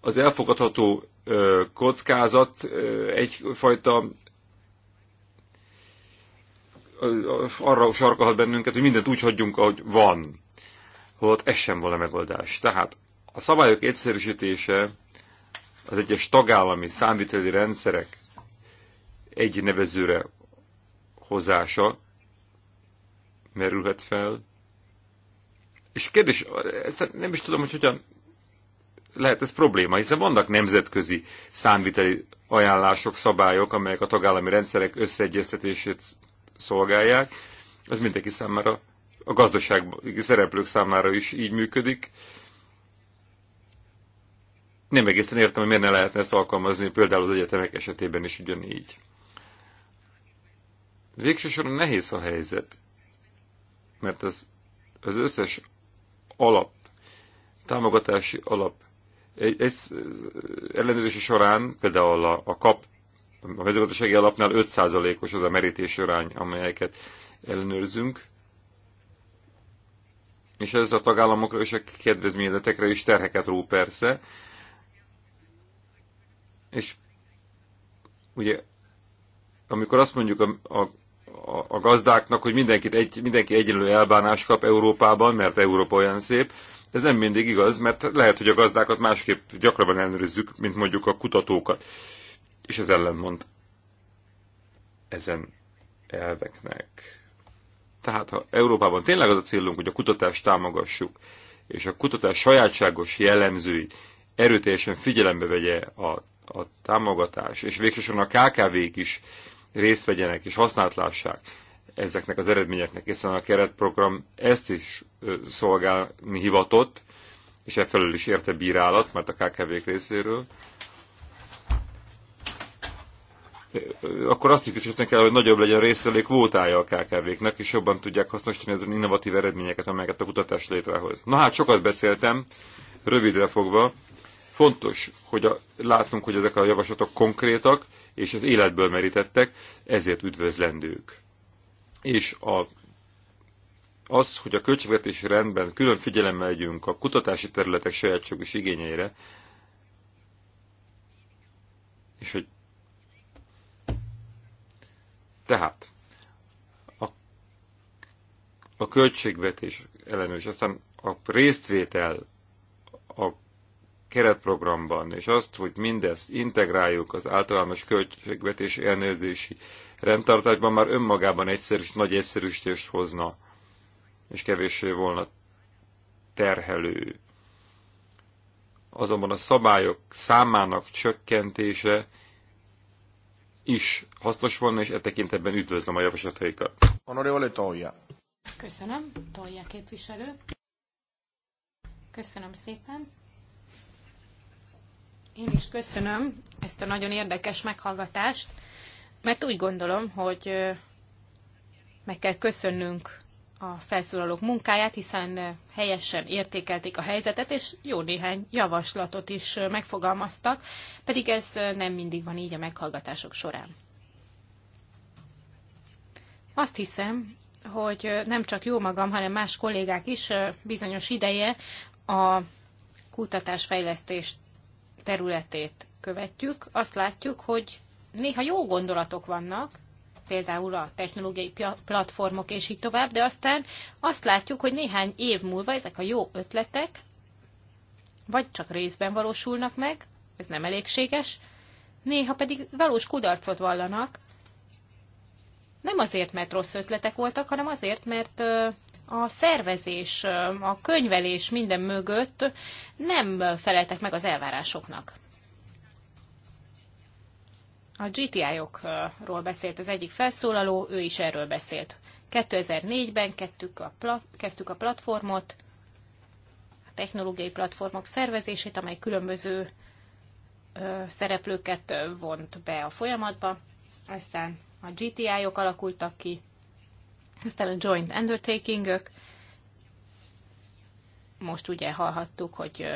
az elfogadható ö, kockázat ö, egyfajta arra sarkalhat bennünket, hogy mindent úgy hagyjunk, ahogy van. Holott ez sem a megoldás. Tehát a szabályok egyszerűsítése az egyes tagállami számviteli rendszerek egy nevezőre hozása merülhet fel. És kérdés, nem is tudom, hogy hogyan lehet ez probléma, hiszen vannak nemzetközi számviteli ajánlások, szabályok, amelyek a tagállami rendszerek összeegyeztetését szolgálják. Ez mindenki számára, a gazdasági szereplők számára is így működik. Nem egészen értem, hogy miért ne lehetne ezt alkalmazni például az egyetemek esetében is ugyanígy. Végső soron nehéz a helyzet, mert az, az összes alap, támogatási alap egy, egy ellenőrzési során, például a, a kap, a mezőgazdasági alapnál 5%-os az a merítés arány, amelyeket ellenőrzünk, és ez a tagállamokra és a kedvezményezetekre is terheket ró persze, és ugye amikor azt mondjuk a, a a, gazdáknak, hogy mindenkit egy, mindenki egyenlő elbánást kap Európában, mert Európa olyan szép. Ez nem mindig igaz, mert lehet, hogy a gazdákat másképp gyakrabban ellenőrizzük, mint mondjuk a kutatókat. És ez ellenmond ezen elveknek. Tehát ha Európában tényleg az a célunk, hogy a kutatást támogassuk, és a kutatás sajátságos jellemzői erőteljesen figyelembe vegye a, a támogatás, és végsősorban a KKV-k is részt vegyenek és használt lássák ezeknek az eredményeknek, hiszen a keretprogram ezt is szolgálni hivatott, és e felől is érte bírálat, mert a kkv részéről, akkor azt is biztosítani kell, hogy nagyobb legyen a résztelé kvótája a kkv knek és jobban tudják hasznosítani az innovatív eredményeket, amelyeket a kutatás létrehoz. Na hát, sokat beszéltem, rövidre fogva. Fontos, hogy a, látnunk, hogy ezek a javaslatok konkrétak, és az életből merítettek, ezért üdvözlendők. És a, az, hogy a költségvetési rendben külön figyelemmel legyünk a kutatási területek sajátságos igényeire, és hogy tehát a, a költségvetés ellenőrs, aztán a résztvétel a keretprogramban, és azt, hogy mindezt integráljuk az általános költségvetés ellenőrzési rendtartásban már önmagában egyszerűs, nagy egyszerűsítést hozna, és kevéssé volna terhelő. Azonban a szabályok számának csökkentése is hasznos volna, és e tekintetben üdvözlöm a javaslataikat. Honorevole Tolja. Köszönöm, Tolja képviselő. Köszönöm szépen. Én is köszönöm ezt a nagyon érdekes meghallgatást, mert úgy gondolom, hogy meg kell köszönnünk a felszólalók munkáját, hiszen helyesen értékelték a helyzetet, és jó néhány javaslatot is megfogalmaztak, pedig ez nem mindig van így a meghallgatások során. Azt hiszem, hogy nem csak jó magam, hanem más kollégák is bizonyos ideje a kutatásfejlesztést területét követjük, azt látjuk, hogy néha jó gondolatok vannak, például a technológiai platformok és így tovább, de aztán azt látjuk, hogy néhány év múlva ezek a jó ötletek vagy csak részben valósulnak meg, ez nem elégséges, néha pedig valós kudarcot vallanak, nem azért, mert rossz ötletek voltak, hanem azért, mert a szervezés, a könyvelés minden mögött nem feleltek meg az elvárásoknak. A GTI-okról beszélt az egyik felszólaló, ő is erről beszélt. 2004-ben kezdtük a, kezdtük a platformot, a technológiai platformok szervezését, amely különböző ö, szereplőket vont be a folyamatba. Aztán a GTI-ok -ok alakultak ki, aztán a joint undertakingök. Most ugye hallhattuk, hogy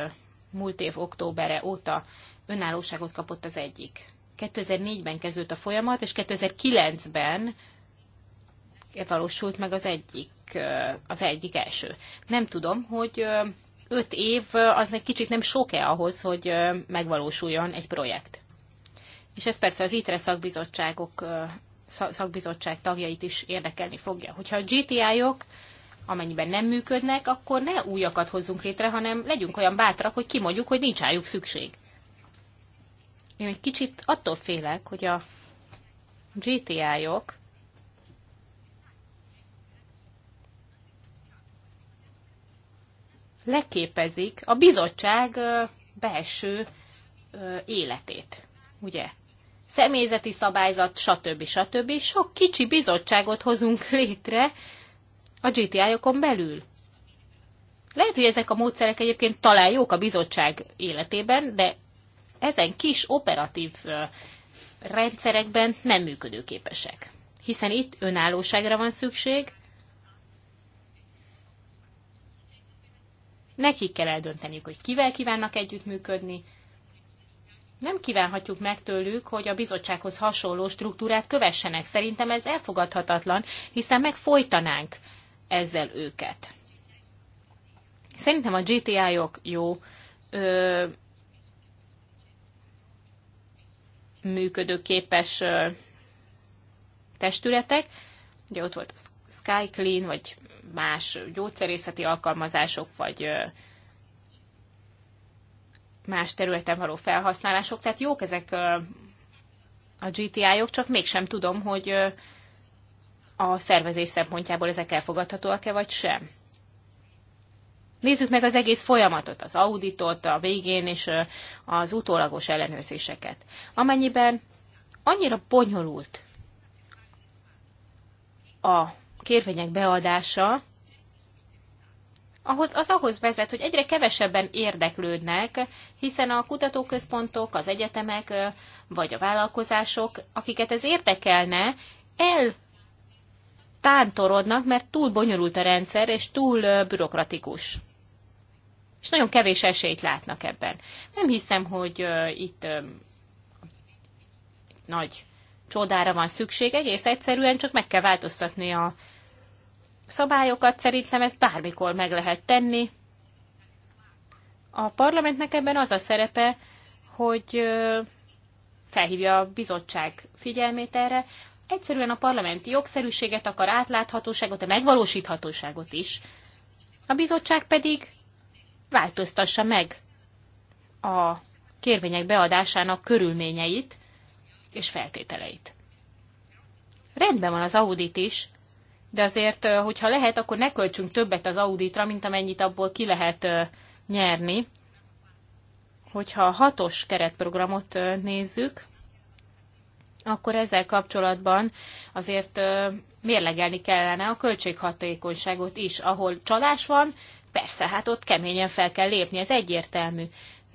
múlt év októbere óta önállóságot kapott az egyik. 2004-ben kezdődött a folyamat, és 2009-ben valósult meg az egyik, az egyik első. Nem tudom, hogy öt év az egy kicsit nem sok-e ahhoz, hogy megvalósuljon egy projekt. És ez persze az ITRE szakbizottságok szakbizottság tagjait is érdekelni fogja. Hogyha a GTI-ok -ok, amennyiben nem működnek, akkor ne újakat hozzunk létre, hanem legyünk olyan bátrak, hogy kimondjuk, hogy nincs rájuk szükség. Én egy kicsit attól félek, hogy a GTI-ok -ok leképezik a bizottság belső életét, ugye? személyzeti szabályzat, stb. stb. Sok kicsi bizottságot hozunk létre a GTI-okon belül. Lehet, hogy ezek a módszerek egyébként talán jók a bizottság életében, de ezen kis operatív rendszerekben nem működőképesek. Hiszen itt önállóságra van szükség, nekik kell eldönteniük, hogy kivel kívánnak együttműködni, nem kívánhatjuk meg tőlük, hogy a bizottsághoz hasonló struktúrát kövessenek. Szerintem ez elfogadhatatlan, hiszen megfojtanánk ezzel őket. Szerintem a GTI-ok -ok jó ö, működőképes ö, testületek. Ugye ott volt a Sky Clean, vagy más gyógyszerészeti alkalmazások, vagy ö, más területen való felhasználások. Tehát jók ezek a GTI-ok, -ok, csak mégsem tudom, hogy a szervezés szempontjából ezek elfogadhatóak-e vagy sem. Nézzük meg az egész folyamatot, az auditot, a végén és az utólagos ellenőrzéseket. Amennyiben annyira bonyolult a kérvények beadása, ahhoz, az ahhoz vezet, hogy egyre kevesebben érdeklődnek, hiszen a kutatóközpontok, az egyetemek vagy a vállalkozások, akiket ez érdekelne, eltántorodnak, mert túl bonyolult a rendszer, és túl bürokratikus. És nagyon kevés esélyt látnak ebben. Nem hiszem, hogy itt nagy csodára van szükség, egész egyszerűen csak meg kell változtatni a szabályokat, szerintem ezt bármikor meg lehet tenni. A parlamentnek ebben az a szerepe, hogy felhívja a bizottság figyelmét erre, egyszerűen a parlamenti jogszerűséget akar átláthatóságot, a megvalósíthatóságot is. A bizottság pedig változtassa meg a kérvények beadásának körülményeit és feltételeit. Rendben van az audit is, de azért, hogyha lehet, akkor ne költsünk többet az auditra, mint amennyit abból ki lehet nyerni. Hogyha a hatos keretprogramot nézzük, akkor ezzel kapcsolatban azért mérlegelni kellene a költséghatékonyságot is, ahol csalás van, persze, hát ott keményen fel kell lépni, ez egyértelmű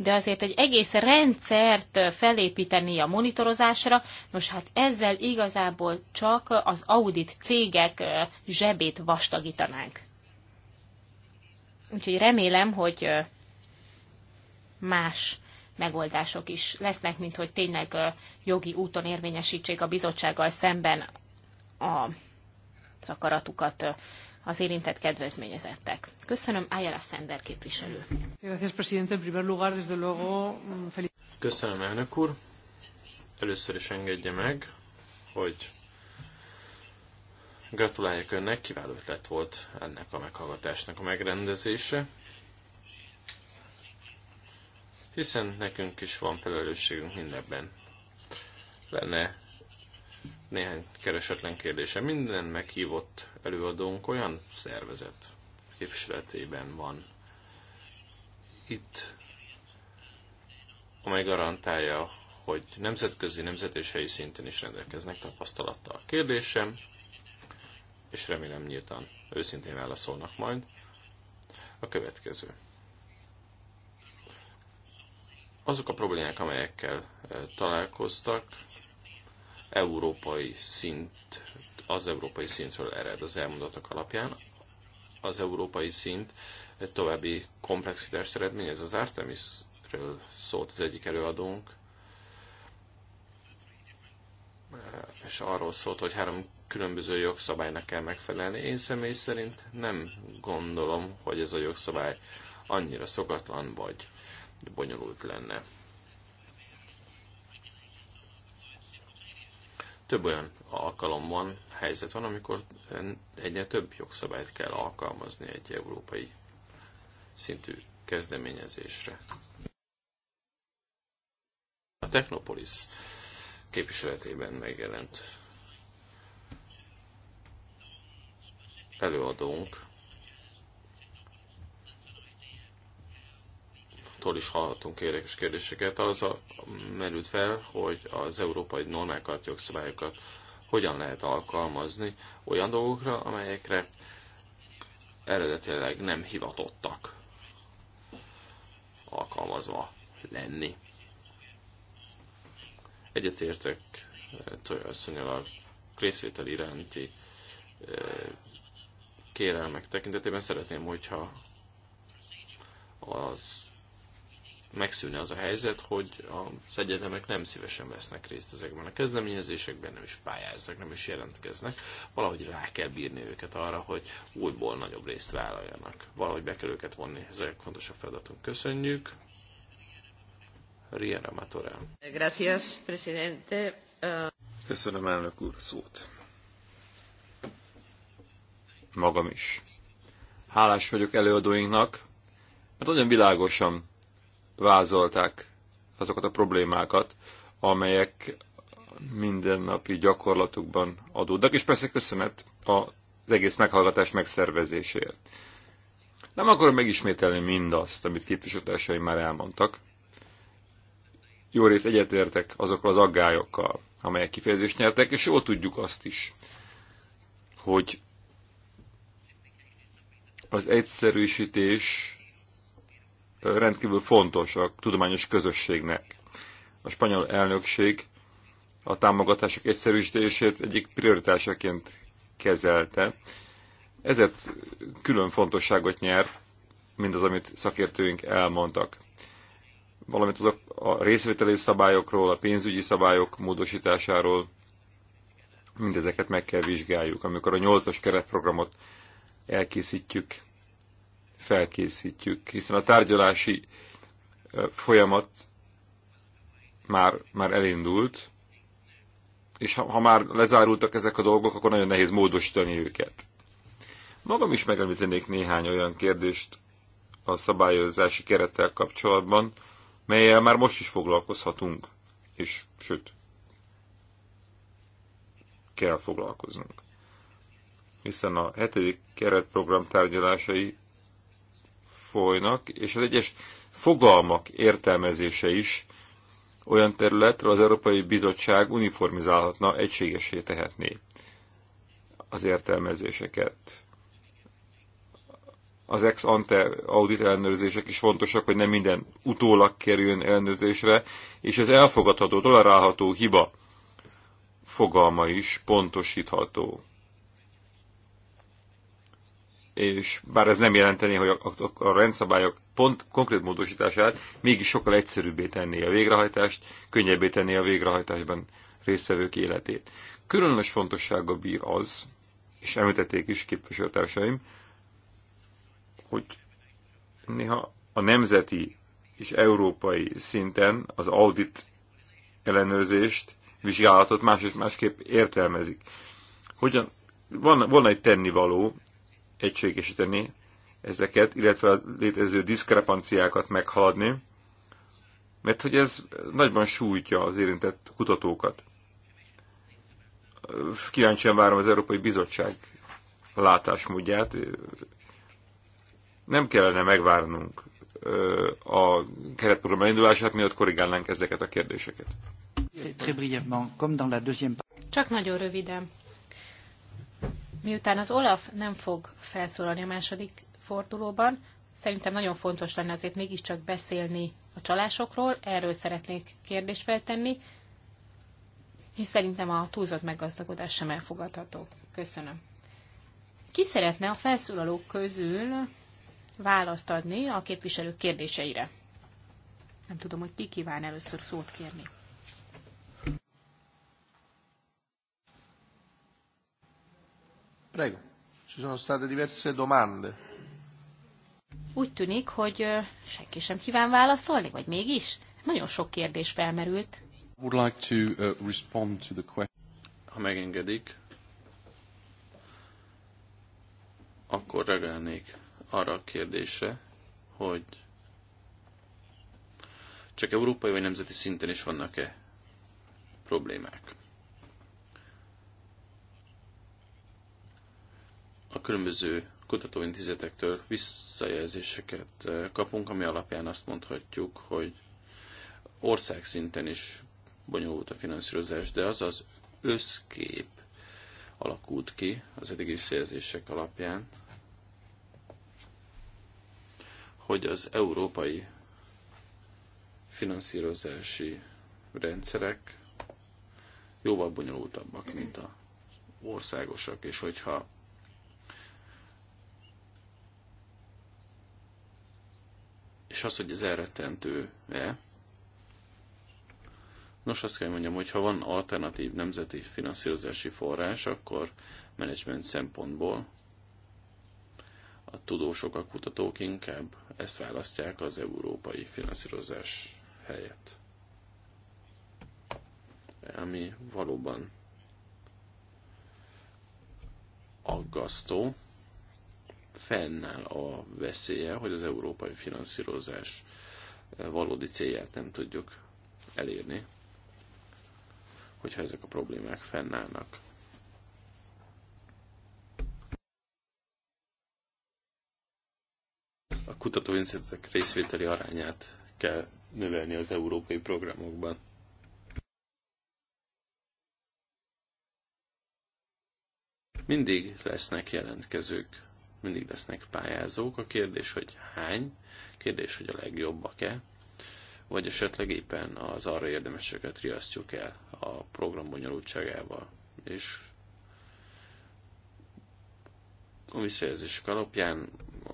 de azért egy egész rendszert felépíteni a monitorozásra, nos hát ezzel igazából csak az audit cégek zsebét vastagítanánk. Úgyhogy remélem, hogy más megoldások is lesznek, mint hogy tényleg jogi úton érvényesítsék a bizottsággal szemben a szakaratukat az érintett kedvezményezettek. Köszönöm, Ayala Sender képviselő. Mm, Köszönöm, elnök úr. Először is engedje meg, hogy gratuláljak önnek, kiváló ötlet volt ennek a meghallgatásnak a megrendezése hiszen nekünk is van felelősségünk mindenben. Lenne néhány keresetlen kérdése. Minden meghívott előadónk olyan szervezet képviseletében van itt, amely garantálja, hogy nemzetközi, nemzet és helyi szinten is rendelkeznek tapasztalattal. Kérdésem, és remélem nyíltan őszintén válaszolnak majd, a következő. Azok a problémák, amelyekkel eh, találkoztak, európai szint, az európai szintről ered az elmondatok alapján. Az európai szint egy további komplexitást eredményez. Az Artemisről szólt az egyik előadónk, és arról szólt, hogy három különböző jogszabálynak kell megfelelni. Én személy szerint nem gondolom, hogy ez a jogszabály annyira szokatlan vagy bonyolult lenne. Több olyan alkalom van, helyzet van, amikor egyre több jogszabályt kell alkalmazni egy európai szintű kezdeményezésre. A Technopolis képviseletében megjelent előadónk tól is hallhatunk érdekes kérdéseket. Az a, merült fel, hogy az európai normákat, jogszabályokat hogyan lehet alkalmazni olyan dolgokra, amelyekre eredetileg nem hivatottak alkalmazva lenni. Egyetértek eh, Tojasszonyal a részvétel iránti eh, kérelmek tekintetében szeretném, hogyha az megszűnne az a helyzet, hogy az egyetemek nem szívesen vesznek részt ezekben a kezdeményezésekben, nem is pályáznak, nem is jelentkeznek. Valahogy rá kell bírni őket arra, hogy újból nagyobb részt vállaljanak. Valahogy be kell őket vonni, ez a legfontosabb feladatunk. Köszönjük. Riera Matorel. Gracias, presidente. Köszönöm elnök úr szót. Magam is. Hálás vagyok előadóinknak, mert nagyon világosan vázolták azokat a problémákat, amelyek mindennapi gyakorlatukban adódnak, és persze köszönet az egész meghallgatás megszervezéséért. Nem akarom megismételni mindazt, amit képviselőtársaim már elmondtak. Jó részt egyetértek azokkal az aggályokkal, amelyek kifejezést nyertek, és jól tudjuk azt is, hogy az egyszerűsítés rendkívül fontos a tudományos közösségnek. A spanyol elnökség a támogatások egyszerűsítését egyik prioritásaként kezelte. Ezért külön fontosságot nyer mindaz, amit szakértőink elmondtak. Valamint azok a részvételi szabályokról, a pénzügyi szabályok módosításáról, mindezeket meg kell vizsgáljuk, amikor a nyolcas keretprogramot elkészítjük felkészítjük, hiszen a tárgyalási folyamat már, már elindult, és ha, ha már lezárultak ezek a dolgok, akkor nagyon nehéz módosítani őket. Magam is megemlítenék néhány olyan kérdést a szabályozási kerettel kapcsolatban, melyel már most is foglalkozhatunk, és sőt, kell foglalkoznunk. Hiszen a hetedik keretprogram tárgyalásai folynak, és az egyes fogalmak értelmezése is olyan területről az Európai Bizottság uniformizálhatna, egységesé tehetné az értelmezéseket. Az ex ante audit ellenőrzések is fontosak, hogy nem minden utólag kerüljön ellenőrzésre, és az elfogadható, tolerálható hiba fogalma is pontosítható és bár ez nem jelenteni, hogy a, a, a rendszabályok pont konkrét módosítását mégis sokkal egyszerűbbé tenné a végrehajtást, könnyebbé tenné a végrehajtásban résztvevők életét. Különös fontossága bír az, és említették is képviselőtársaim, hogy néha a nemzeti és európai szinten az audit ellenőrzést, vizsgálatot más és másképp értelmezik. Hogyan, van, volna egy tennivaló egységesíteni ezeket, illetve a létező diszkrepanciákat meghaladni, mert hogy ez nagyban sújtja az érintett kutatókat. Kíváncsian várom az Európai Bizottság látásmódját. Nem kellene megvárnunk a keretprogram indulását, miatt korrigálnánk ezeket a kérdéseket. Csak nagyon röviden. Miután az Olaf nem fog felszólalni a második fordulóban, szerintem nagyon fontos lenne azért mégiscsak beszélni a csalásokról, erről szeretnék kérdést feltenni, és szerintem a túlzott meggazdagodás sem elfogadható. Köszönöm. Ki szeretne a felszólalók közül választ adni a képviselők kérdéseire? Nem tudom, hogy ki kíván először szót kérni. Prego. Ci sono state diverse domande. Úgy tűnik, hogy senki sem kíván válaszolni, vagy mégis? Nagyon sok kérdés felmerült. Would like to, uh, respond to the question. Ha megengedik, akkor reagálnék arra a kérdésre, hogy csak európai vagy nemzeti szinten is vannak-e problémák. a különböző kutatóintézetektől visszajelzéseket eh, kapunk, ami alapján azt mondhatjuk, hogy országszinten is bonyolult a finanszírozás, de az az összkép alakult ki az eddigi visszajelzések alapján, hogy az európai finanszírozási rendszerek jóval bonyolultabbak, mint a országosak, és hogyha És az, hogy ez elrettentő-e, Nos, azt kell mondjam, hogy ha van alternatív nemzeti finanszírozási forrás, akkor menedzsment szempontból a tudósok, a kutatók inkább ezt választják az európai finanszírozás helyett. Ami valóban aggasztó, fennáll a veszélye, hogy az európai finanszírozás valódi célját nem tudjuk elérni, hogyha ezek a problémák fennállnak. A kutatóintézetek részvételi arányát kell növelni az európai programokban. Mindig lesznek jelentkezők mindig lesznek pályázók. A kérdés, hogy hány, kérdés, hogy a legjobbak-e, vagy esetleg éppen az arra érdemeseket riasztjuk el a program bonyolultságával. És a visszajelzések alapján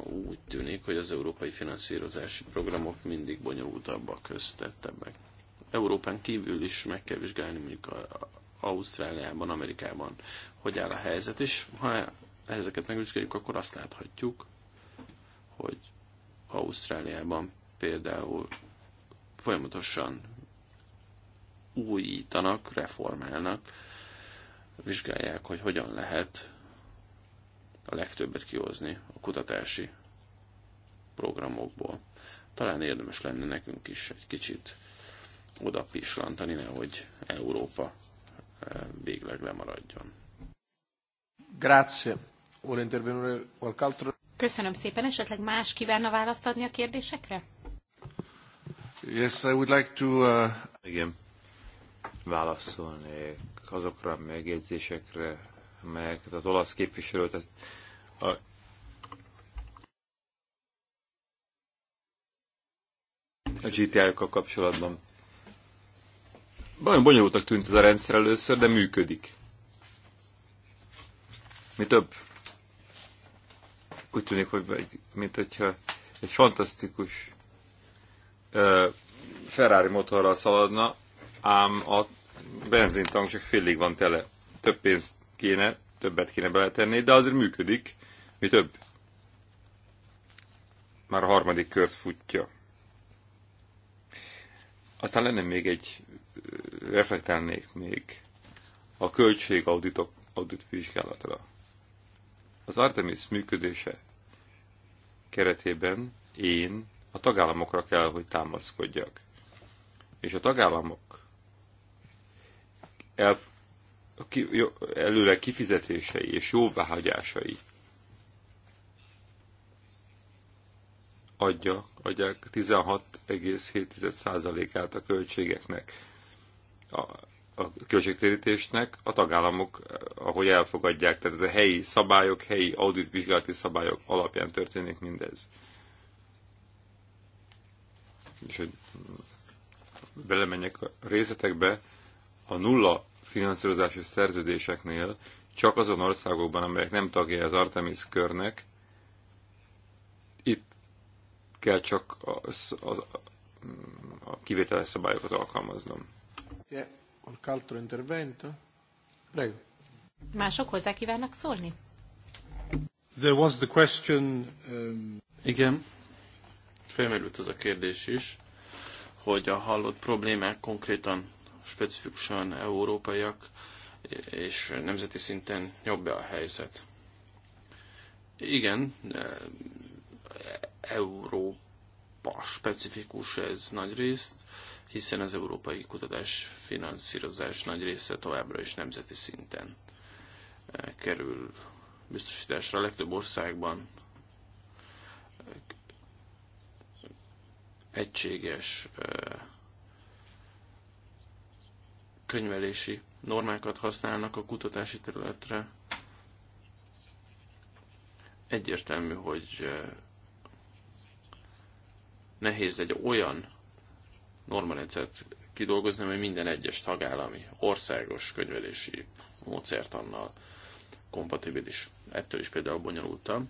úgy tűnik, hogy az európai finanszírozási programok mindig bonyolultabbak, köztettebbek. Európán kívül is meg kell vizsgálni mondjuk a Ausztráliában, Amerikában, hogy áll a helyzet, és ha ezeket megvizsgáljuk, akkor azt láthatjuk, hogy Ausztráliában például folyamatosan újítanak, reformálnak, vizsgálják, hogy hogyan lehet a legtöbbet kihozni a kutatási programokból. Talán érdemes lenne nekünk is egy kicsit oda pislantani, nehogy Európa eh, végleg lemaradjon. Grazie. Köszönöm szépen. Esetleg más kívánna választ adni a kérdésekre? Yes, I would like to... Uh... Igen, válaszolnék azokra a megjegyzésekre, amelyeket az olasz képviselőt a a GTI-kkal kapcsolatban. Nagyon bonyolultak tűnt ez a rendszer először, de működik. Mi több, úgy tűnik, hogy mint hogyha egy fantasztikus ö, Ferrari motorral szaladna, ám a benzintank csak félig van tele. Több pénzt kéne, többet kéne beletenni, de azért működik. Mi több? Már a harmadik kört futja. Aztán lenne még egy, reflektálnék még a költség auditok, audit vizsgálatra. Az Artemis működése keretében én a tagállamokra kell, hogy támaszkodjak. És a tagállamok el, ki, előre kifizetései és jóváhagyásai adja, adják 16,7%-át a költségeknek. A, a költségtérítésnek a tagállamok, ahogy elfogadják, tehát ez a helyi szabályok, helyi auditvizsgálati szabályok alapján történik mindez. És hogy belemenjek a részletekbe, a nulla finanszírozási szerződéseknél csak azon országokban, amelyek nem tagjai az Artemis körnek, itt kell csak az, a, a kivételes szabályokat alkalmaznom. Yeah. Qualche altro intervento? Prego. Mások hozzá kívánnak szólni? There was the question, um... Igen, felmerült az a kérdés is, hogy a hallott problémák konkrétan, specifikusan európaiak, és nemzeti szinten jobb-e a helyzet. Igen, Európa specifikus ez nagy részt, hiszen az európai kutatás finanszírozás nagy része továbbra is nemzeti szinten eh, kerül biztosításra. A legtöbb országban eh, egységes eh, könyvelési normákat használnak a kutatási területre. Egyértelmű, hogy nehéz egy olyan normarendszert kidolgozni, mert minden egyes tagállami országos könyvelési módszertannal kompatibilis. Ettől is például bonyolultam,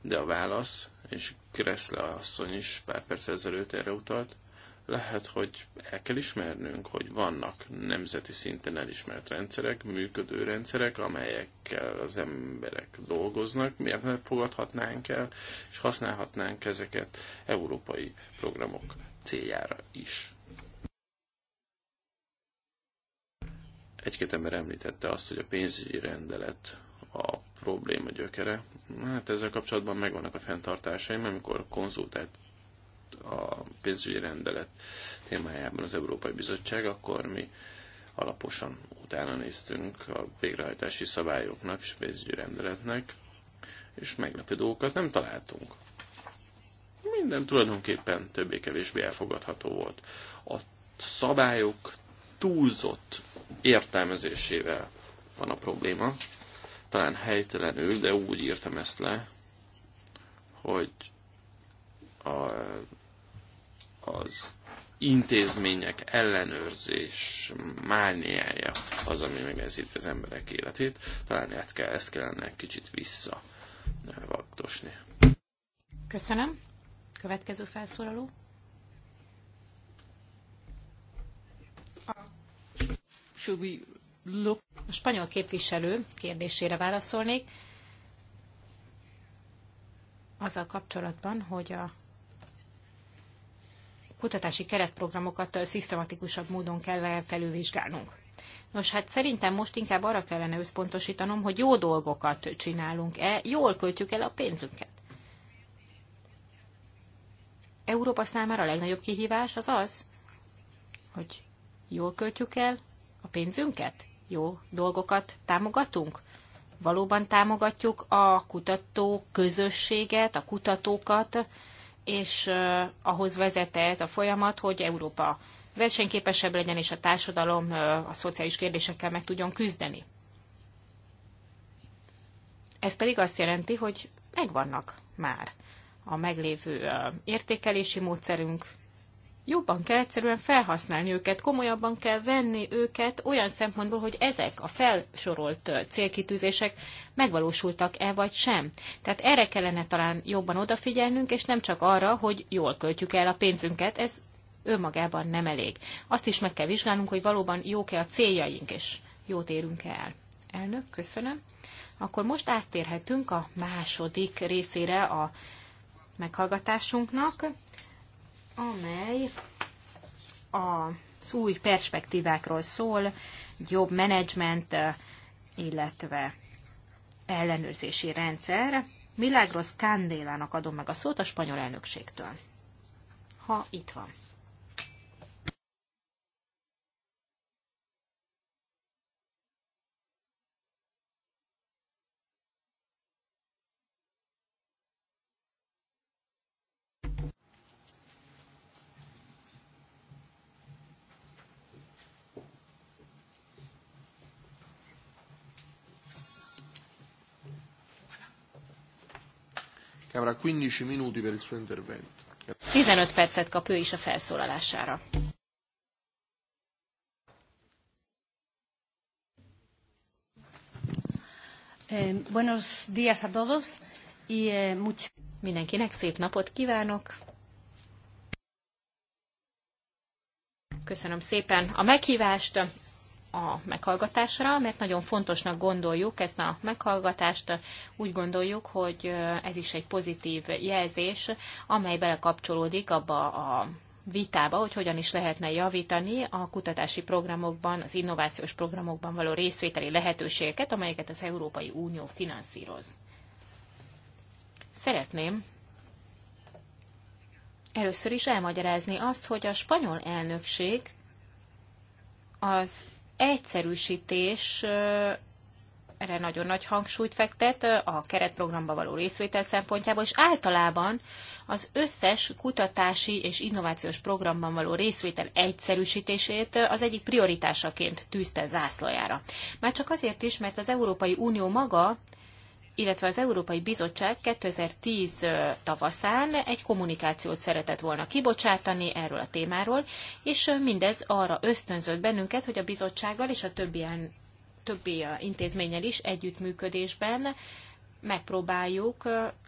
de a válasz, és Kreszle asszony is pár perc ezelőtt erre utalt, lehet, hogy el kell ismernünk, hogy vannak nemzeti szinten elismert rendszerek, működő rendszerek, amelyekkel az emberek dolgoznak, miért nem fogadhatnánk el, és használhatnánk ezeket európai programok céljára is. Egy-két ember említette azt, hogy a pénzügyi rendelet a probléma gyökere. Hát ezzel kapcsolatban megvannak a fenntartásaim, amikor konzultált a pénzügyi rendelet témájában az Európai Bizottság, akkor mi alaposan utána néztünk a végrehajtási szabályoknak és pénzügyi rendeletnek, és meglepő dolgokat nem találtunk minden tulajdonképpen többé-kevésbé elfogadható volt. A szabályok túlzott értelmezésével van a probléma. Talán helytelenül, de úgy írtam ezt le, hogy a, az intézmények ellenőrzés mániája az, ami megnehezíti az emberek életét. Talán ezt, kell, ezt kellene kicsit vissza vaktosni. Köszönöm. Következő felszólaló. Should we look? A spanyol képviselő kérdésére válaszolnék. Azzal kapcsolatban, hogy a kutatási keretprogramokat szisztematikusabb módon kell felülvizsgálnunk. Nos, hát szerintem most inkább arra kellene összpontosítanom, hogy jó dolgokat csinálunk-e, jól költjük el a pénzünket. Európa számára a legnagyobb kihívás az az, hogy jól költjük el a pénzünket, jó dolgokat támogatunk, valóban támogatjuk a kutató közösséget, a kutatókat, és ahhoz vezete ez a folyamat, hogy Európa versenyképesebb legyen, és a társadalom a szociális kérdésekkel meg tudjon küzdeni. Ez pedig azt jelenti, hogy megvannak már a meglévő értékelési módszerünk. Jobban kell egyszerűen felhasználni őket, komolyabban kell venni őket olyan szempontból, hogy ezek a felsorolt célkitűzések megvalósultak-e vagy sem. Tehát erre kellene talán jobban odafigyelnünk, és nem csak arra, hogy jól költjük el a pénzünket, ez önmagában nem elég. Azt is meg kell vizsgálnunk, hogy valóban jók-e a céljaink, és jót érünk -e el. Elnök, köszönöm. Akkor most áttérhetünk a második részére a meghallgatásunknak, amely az új perspektívákról szól, jobb menedzsment, illetve ellenőrzési rendszer. Milagros Candélának adom meg a szót a spanyol elnökségtől, ha itt van. che avrà 15 minuti per il suo intervento. 15 percet kap ő is a felszólalására. Eh, buenos días a todos y eh, much... Mindenkinek szép napot kívánok! Köszönöm szépen a meghívást a meghallgatásra, mert nagyon fontosnak gondoljuk ezt a meghallgatást. Úgy gondoljuk, hogy ez is egy pozitív jelzés, amely belekapcsolódik abba a vitába, hogy hogyan is lehetne javítani a kutatási programokban, az innovációs programokban való részvételi lehetőségeket, amelyeket az Európai Unió finanszíroz. Szeretném először is elmagyarázni azt, hogy a spanyol elnökség az egyszerűsítés erre nagyon nagy hangsúlyt fektet a keretprogramba való részvétel szempontjából, és általában az összes kutatási és innovációs programban való részvétel egyszerűsítését az egyik prioritásaként tűzte zászlajára. Már csak azért is, mert az Európai Unió maga illetve az Európai Bizottság 2010 tavaszán egy kommunikációt szeretett volna kibocsátani erről a témáról, és mindez arra ösztönzött bennünket, hogy a bizottsággal és a többi, többi intézménnyel is együttműködésben megpróbáljuk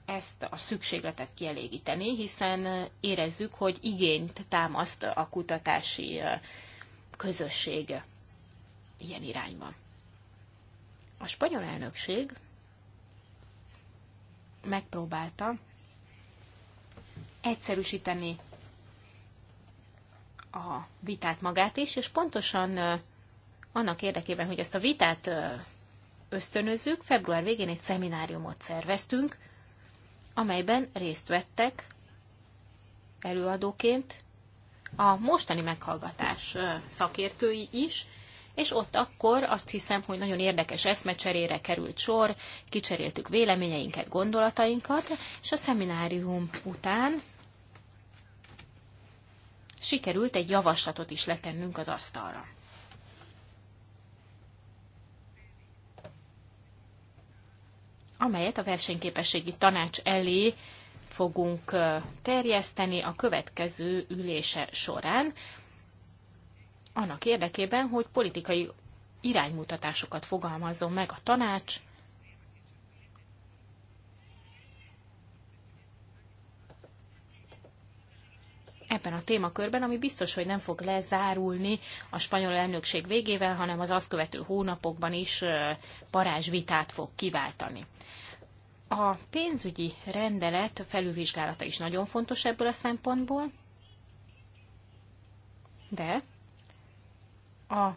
ezt a szükségletet kielégíteni, hiszen érezzük, hogy igényt támaszt a kutatási közösség ilyen irányban. A spanyol elnökség megpróbálta egyszerűsíteni a vitát magát is, és pontosan annak érdekében, hogy ezt a vitát ösztönözzük, február végén egy szemináriumot szerveztünk, amelyben részt vettek előadóként a mostani meghallgatás szakértői is, és ott akkor azt hiszem, hogy nagyon érdekes eszmecserére került sor, kicseréltük véleményeinket, gondolatainkat, és a szeminárium után sikerült egy javaslatot is letennünk az asztalra. amelyet a versenyképességi tanács elé fogunk terjeszteni a következő ülése során, annak érdekében, hogy politikai iránymutatásokat fogalmazzon meg a tanács, ebben a témakörben, ami biztos, hogy nem fog lezárulni a spanyol elnökség végével, hanem az azt követő hónapokban is parázsvitát fog kiváltani. A pénzügyi rendelet felülvizsgálata is nagyon fontos ebből a szempontból, de a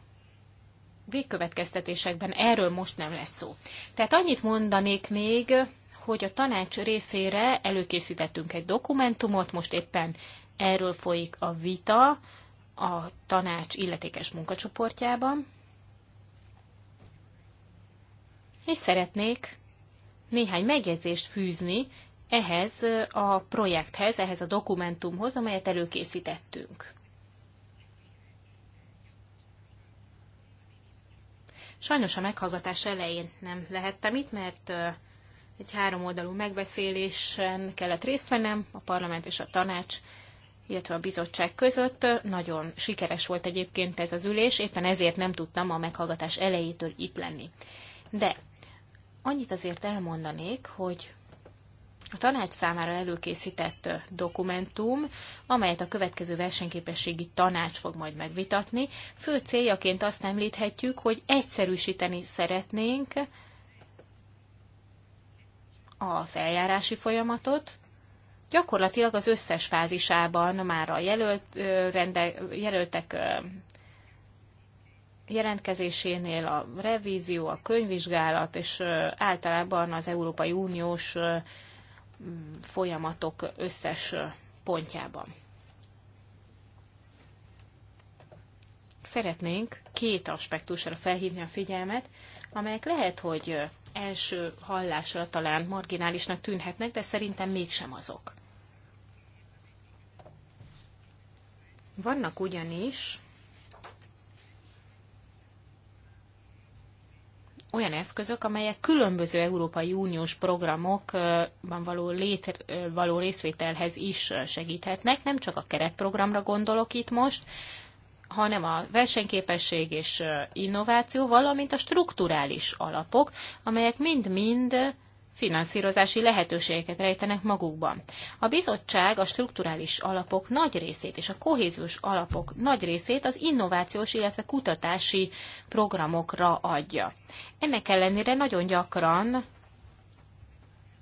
végkövetkeztetésekben erről most nem lesz szó. Tehát annyit mondanék még, hogy a tanács részére előkészítettünk egy dokumentumot, most éppen erről folyik a vita a tanács illetékes munkacsoportjában, és szeretnék néhány megjegyzést fűzni ehhez a projekthez, ehhez a dokumentumhoz, amelyet előkészítettünk. Sajnos a meghallgatás elején nem lehettem itt, mert egy oldalú megbeszélésen kellett részt vennem a parlament és a tanács illetve a bizottság között. Nagyon sikeres volt egyébként ez az ülés, éppen ezért nem tudtam a meghallgatás elejétől itt lenni. De annyit azért elmondanék, hogy a tanács számára előkészített dokumentum, amelyet a következő versenyképességi tanács fog majd megvitatni. Fő céljaként azt említhetjük, hogy egyszerűsíteni szeretnénk az eljárási folyamatot, gyakorlatilag az összes fázisában már a jelölt, rende, jelöltek jelentkezésénél a revízió, a könyvvizsgálat és általában az Európai Uniós folyamatok összes pontjában. Szeretnénk két aspektusra felhívni a figyelmet, amelyek lehet, hogy első hallásra talán marginálisnak tűnhetnek, de szerintem mégsem azok. Vannak ugyanis olyan eszközök, amelyek különböző Európai Uniós programokban való, lét, való részvételhez is segíthetnek. Nem csak a keretprogramra gondolok itt most, hanem a versenyképesség és innováció, valamint a strukturális alapok, amelyek mind-mind finanszírozási lehetőségeket rejtenek magukban. A bizottság a strukturális alapok nagy részét és a kohéziós alapok nagy részét az innovációs, illetve kutatási programokra adja. Ennek ellenére nagyon gyakran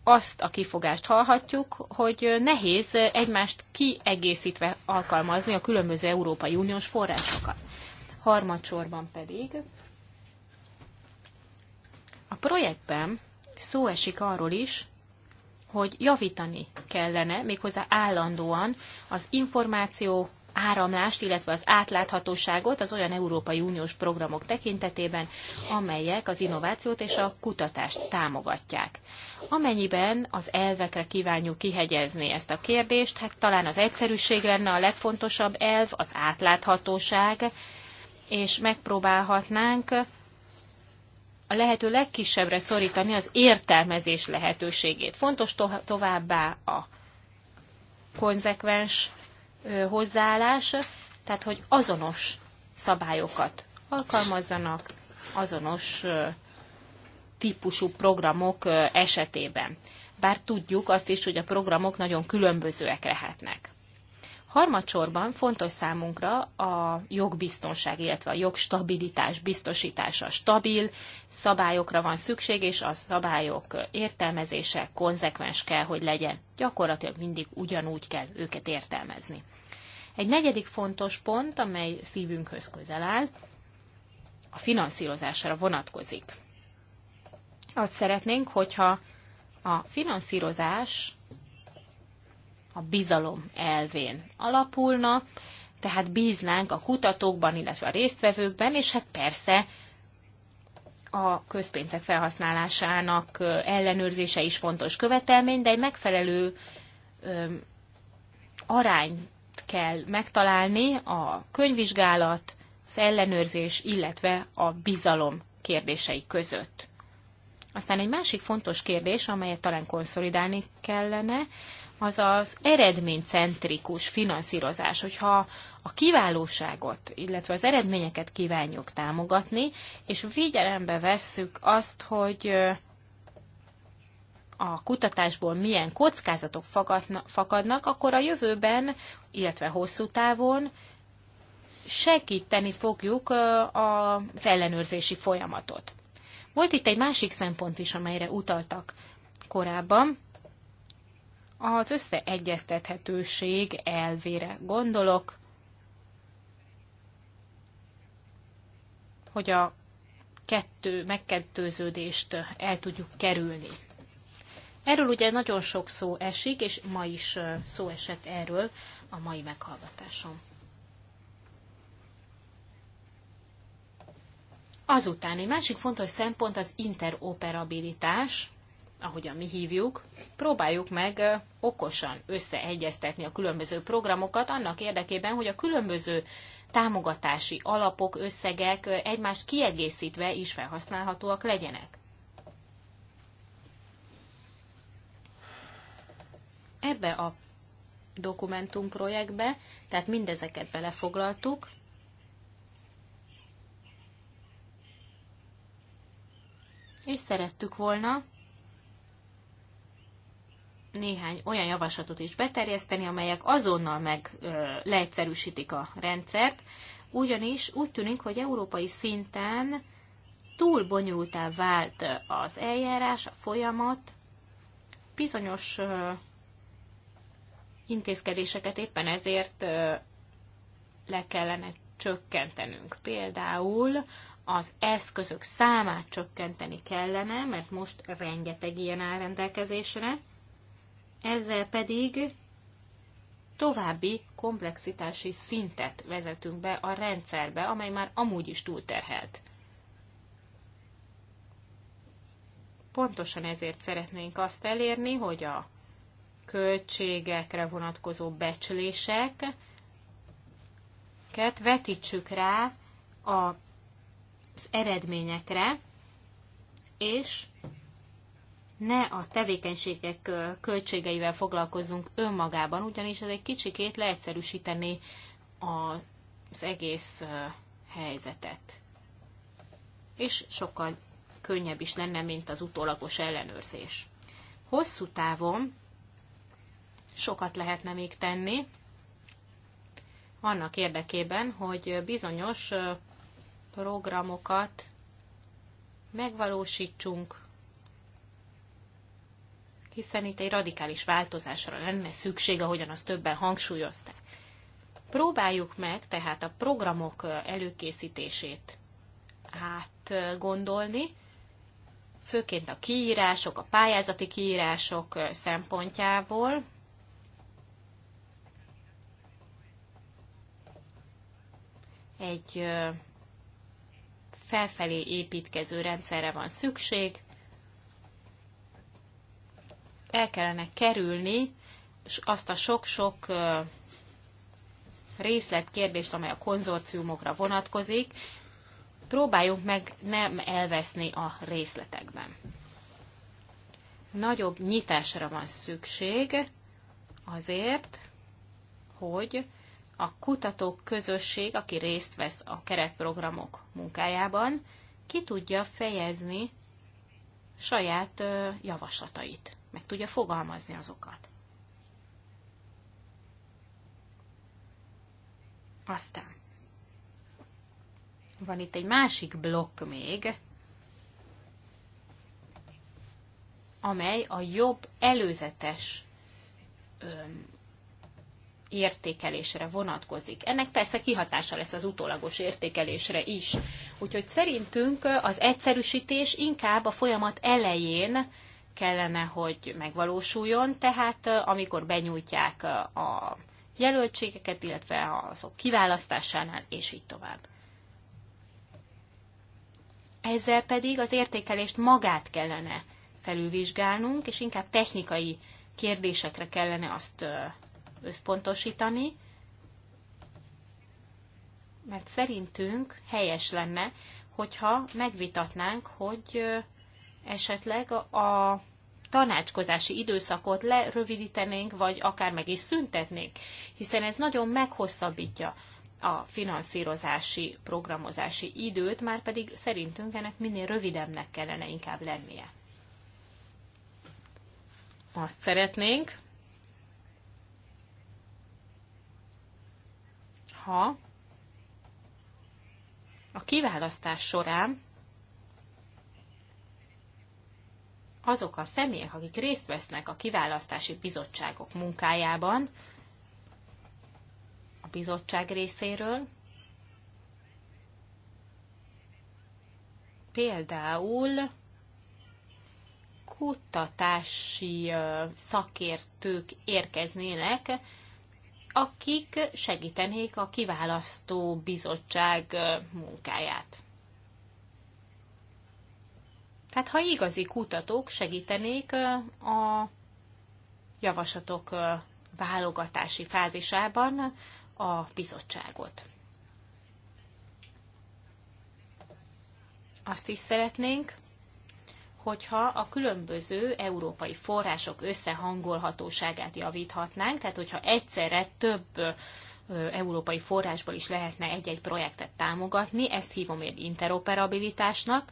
azt a kifogást hallhatjuk, hogy nehéz egymást kiegészítve alkalmazni a különböző Európai Uniós forrásokat. Harmadsorban pedig a projektben szó esik arról is, hogy javítani kellene méghozzá állandóan az információ áramlást, illetve az átláthatóságot az olyan Európai Uniós programok tekintetében, amelyek az innovációt és a kutatást támogatják. Amennyiben az elvekre kívánjuk kihegyezni ezt a kérdést, hát talán az egyszerűség lenne a legfontosabb elv, az átláthatóság, és megpróbálhatnánk a lehető legkisebbre szorítani az értelmezés lehetőségét. Fontos to- továbbá a konzekvens ö, hozzáállás, tehát hogy azonos szabályokat alkalmazzanak azonos ö, típusú programok ö, esetében. Bár tudjuk azt is, hogy a programok nagyon különbözőek lehetnek. Harmadsorban fontos számunkra a jogbiztonság, illetve a jogstabilitás biztosítása. Stabil szabályokra van szükség, és a szabályok értelmezése konzekvens kell, hogy legyen. Gyakorlatilag mindig ugyanúgy kell őket értelmezni. Egy negyedik fontos pont, amely szívünkhöz közel áll, a finanszírozásra vonatkozik. Azt szeretnénk, hogyha a finanszírozás a bizalom elvén alapulna, tehát bíznánk a kutatókban, illetve a résztvevőkben, és hát persze a közpénzek felhasználásának ellenőrzése is fontos követelmény, de egy megfelelő öm, arányt kell megtalálni a könyvvizsgálat, az ellenőrzés, illetve a bizalom kérdései között. Aztán egy másik fontos kérdés, amelyet talán konszolidálni kellene, az az eredménycentrikus finanszírozás, hogyha a kiválóságot, illetve az eredményeket kívánjuk támogatni, és figyelembe vesszük azt, hogy a kutatásból milyen kockázatok fakadnak, akkor a jövőben, illetve hosszú távon segíteni fogjuk az ellenőrzési folyamatot. Volt itt egy másik szempont is, amelyre utaltak korábban, az összeegyeztethetőség elvére gondolok, hogy a kettő megkettőződést el tudjuk kerülni. Erről ugye nagyon sok szó esik, és ma is szó esett erről a mai meghallgatáson. Azután egy másik fontos szempont az interoperabilitás, ahogyan mi hívjuk, próbáljuk meg okosan összeegyeztetni a különböző programokat annak érdekében, hogy a különböző támogatási alapok, összegek egymást kiegészítve is felhasználhatóak legyenek. Ebbe a projektbe, tehát mindezeket belefoglaltuk, és szerettük volna néhány olyan javaslatot is beterjeszteni, amelyek azonnal meg leegyszerűsítik a rendszert, ugyanis úgy tűnik, hogy európai szinten túl bonyolultá vált az eljárás, a folyamat, bizonyos intézkedéseket éppen ezért le kellene csökkentenünk. Például az eszközök számát csökkenteni kellene, mert most rengeteg ilyen áll rendelkezésre, ezzel pedig további komplexitási szintet vezetünk be a rendszerbe, amely már amúgy is túlterhelt. Pontosan ezért szeretnénk azt elérni, hogy a költségekre vonatkozó becsléseket vetítsük rá az eredményekre, és ne a tevékenységek költségeivel foglalkozzunk önmagában, ugyanis ez egy kicsikét leegyszerűsíteni az egész helyzetet. És sokkal könnyebb is lenne, mint az utólagos ellenőrzés. Hosszú távon sokat lehetne még tenni, annak érdekében, hogy bizonyos programokat megvalósítsunk, hiszen itt egy radikális változásra lenne szükség, ahogyan azt többen hangsúlyozták. Próbáljuk meg tehát a programok előkészítését átgondolni, főként a kiírások, a pályázati kiírások szempontjából. Egy felfelé építkező rendszerre van szükség, el kellene kerülni azt a sok-sok részletkérdést, amely a konzorciumokra vonatkozik, próbáljunk meg nem elveszni a részletekben. Nagyobb nyitásra van szükség azért, hogy a kutatók közösség, aki részt vesz a keretprogramok munkájában, ki tudja fejezni saját javaslatait meg tudja fogalmazni azokat. Aztán van itt egy másik blokk még, amely a jobb előzetes öm, értékelésre vonatkozik. Ennek persze kihatása lesz az utólagos értékelésre is. Úgyhogy szerintünk az egyszerűsítés inkább a folyamat elején kellene, hogy megvalósuljon, tehát amikor benyújtják a jelöltségeket, illetve azok kiválasztásánál, és így tovább. Ezzel pedig az értékelést magát kellene felülvizsgálnunk, és inkább technikai kérdésekre kellene azt összpontosítani, mert szerintünk helyes lenne, hogyha megvitatnánk, hogy esetleg a tanácskozási időszakot lerövidítenénk, vagy akár meg is szüntetnénk, hiszen ez nagyon meghosszabbítja a finanszírozási, programozási időt, már pedig szerintünk ennek minél rövidebbnek kellene inkább lennie. Azt szeretnénk, ha a kiválasztás során azok a személyek, akik részt vesznek a kiválasztási bizottságok munkájában, a bizottság részéről, például kutatási szakértők érkeznének, akik segítenék a kiválasztó bizottság munkáját. Tehát ha igazi kutatók segítenék a javaslatok válogatási fázisában a bizottságot. Azt is szeretnénk, hogyha a különböző európai források összehangolhatóságát javíthatnánk, tehát hogyha egyszerre több európai forrásból is lehetne egy-egy projektet támogatni, ezt hívom én interoperabilitásnak,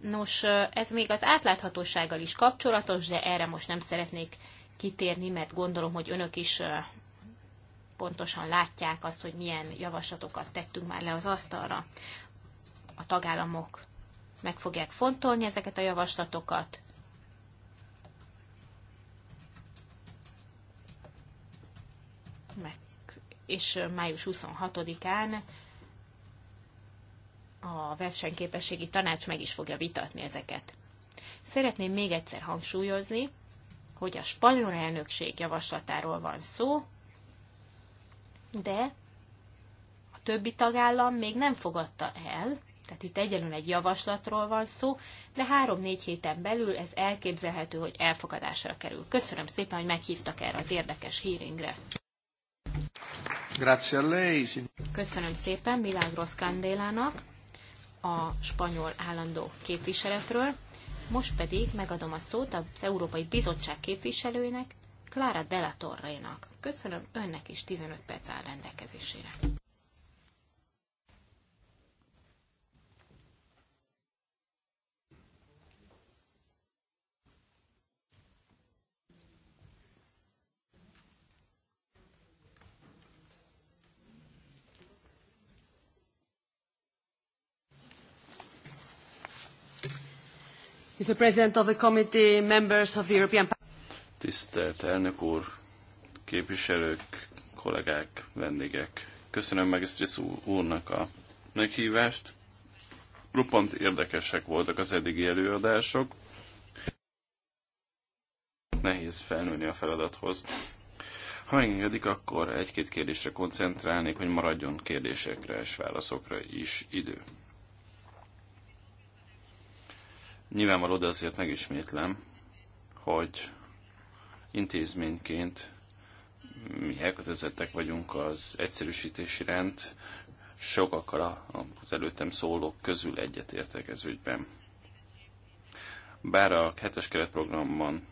Nos, ez még az átláthatósággal is kapcsolatos, de erre most nem szeretnék kitérni, mert gondolom, hogy önök is pontosan látják azt, hogy milyen javaslatokat tettünk már le az asztalra. A tagállamok meg fogják fontolni ezeket a javaslatokat. Meg, és május 26-án a versenyképességi tanács meg is fogja vitatni ezeket. Szeretném még egyszer hangsúlyozni, hogy a spanyol elnökség javaslatáról van szó, de a többi tagállam még nem fogadta el, tehát itt egyelőre egy javaslatról van szó, de három-négy héten belül ez elképzelhető, hogy elfogadásra kerül. Köszönöm szépen, hogy meghívtak erre az érdekes híringre. Grazie a lei. Köszönöm szépen Milagros Candélának a spanyol állandó képviseletről. Most pedig megadom a szót az Európai Bizottság képviselőjének, Clara Della Torre-nak. Köszönöm önnek is 15 perc áll rendelkezésére. Mr. President of the Committee, members of the European Tisztelt elnök úr, képviselők, kollégák, vendégek. Köszönöm meg úrnak a meghívást. Roppant érdekesek voltak az eddigi előadások. Nehéz felnőni a feladathoz. Ha megengedik, akkor egy-két kérdésre koncentrálnék, hogy maradjon kérdésekre és válaszokra is idő. Nyilvánvaló, de azért megismétlem, hogy intézményként mi elkötelezettek vagyunk az egyszerűsítési rend, sokakkal az előttem szólók közül egyetértek ez ügyben. Bár a hetes keretprogramban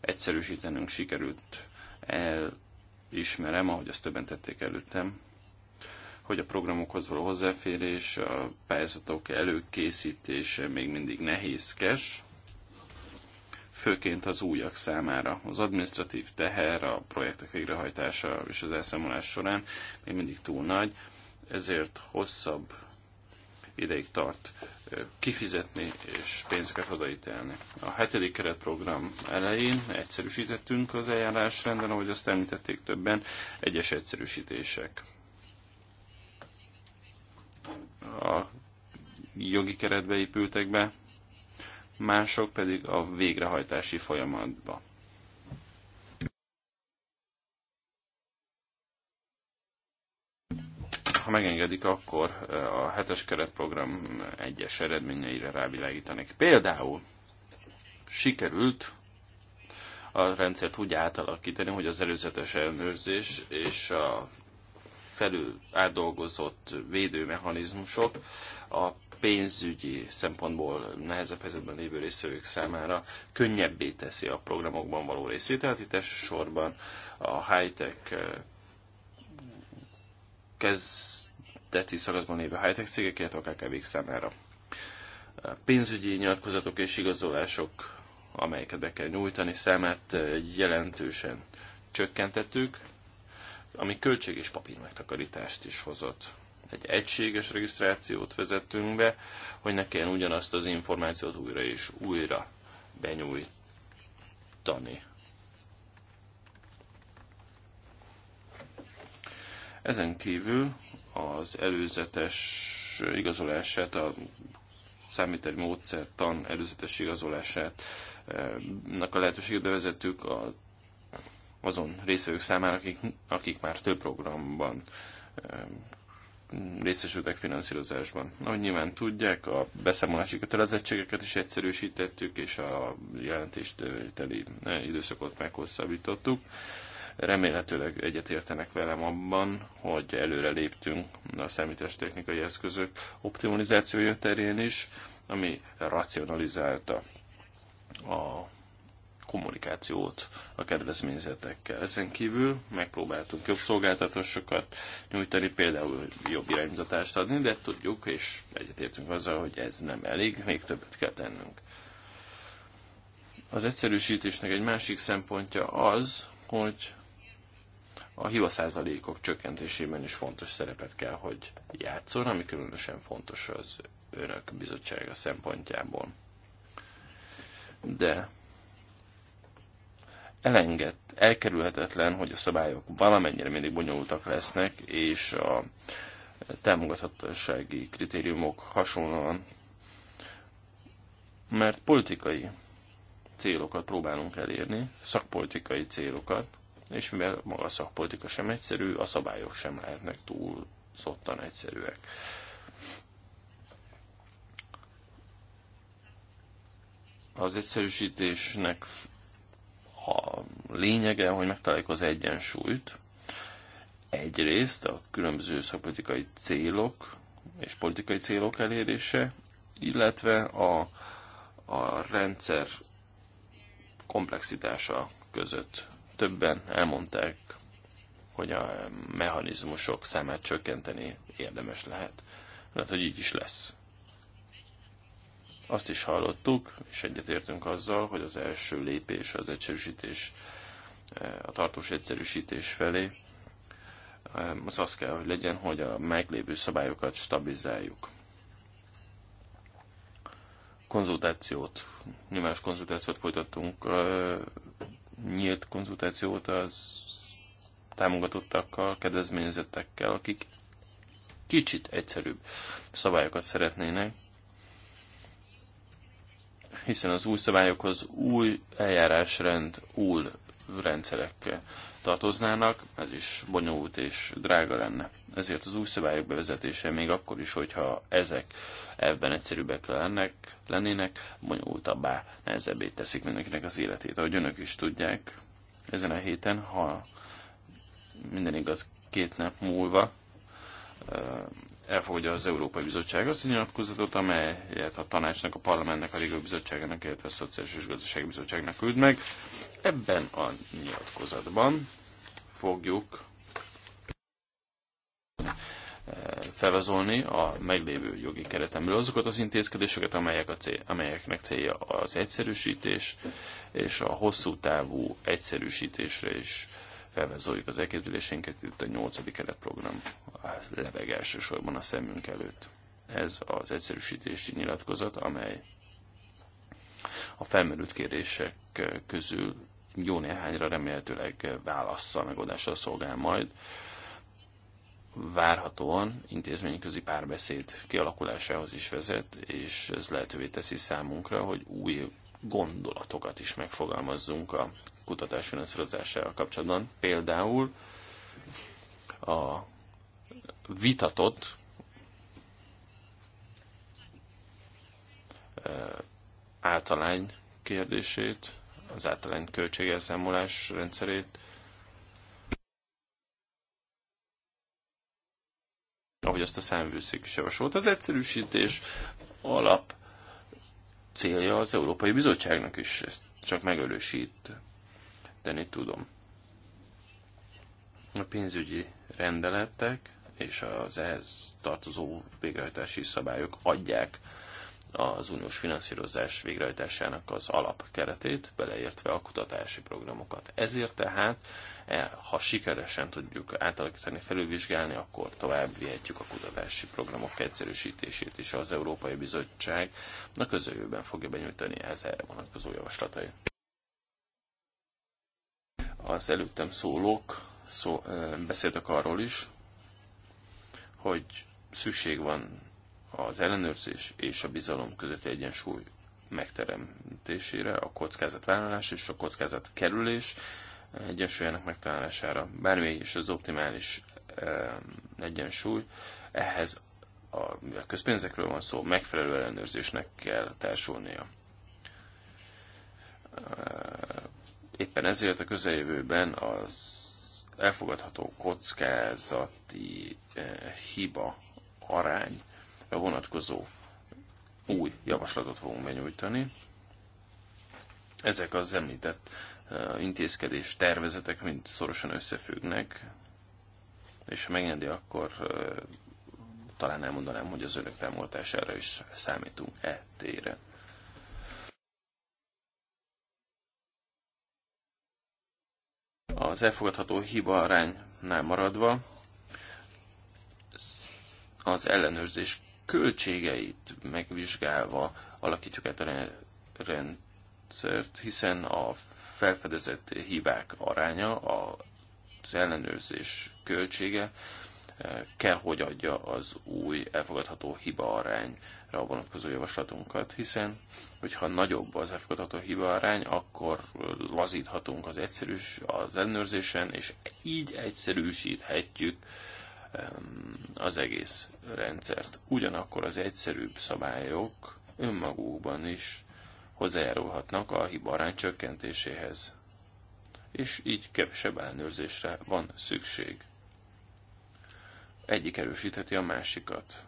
egyszerűsítenünk sikerült, elismerem, ahogy azt többen tették előttem, hogy a programokhoz való hozzáférés, a pályázatok előkészítése még mindig nehézkes, főként az újak számára. Az administratív teher, a projektek végrehajtása és az elszámolás során még mindig túl nagy, ezért hosszabb ideig tart kifizetni és pénzeket odaítelni. A hetedik keretprogram elején egyszerűsítettünk az eljárásrenden, ahogy azt említették többen, egyes egyszerűsítések a jogi keretbe épültek be, mások pedig a végrehajtási folyamatba. Ha megengedik, akkor eh, a hetes keretprogram egyes eredményeire rávilágítanék. Például sikerült a rendszert úgy átalakítani, hogy az előzetes ellenőrzés és a felül átdolgozott védőmechanizmusok a pénzügyi szempontból nehezebb helyzetben lévő részvevők számára könnyebbé teszi a programokban való részvételt. Itt elsősorban a high-tech eh, kezdeti szakaszban lévő high-tech cégek, illetve a kkv számára. Pénzügyi nyilatkozatok és igazolások, amelyeket be kell nyújtani, számát eh, jelentősen csökkentettük, ami költség és papír megtakarítást is hozott. Egy egységes regisztrációt vezettünk be, hogy ne kelljen ugyanazt az információt újra és újra benyújtani. Ezen kívül az előzetes igazolását, a számítani módszertan előzetes igazolását eh, a lehetőséget bevezettük a azon részvevők számára, akik, akik már több programban eh, részesültek finanszírozásban. Ahogy nyilván tudják, a beszámolási kötelezettségeket is egyszerűsítettük, és a teli eh, időszakot meghosszabbítottuk. Remélhetőleg egyetértenek velem abban, hogy előre léptünk a számítástechnikai eszközök optimalizációja terén is, ami racionalizálta a kommunikációt a kedvezményzetekkel. Ezen kívül megpróbáltunk jobb szolgáltatásokat nyújtani, például jobb irányítatást adni, de tudjuk, és egyetértünk azzal, hogy ez nem elég, még többet kell tennünk. Az egyszerűsítésnek egy másik szempontja az, hogy a hivaszázalékok csökkentésében is fontos szerepet kell, hogy játszon, ami különösen fontos az önök bizottsága szempontjából. De elengedt, elkerülhetetlen, hogy a szabályok valamennyire mindig bonyolultak lesznek, és a támogathatósági kritériumok hasonlóan, mert politikai célokat próbálunk elérni, szakpolitikai célokat, és mivel maga a szakpolitika sem egyszerű, a szabályok sem lehetnek túl szottan egyszerűek. Az egyszerűsítésnek a lényege, hogy megtaláljuk az egyensúlyt. Egyrészt a különböző szakpolitikai célok és politikai célok elérése, illetve a, a rendszer komplexitása között. Többen elmondták, hogy a mechanizmusok szemet csökkenteni érdemes lehet. Lehet, hogy így is lesz. Azt is hallottuk, és egyetértünk azzal, hogy az első lépés az egyszerűsítés, eh, a tartós egyszerűsítés felé eh, az az kell, hogy legyen, hogy a meglévő szabályokat stabilizáljuk. Konzultációt, nyilvános konzultációt folytattunk, eh, nyílt konzultációt az támogatottakkal, kedvezményezettekkel, akik kicsit egyszerűbb szabályokat szeretnének, hiszen az új szabályokhoz új eljárásrend, új rendszerek tartoznának, ez is bonyolult és drága lenne. Ezért az új szabályok bevezetése még akkor is, hogyha ezek ebben egyszerűbbek lennek, lennének, bonyolultabbá, nehezebbé teszik mindenkinek az életét. Ahogy önök is tudják, ezen a héten, ha minden igaz, két nap múlva elfogadja az Európai Bizottság azt a nyilatkozatot, amelyet a tanácsnak, a parlamentnek, a régió bizottságának, illetve a Szociális és Gazdasági Bizottságnak küld meg. Ebben a nyilatkozatban fogjuk felvázolni a meglévő jogi keretemről azokat az intézkedéseket, amelyek a cél, amelyeknek célja az egyszerűsítés és a hosszú távú egyszerűsítésre is felvezoljuk az elképzelésénket, itt a 8. program leveg elsősorban a szemünk előtt. Ez az egyszerűsítési nyilatkozat, amely a felmerült kérdések közül jó néhányra remélhetőleg a megoldásra szolgál majd. Várhatóan közi párbeszéd kialakulásához is vezet, és ez lehetővé teszi számunkra, hogy új gondolatokat is megfogalmazzunk a kutatás finanszírozásával kapcsolatban. Például a vitatott általány kérdését, az általány költségelszámolás rendszerét, ahogy azt a számvőszék is javasolt. Az egyszerűsítés alap célja az Európai Bizottságnak is, ezt csak nem tudom. A pénzügyi rendeletek és az ehhez tartozó végrehajtási szabályok adják az uniós finanszírozás végrehajtásának az alapkeretét, beleértve a kutatási programokat. Ezért tehát, e, ha sikeresen tudjuk átalakítani, felülvizsgálni, akkor tovább vihetjük a kutatási programok egyszerűsítését is. Az Európai Bizottság a közeljövőben fogja benyújtani ez erre vonatkozó javaslatait. Az előttem szólók szó, beszéltek arról is, hogy szükség van az ellenőrzés és a bizalom közötti egyensúly megteremtésére, a kockázatvállalás és a kockázatkerülés egyensúlyának megtalálására. Bármi is az optimális egyensúly, ehhez a, a közpénzekről van szó, megfelelő ellenőrzésnek kell társulnia. Éppen ezért a közeljövőben az elfogadható kockázati hiba arány vonatkozó új javaslatot fogunk benyújtani. Ezek az említett intézkedés tervezetek mind szorosan összefüggnek, és ha megengedi, akkor talán elmondanám, hogy az önök támogatására is számítunk e tére. Az elfogadható hiba aránynál maradva az ellenőrzés költségeit megvizsgálva alakítjuk át a rendszert, hiszen a felfedezett hibák aránya, az ellenőrzés költsége eh, kell, hogy adja az új elfogadható hiba arányra vonatkozó javaslatunkat, hiszen hogyha nagyobb az elfogadható hiba arány, akkor lazíthatunk az egyszerűs az ellenőrzésen, és így egyszerűsíthetjük az egész rendszert. Ugyanakkor az egyszerűbb szabályok önmagukban is hozzájárulhatnak a arány csökkentéséhez, és így kevesebb ellenőrzésre van szükség. Egyik erősítheti a másikat.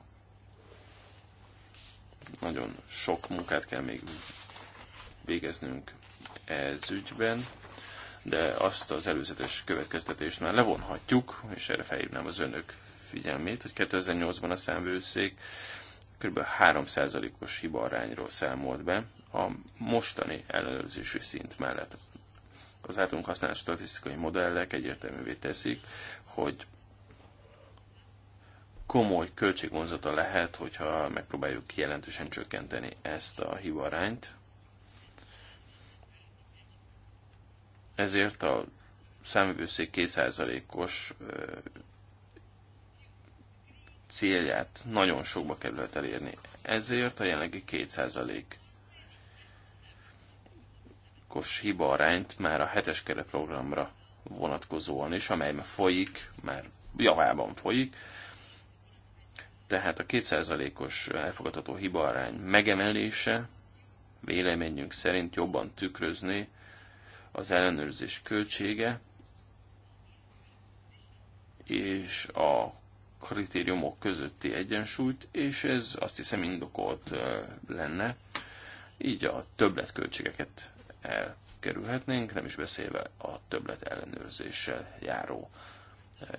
Nagyon sok munkát kell még végeznünk ez ügyben de azt az előzetes következtetést már levonhatjuk, és erre felhívnám az önök figyelmét, hogy 2008-ban a számvőszék kb. 3%-os hibarányról számolt be a mostani ellenőrzési szint mellett. Az általunk használt statisztikai modellek egyértelművé teszik, hogy komoly költségvonzata lehet, hogyha megpróbáljuk jelentősen csökkenteni ezt a hibarányt, Ezért a számvőszék kétszázalékos célját nagyon sokba kellett elérni. Ezért a jelenlegi kétszázalékos hiba arányt már a hetes keretprogramra vonatkozóan is, amely már folyik, már javában folyik. Tehát a kétszázalékos elfogadható hiba arány megemelése véleményünk szerint jobban tükrözni az ellenőrzés költsége és a kritériumok közötti egyensúlyt, és ez azt hiszem indokolt lenne. Így a többletköltségeket elkerülhetnénk, nem is beszélve a többlet ellenőrzéssel járó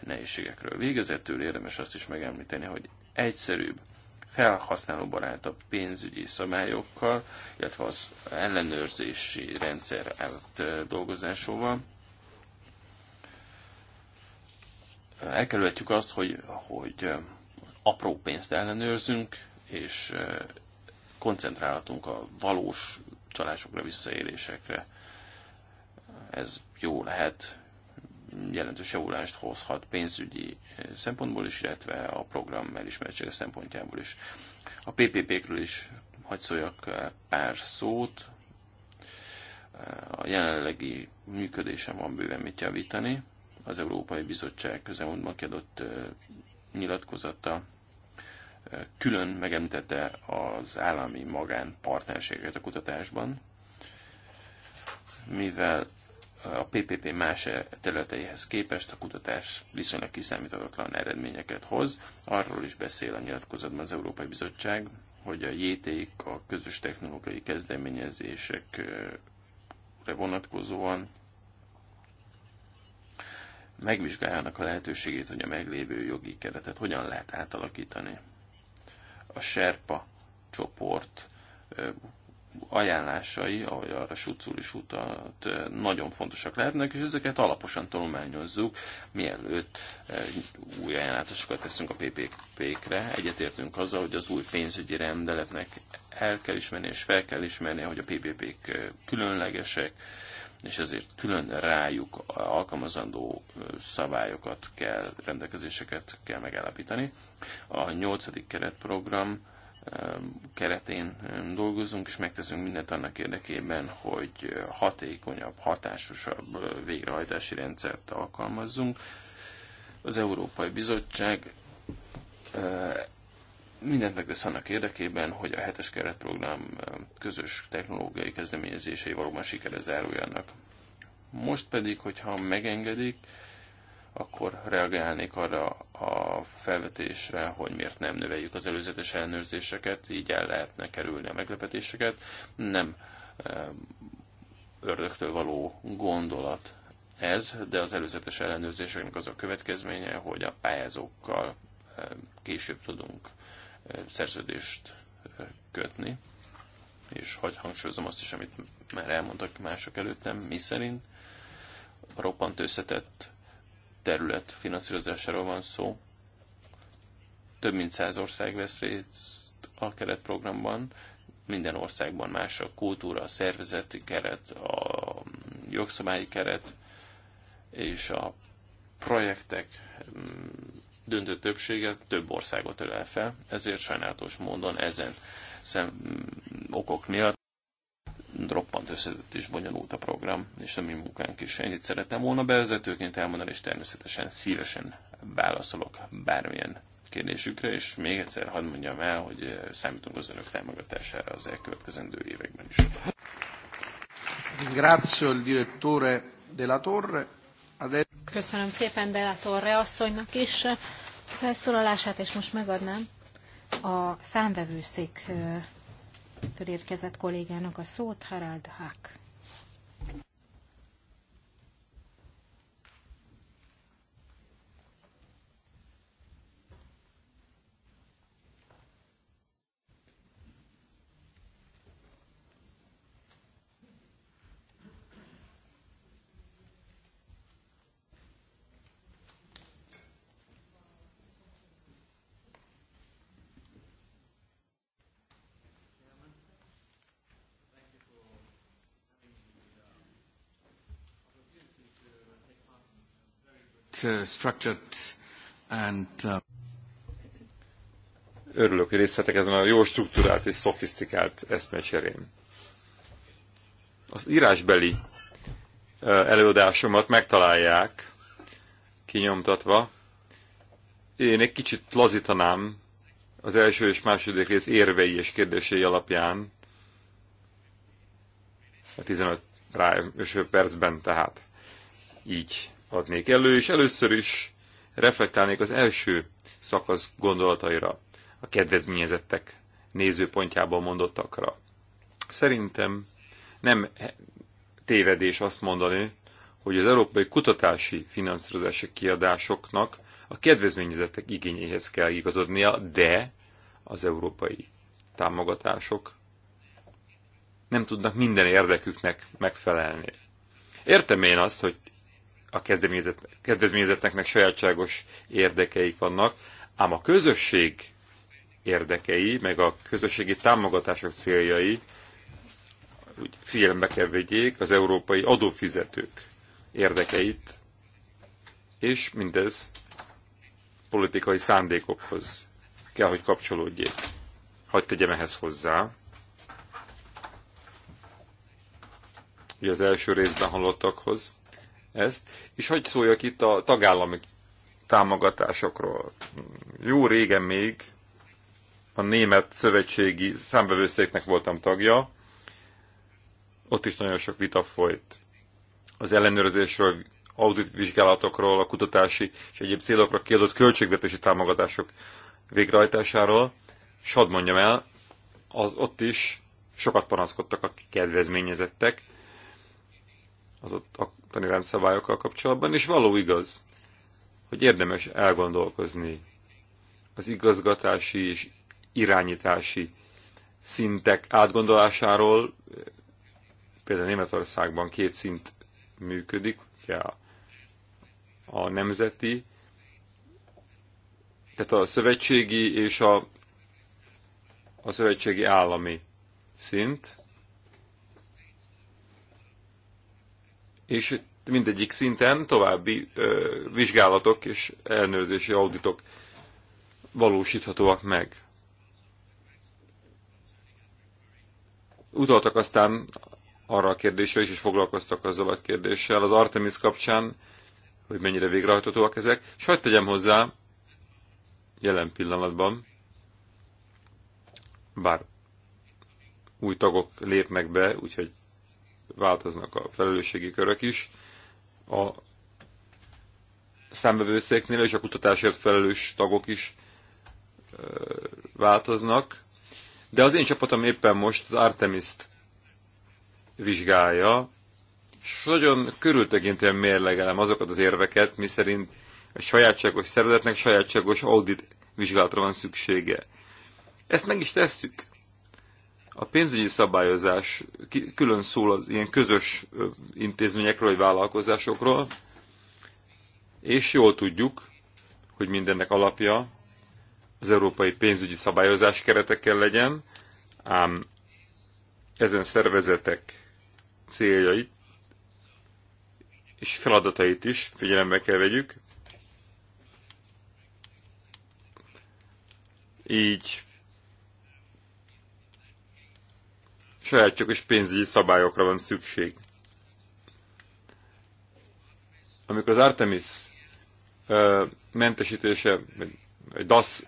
nehézségekről. Végezetül érdemes azt is megemlíteni, hogy egyszerűbb felhasználóbarátabb pénzügyi szabályokkal, illetve az ellenőrzési rendszer dolgozásóval. Elkerülhetjük azt, hogy, hogy apró pénzt ellenőrzünk, és koncentrálhatunk a valós csalásokra, visszaélésekre. Ez jó lehet, jelentős javulást hozhat pénzügyi eh, szempontból is, illetve a program elismertsége szempontjából is. A PPP-kről is hagy szóljak eh, pár szót. Eh, a jelenlegi működésen van bőven mit javítani. Az Európai Bizottság közelmúltban kiadott nyilatkozata külön megemlítette az állami magánpartnerségeket a kutatásban, mivel a PPP más területeihez képest a kutatás viszonylag kiszámíthatatlan eredményeket hoz. Arról is beszél a nyilatkozatban az Európai Bizottság, hogy a JTIK a közös technológiai kezdeményezésekre vonatkozóan megvizsgáljanak a lehetőségét, hogy a meglévő jogi keretet hogyan lehet átalakítani. A Serpa csoport ajánlásai, ahogy arra Sucul is utalt, eh, nagyon fontosak lehetnek, és ezeket alaposan tanulmányozzuk, mielőtt eh, új ajánlásokat teszünk a PPP-kre. Egyetértünk azzal, hogy az új pénzügyi rendeletnek el kell ismerni, és fel kell ismerni, hogy a PPP-k eh, különlegesek, és ezért külön rájuk alkalmazandó szabályokat kell, rendelkezéseket kell megállapítani. A nyolcadik keretprogram Um, keretén um, dolgozunk, és megteszünk mindent annak érdekében, hogy hatékonyabb, hatásosabb uh, végrehajtási rendszert alkalmazzunk. Az Európai Bizottság uh, mindent megtesz annak érdekében, hogy a hetes keretprogram uh, közös technológiai kezdeményezései valóban sikere záruljanak. Most pedig, hogyha megengedik, akkor reagálnék arra a felvetésre, hogy miért nem növeljük az előzetes ellenőrzéseket, így el lehetne kerülni a meglepetéseket. Nem eh, ördögtől való gondolat ez, de az előzetes ellenőrzéseknek az a következménye, hogy a pályázókkal eh, később tudunk eh, szerződést kötni. És hagy hangsúlyozom azt is, amit már elmondtak mások előttem, mi szerint roppant összetett terület finanszírozásáról van szó. Több mint száz ország vesz részt a keretprogramban, minden országban más a kultúra, a szervezeti keret, a jogszabályi keret és a projektek mm, döntő többsége több országot ölel fel, ezért sajnálatos módon ezen szem, mm, okok miatt roppant összetett és bonyolult a program, és a mi munkánk is. Ennyit szeretem volna bevezetőként elmondani, és természetesen szívesen válaszolok bármilyen kérdésükre, és még egyszer hadd mondjam el, hogy eh, számítunk az önök támogatására az elkövetkezendő években is. il direttore della Torre. Köszönöm szépen de la Torre asszonynak is felszólalását, és most megadnám a számvevőszék eh, érkezett kollégának a szót, Harald Hack. Uh, structured and uh... Örülök, hogy részt ezen a jó struktúrált és szofisztikált eszmecserén. Az írásbeli uh, előadásomat megtalálják kinyomtatva. Én egy kicsit lazítanám az első és második rész érvei és kérdései alapján a 15 rá percben, tehát így adnék elő, és először is reflektálnék az első szakasz gondolataira, a kedvezményezettek nézőpontjából mondottakra. Szerintem nem tévedés azt mondani, hogy az európai kutatási finanszírozási kiadásoknak a kedvezményezettek igényéhez kell igazodnia, de az európai támogatások nem tudnak minden érdeküknek megfelelni. Értem én azt, hogy a meg sajátságos érdekeik vannak, ám a közösség érdekei, meg a közösségi támogatások céljai úgy figyelembe kell vegyék az európai adófizetők érdekeit, és mindez politikai szándékokhoz kell, hogy kapcsolódjék. Hagy tegyem ehhez hozzá, hogy az első részben hallottakhoz ezt, és hagyj szóljak itt a tagállami támogatásokról. Jó régen még a Német Szövetségi Számbevőszéknek voltam tagja, ott is nagyon sok vita folyt az ellenőrzésről, auditvizsgálatokról, a kutatási és egyéb célokra kiadott költségvetési támogatások végrehajtásáról, és hadd mondjam el, az ott is sokat panaszkodtak a kedvezményezettek, az ott ottani rendszabályokkal kapcsolatban, és való igaz, hogy érdemes elgondolkozni az igazgatási és irányítási szintek átgondolásáról. Például Németországban két szint működik, ugye a, a nemzeti, tehát a szövetségi és a, a szövetségi állami szint, és mindegyik szinten további ö, vizsgálatok és ellenőrzési auditok valósíthatóak meg. Utaltak aztán arra a kérdésre is, és foglalkoztak azzal a kérdéssel az Artemis kapcsán, hogy mennyire végrehajthatóak ezek, és hagyd tegyem hozzá, jelen pillanatban, bár új tagok lépnek be, úgyhogy változnak a felelősségi körök is. A számbevőszéknél és a kutatásért felelős tagok is változnak. De az én csapatom éppen most az Artemis-t vizsgálja, és nagyon körültekintően mérlegelem azokat az érveket, miszerint a sajátságos szervezetnek sajátságos audit vizsgálatra van szüksége. Ezt meg is tesszük. A pénzügyi szabályozás külön szól az ilyen közös intézményekről vagy vállalkozásokról, és jól tudjuk, hogy mindennek alapja az európai pénzügyi szabályozás keretekkel legyen, ám ezen szervezetek céljait és feladatait is figyelembe kell vegyük. Így sajátjuk és pénzügyi szabályokra van szükség. Amikor az Artemis mentesítése, vagy DASZ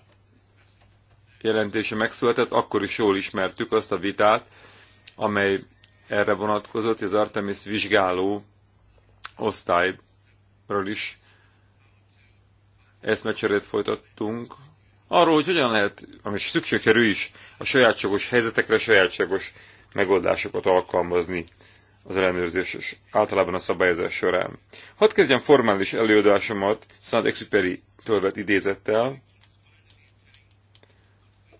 jelentése megszületett, akkor is jól ismertük azt a vitát, amely erre vonatkozott, hogy az Artemis vizsgáló osztályról is eszmecserét folytattunk, arról, hogy hogyan lehet, ami szükségkerül is, a sajátságos helyzetekre sajátságos megoldásokat alkalmazni az ellenőrzés és általában a szabályozás során. Hadd kezdjem formális előadásomat szent exuperi tölvet idézettel.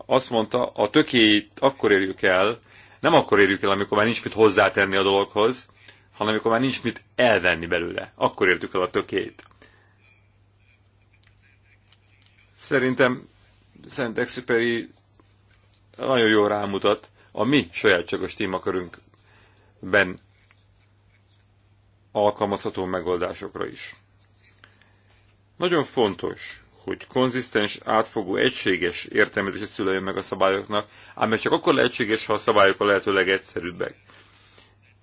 Azt mondta, a tökéit akkor érjük el, nem akkor érjük el, amikor már nincs mit hozzátenni a dologhoz, hanem amikor már nincs mit elvenni belőle. Akkor értük el a tökéit. Szerintem Szent exuperi nagyon jól rámutat a mi sajátságos témakörünkben alkalmazható megoldásokra is. Nagyon fontos, hogy konzisztens, átfogó, egységes értelmezése szüleljön meg a szabályoknak, ám ez csak akkor lehetséges, ha a szabályok a lehető legegyszerűbbek,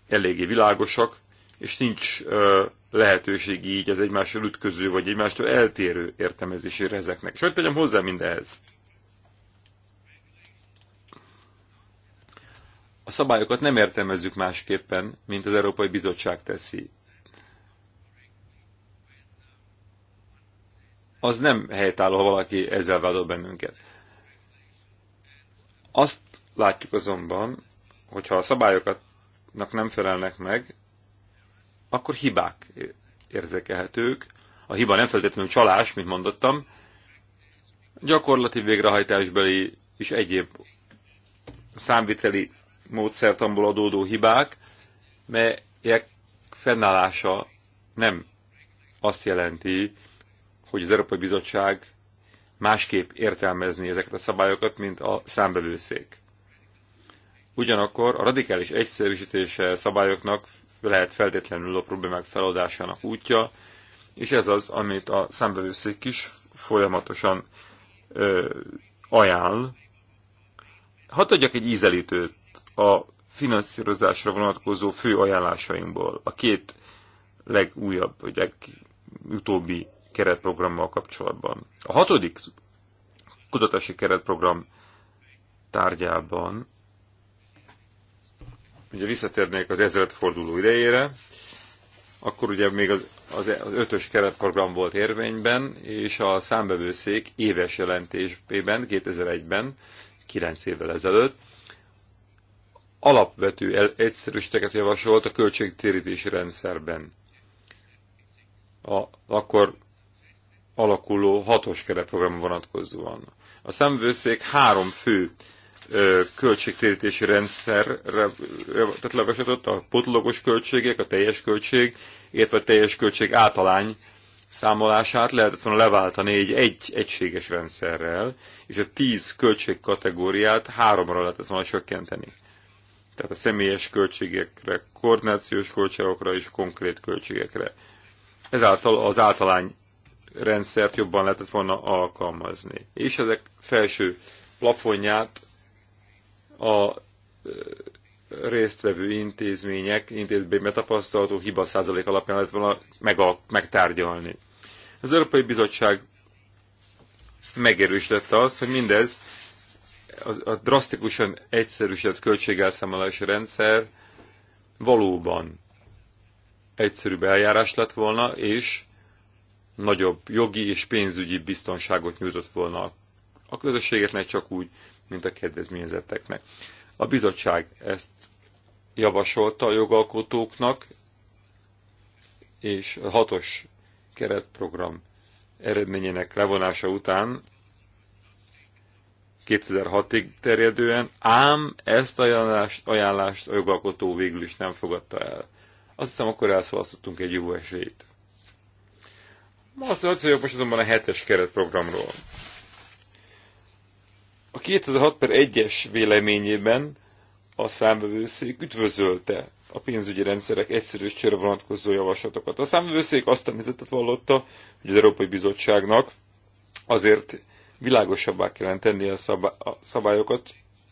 eléggé világosak, és nincs ö, lehetőség így az egymásról ütköző, vagy egymástól eltérő értelmezésére ezeknek. Sajt tegyem hozzá mindehez? a szabályokat nem értelmezzük másképpen, mint az Európai Bizottság teszi. Az nem helytálló, ha valaki ezzel vádol bennünket. Azt látjuk azonban, hogyha a szabályokatnak nem felelnek meg, akkor hibák érzekelhetők. A hiba nem feltétlenül csalás, mint mondottam, gyakorlati végrehajtásbeli és egyéb számviteli módszertamból adódó hibák, melyek fennállása nem azt jelenti, hogy az Európai Bizottság másképp értelmezni ezeket a szabályokat, mint a számbelőszék. Ugyanakkor a radikális egyszerűsítése szabályoknak lehet feltétlenül a problémák feloldásának útja, és ez az, amit a számbevőszék is folyamatosan ö, ajánl. Hadd adjak egy ízelítőt a finanszírozásra vonatkozó fő ajánlásainkból, a két legújabb, vagy legutóbbi keretprogrammal kapcsolatban. A hatodik kutatási keretprogram tárgyában, ugye visszatérnék az ezredforduló idejére, akkor ugye még az, az, az ötös keretprogram volt érvényben, és a számbevőszék éves jelentésében 2001-ben, 9 évvel ezelőtt alapvető egyszerűsíteket javasolt a költségtérítési rendszerben. A, akkor alakuló hatos keretprogram vonatkozóan. A szemvőszék három fő ö, költségtérítési rendszerre tehát levesetett a potlogos költségek, a teljes költség, illetve a teljes költség általány számolását lehetett volna leváltani egy, egy egységes rendszerrel, és a tíz költségkategóriát háromra lehetett volna csökkenteni tehát a személyes költségekre, koordinációs költségekre és konkrét költségekre. Ezáltal az általány rendszert jobban lehetett volna alkalmazni. És ezek felső plafonját a résztvevő intézmények, intézményben tapasztalható hiba százalék alapján lehet volna megal- megtárgyalni. Az Európai Bizottság megerősítette azt, hogy mindez a, a drasztikusan egyszerűsített költségelszámolási rendszer valóban egyszerűbb eljárás lett volna, és nagyobb jogi és pénzügyi biztonságot nyújtott volna a közösségeknek csak úgy, mint a kedvezményezetteknek. A bizottság ezt javasolta a jogalkotóknak, és a hatos keretprogram eredményének levonása után 2006-ig terjedően, ám ezt ajánlást, ajánlást a jogalkotó végül is nem fogadta el. Azt hiszem, akkor elszalasztottunk egy jó esélyt. Ma azt hogy most azonban a hetes keretprogramról. A 2006 per 1-es véleményében a számbevőszék üdvözölte a pénzügyi rendszerek egyszerűs csőre vonatkozó javaslatokat. A számbevőszék azt említettet vallotta, hogy az Európai Bizottságnak azért világosabbá kellene tenni a, szabályokat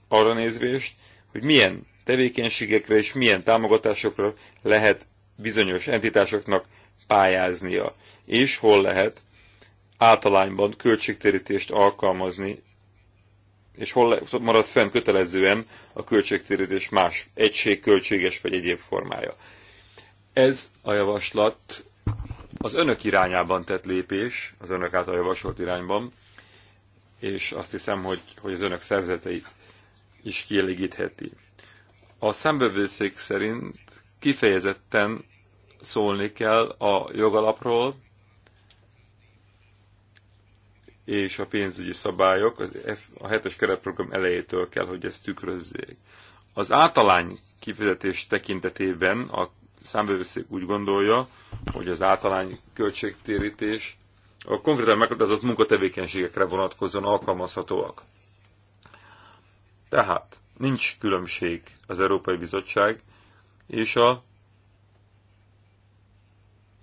arra nézvést, hogy milyen tevékenységekre és milyen támogatásokra lehet bizonyos entitásoknak pályáznia, és hol lehet általányban költségtérítést alkalmazni, és hol marad fenn kötelezően a költségtérítés más egység, költséges vagy egyéb formája. Ez a javaslat az önök irányában tett lépés, az önök által javasolt irányban, és azt hiszem, hogy, hogy az önök szervezeteit is kielégítheti. A szembevőszék szerint kifejezetten szólni kell a jogalapról és a pénzügyi szabályok, az F, a hetes keretprogram elejétől kell, hogy ezt tükrözzék. Az általány kifizetés tekintetében a számbevőszék úgy gondolja, hogy az általány költségtérítés a konkrétan meghatározott munkatevékenységekre vonatkozóan alkalmazhatóak. Tehát nincs különbség az Európai Bizottság és a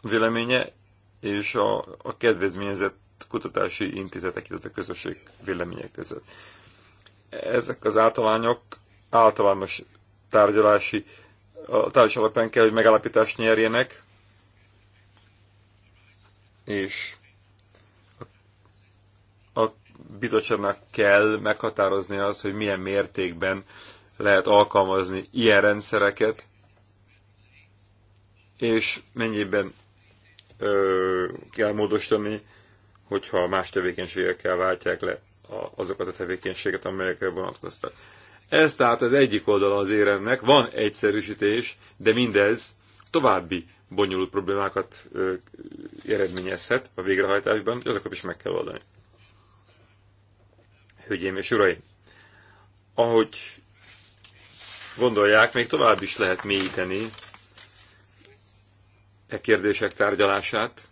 véleménye és a, a kedvezményezett kutatási intézetek, illetve közösség vélemények között. Ezek az általányok általános tárgyalási a tárgyalás alapján kell, hogy megállapítást nyerjenek, és bizottságnak kell meghatározni az, hogy milyen mértékben lehet alkalmazni ilyen rendszereket, és mennyiben ö, kell módosítani, hogyha más tevékenységekkel váltják le azokat a tevékenységet, amelyekre vonatkoztak. Ez tehát az egyik oldala az éremnek, van egyszerűsítés, de mindez további bonyolult problémákat ö, eredményezhet a végrehajtásban, és azokat is meg kell oldani hölgyeim és uraim. Ahogy gondolják, még tovább is lehet mélyíteni e kérdések tárgyalását.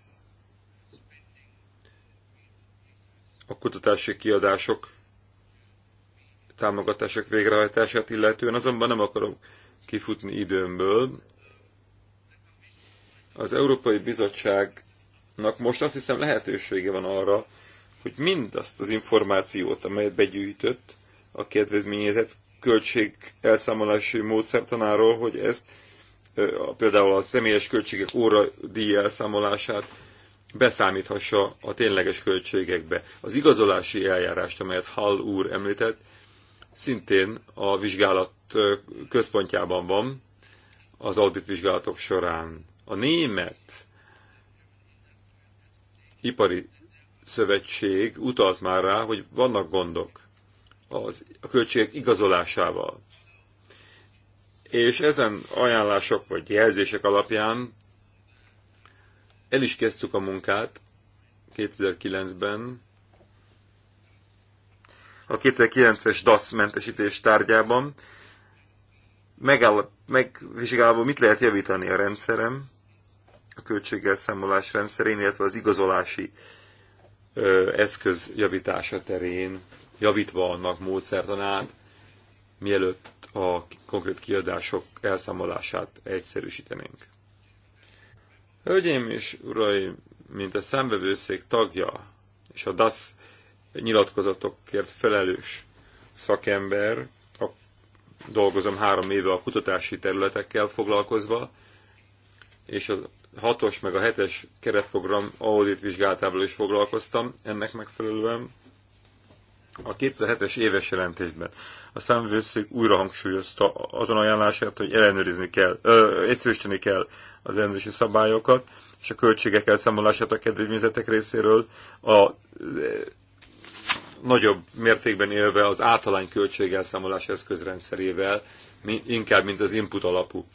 A kutatási kiadások támogatások végrehajtását illetően, azonban nem akarom kifutni időmből. Az Európai Bizottságnak most azt hiszem lehetősége van arra, hogy mindazt az információt, amelyet begyűjtött a kedvezményezett költség elszámolási módszertanáról, hogy ezt például a személyes költségek díj elszámolását beszámíthassa a tényleges költségekbe. Az igazolási eljárást, amelyet Hall úr említett, szintén a vizsgálat központjában van az vizsgálatok során. A német ipari szövetség utalt már rá, hogy vannak gondok az, a költségek igazolásával. És ezen ajánlások vagy jelzések alapján el is kezdtük a munkát 2009-ben, a 2009-es DASZ mentesítés tárgyában, megvizsgálva, mit lehet javítani a rendszerem, a költséggel számolás rendszerén, illetve az igazolási eszköz javítása terén, javítva annak módszertanát, mielőtt a konkrét kiadások elszámolását egyszerűsítenénk. Hölgyeim és uraim, mint a számvevőszék tagja és a DASZ nyilatkozatokért felelős szakember, a, dolgozom három éve a kutatási területekkel foglalkozva, és az hatos meg a hetes keretprogram audit vizsgálatával is foglalkoztam ennek megfelelően. A 2007-es éves jelentésben a számvőszék újra hangsúlyozta azon ajánlását, hogy ellenőrizni kell, egyszerűsíteni kell az ellenőrzési szabályokat, és a költségek elszámolását a kedvezményezetek részéről a nagyobb mértékben élve az általány költség elszámolás eszközrendszerével, inkább mint az input alapú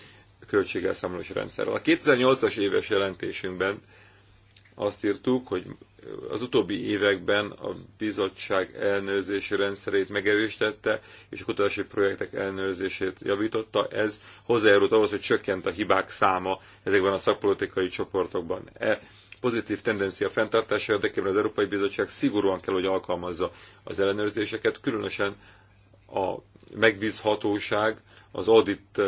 költségelszámolási rendszerrel. A 2008-as éves jelentésünkben azt írtuk, hogy az utóbbi években a bizottság elnőrzési rendszerét megerősítette, és a kutatási projektek elnőrzését javította. Ez hozzájárult ahhoz, hogy csökkent a hibák száma ezekben a szakpolitikai csoportokban. E pozitív tendencia fenntartása érdekében az Európai Bizottság szigorúan kell, hogy alkalmazza az ellenőrzéseket, különösen a megbízhatóság, az audit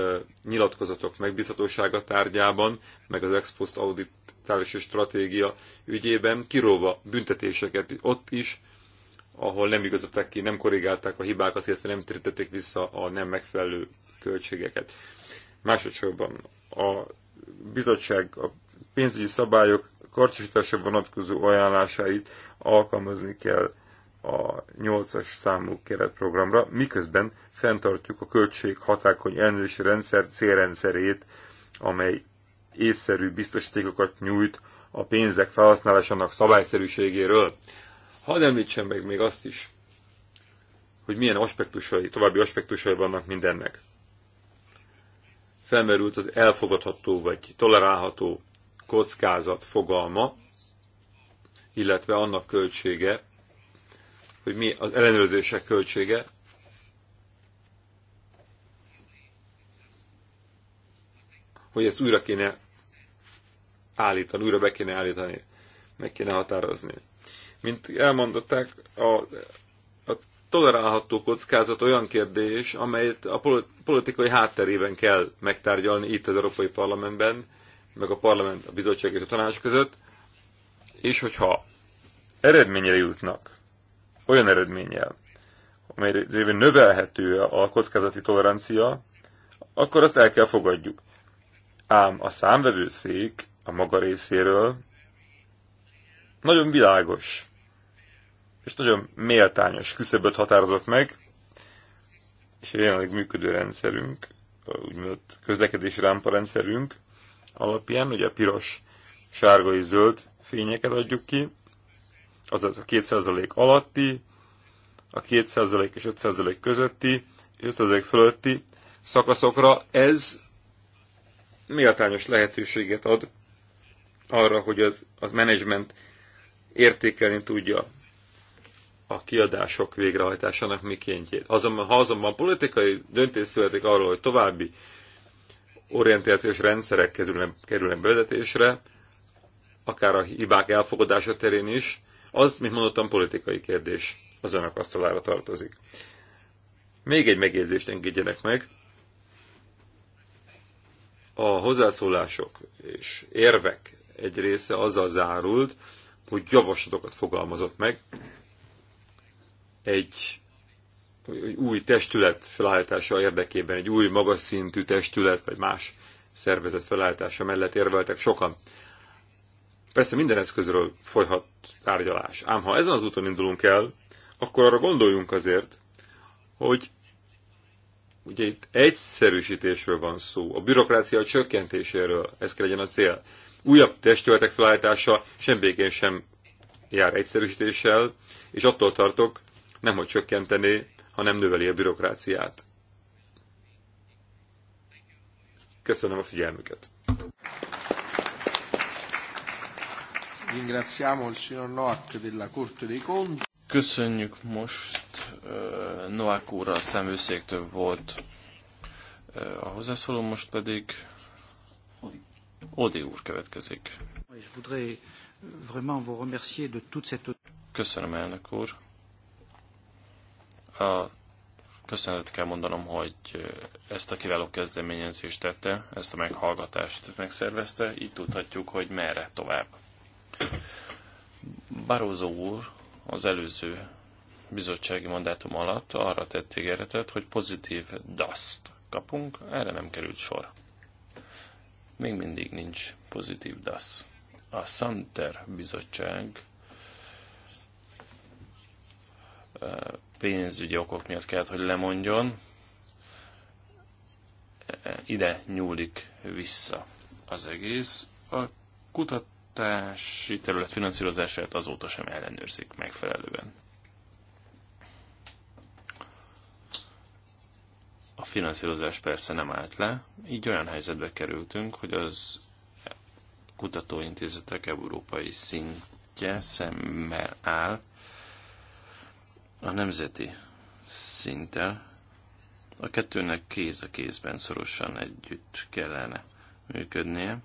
nyilatkozatok megbízhatósága tárgyában, meg az ex post audit stratégia ügyében kiróva büntetéseket ott is, ahol nem igazották ki, nem korrigálták a hibákat, illetve nem térítették vissza a nem megfelelő költségeket. Másodszorban a bizottság a pénzügyi szabályok kartosításra vonatkozó ajánlásait alkalmazni kell a 8-as számú keretprogramra, miközben fenntartjuk a költség hatákony elnősi rendszer célrendszerét, amely észszerű biztosítékokat nyújt a pénzek felhasználásának szabályszerűségéről. Hadd említsen meg még azt is, hogy milyen aspektusai, további aspektusai vannak mindennek. Felmerült az elfogadható vagy tolerálható kockázat fogalma, illetve annak költsége, hogy mi az ellenőrzések költsége. Hogy ezt újra kéne állítani, újra be kéne állítani, meg kéne határozni. Mint elmondották, a, a tolerálható kockázat olyan kérdés, amelyet a politikai hátterében kell megtárgyalni itt az Európai Parlamentben, meg a parlament, a bizottság és a tanács között, és hogyha eredményre jutnak, olyan eredménnyel, amely révén növelhető a kockázati tolerancia, akkor azt el kell fogadjuk. Ám a számvevőszék a maga részéről nagyon világos és nagyon méltányos küszöböt határozott meg, és a jelenleg működő rendszerünk, úgymond közlekedési rendszerünk, alapján, ugye a piros, sárga és zöld fényeket adjuk ki, azaz a 2% alatti, a 2% és 5% közötti, és 5% fölötti szakaszokra ez méltányos lehetőséget ad arra, hogy az, az menedzsment értékelni tudja a kiadások végrehajtásának mikéntjét. Azonban, ha azonban politikai döntés születik arról, hogy további orientációs rendszerek kerülnek bevezetésre, akár a hibák elfogadása terén is, az, mint mondottam, politikai kérdés. Az önök asztalára tartozik. Még egy megjegyzést engedjenek meg. A hozzászólások és érvek egy része azzal zárult, hogy javaslatokat fogalmazott meg egy, egy új testület felállítása érdekében, egy új magas szintű testület, vagy más szervezet felállítása mellett érveltek sokan. Persze minden eszközről folyhat tárgyalás, ám ha ezen az úton indulunk el, akkor arra gondoljunk azért, hogy ugye itt egyszerűsítésről van szó, a bürokrácia csökkentéséről, ez kell legyen a cél. Újabb testületek felállítása sem végén sem jár egyszerűsítéssel, és attól tartok, nem hogy csökkenteni, hanem növeli a bürokráciát. Köszönöm a figyelmüket! Ringraziamo il signor Noack della Corte dei Conti. Köszönjük most uh, Noack úr a szemőszéktől volt uh, a hozzászóló, most pedig Odi úr következik. Köszönöm, elnök úr. A köszönetet kell mondanom, hogy ezt a kiváló kezdeményezést tette, ezt a meghallgatást megszervezte, így tudhatjuk, hogy merre tovább. Barózó úr az előző bizottsági mandátum alatt arra tett ígéretet, hogy pozitív daszt kapunk, erre nem került sor. Még mindig nincs pozitív DASZ. A Santer bizottság pénzügyi okok miatt kellett, hogy lemondjon. Ide nyúlik vissza az egész. A kutat kutatási terület finanszírozását azóta sem ellenőrzik megfelelően. A finanszírozás persze nem állt le, így olyan helyzetbe kerültünk, hogy az kutatóintézetek európai szintje szemmel áll a nemzeti szinttel. A kettőnek kéz a kézben szorosan együtt kellene működnie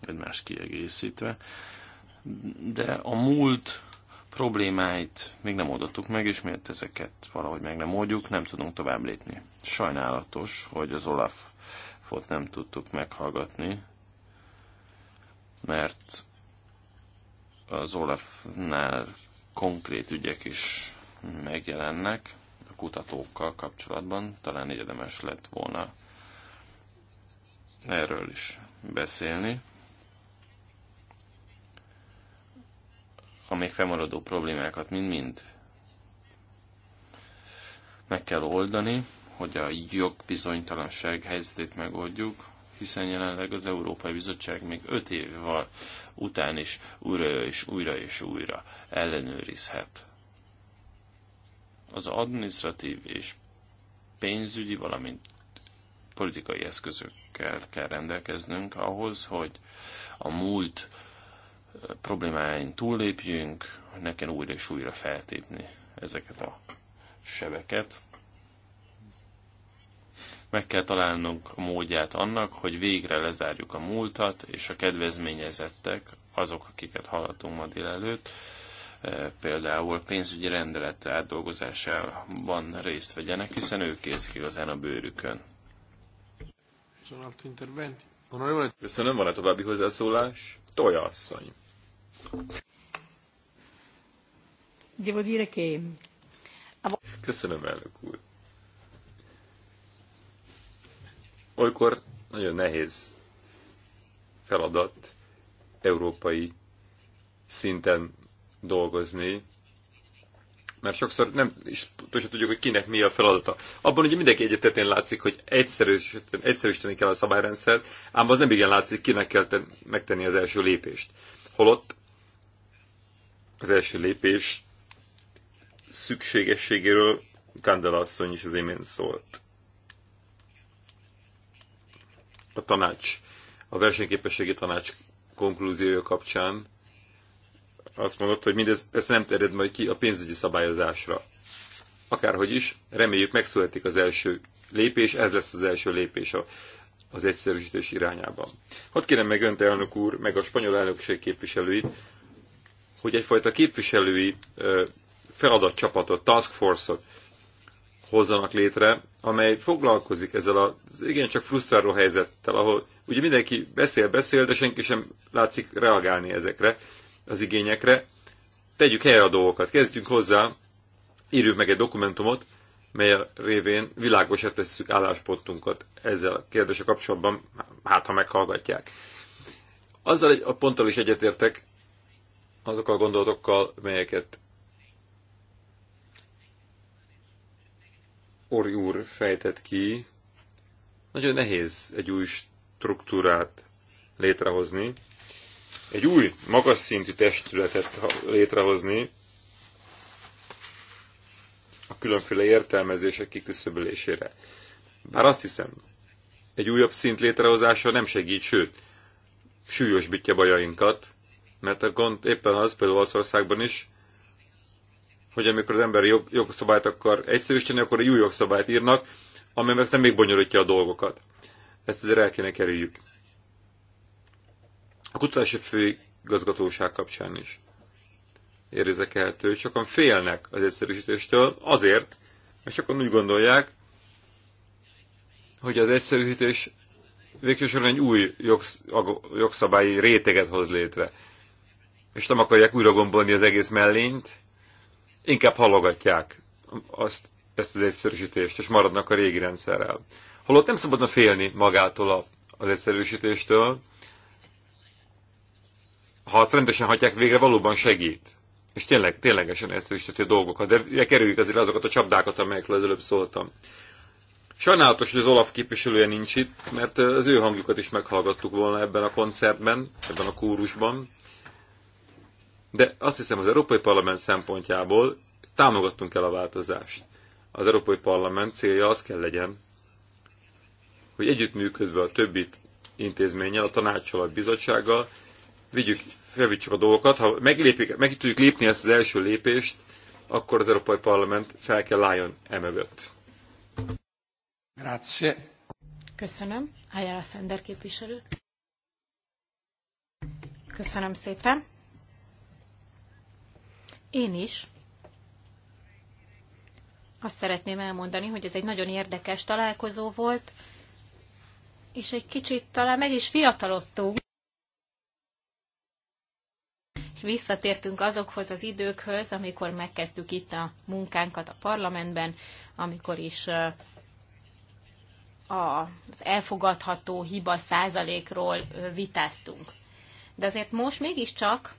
egymást kiegészítve. De a múlt problémáit még nem oldottuk meg, és miért ezeket valahogy meg nem oldjuk, nem tudunk tovább lépni. Sajnálatos, hogy az Olafot nem tudtuk meghallgatni, mert az Olafnál konkrét ügyek is megjelennek a kutatókkal kapcsolatban, talán érdemes lett volna erről is beszélni. a még fennmaradó problémákat mind-mind meg kell oldani, hogy a jogbizonytalanság helyzetét megoldjuk, hiszen jelenleg az Európai Bizottság még 5 évvel után is újra és újra és újra ellenőrizhet. Az administratív és pénzügyi, valamint politikai eszközökkel kell rendelkeznünk ahhoz, hogy a múlt problémáin túllépjünk, ne kell újra és újra feltépni ezeket a sebeket. Meg kell találnunk a módját annak, hogy végre lezárjuk a múltat, és a kedvezményezettek, azok, akiket hallhatunk ma délelőtt, eh, például pénzügyi rendelet átdolgozásában részt vegyenek, hiszen ők kézik igazán a bőrükön. Köszönöm, van-e további hozzászólás? Tolja asszony! Devo dire che... Köszönöm, elnök úr. Olykor nagyon nehéz feladat európai szinten dolgozni, mert sokszor nem is pontosan tudjuk, hogy kinek mi a feladata. Abban ugye mindenki egyetetén látszik, hogy egyszerűsíteni, egyszerűsíteni kell a szabályrendszert, ám az nem igen látszik, kinek kell ten, megtenni az első lépést. Holott az első lépés szükségességéről Kandela asszony is az imént szólt. A tanács, a versenyképességi tanács konklúziója kapcsán azt mondott, hogy mindez persze nem terjed majd ki a pénzügyi szabályozásra. Akárhogy is, reméljük megszületik az első lépés, ez lesz az első lépés a, az egyszerűsítés irányában. Hadd kérem meg önt, elnök úr, meg a spanyol elnökség képviselőit, hogy egyfajta képviselői feladatcsapatot, task force-ot hozzanak létre, amely foglalkozik ezzel az igencsak frusztráló helyzettel, ahol ugye mindenki beszél, beszél, de senki sem látszik reagálni ezekre az igényekre. Tegyük helyre a dolgokat, kezdjünk hozzá, írjuk meg egy dokumentumot, mely révén világosra tesszük álláspontunkat ezzel a kérdése kapcsolatban, hát ha meghallgatják. Azzal a ponttal is egyetértek, azokkal a gondolatokkal, melyeket Ori úr fejtett ki. Nagyon nehéz egy új struktúrát létrehozni, egy új, magas szintű testületet létrehozni, a különféle értelmezések kiküszöbölésére. Bár azt hiszem, egy újabb szint létrehozása nem segít, sőt, súlyosbítja bajainkat, mert a gond éppen az, például Olaszországban is, hogy amikor az ember jog, jogszabályt akar egyszerűsíteni, akkor egy új jogszabályt írnak, amely meg még bonyolítja a dolgokat. Ezt azért el kéne kerüljük. A kutatási főigazgatóság kapcsán is érzekelhető. Sokan félnek az egyszerűsítéstől azért, mert sokan úgy gondolják, hogy az egyszerűsítés végsősorban egy új jogsz, jogszabályi réteget hoz létre és nem akarják újra gombolni az egész mellényt, inkább halogatják azt, ezt az egyszerűsítést, és maradnak a régi rendszerrel. Holott nem szabadna félni magától a, az egyszerűsítéstől, ha azt rendesen hagyják végre, valóban segít. És tényleg, ténylegesen egyszerűsíteti a dolgokat, de kerüljük azért azokat a csapdákat, amelyekről az előbb szóltam. Sajnálatos, hogy az Olaf képviselője nincs itt, mert az ő hangjukat is meghallgattuk volna ebben a koncertben, ebben a kórusban. De azt hiszem, az Európai Parlament szempontjából támogattunk el a változást. Az Európai Parlament célja az kell legyen, hogy együttműködve a többi intézménnyel, a tanácssal, a bizottsággal, vigyük, felvigyük a dolgokat. Ha meglépik, meg tudjuk lépni ezt az első lépést, akkor az Európai Parlament fel kell álljon emögött. Grazie. Köszönöm. a Szender képviselő. Köszönöm szépen. Én is azt szeretném elmondani, hogy ez egy nagyon érdekes találkozó volt, és egy kicsit talán meg is fiatalodtunk. És visszatértünk azokhoz az időkhöz, amikor megkezdtük itt a munkánkat a parlamentben, amikor is az elfogadható hiba százalékról vitáztunk. De azért most mégiscsak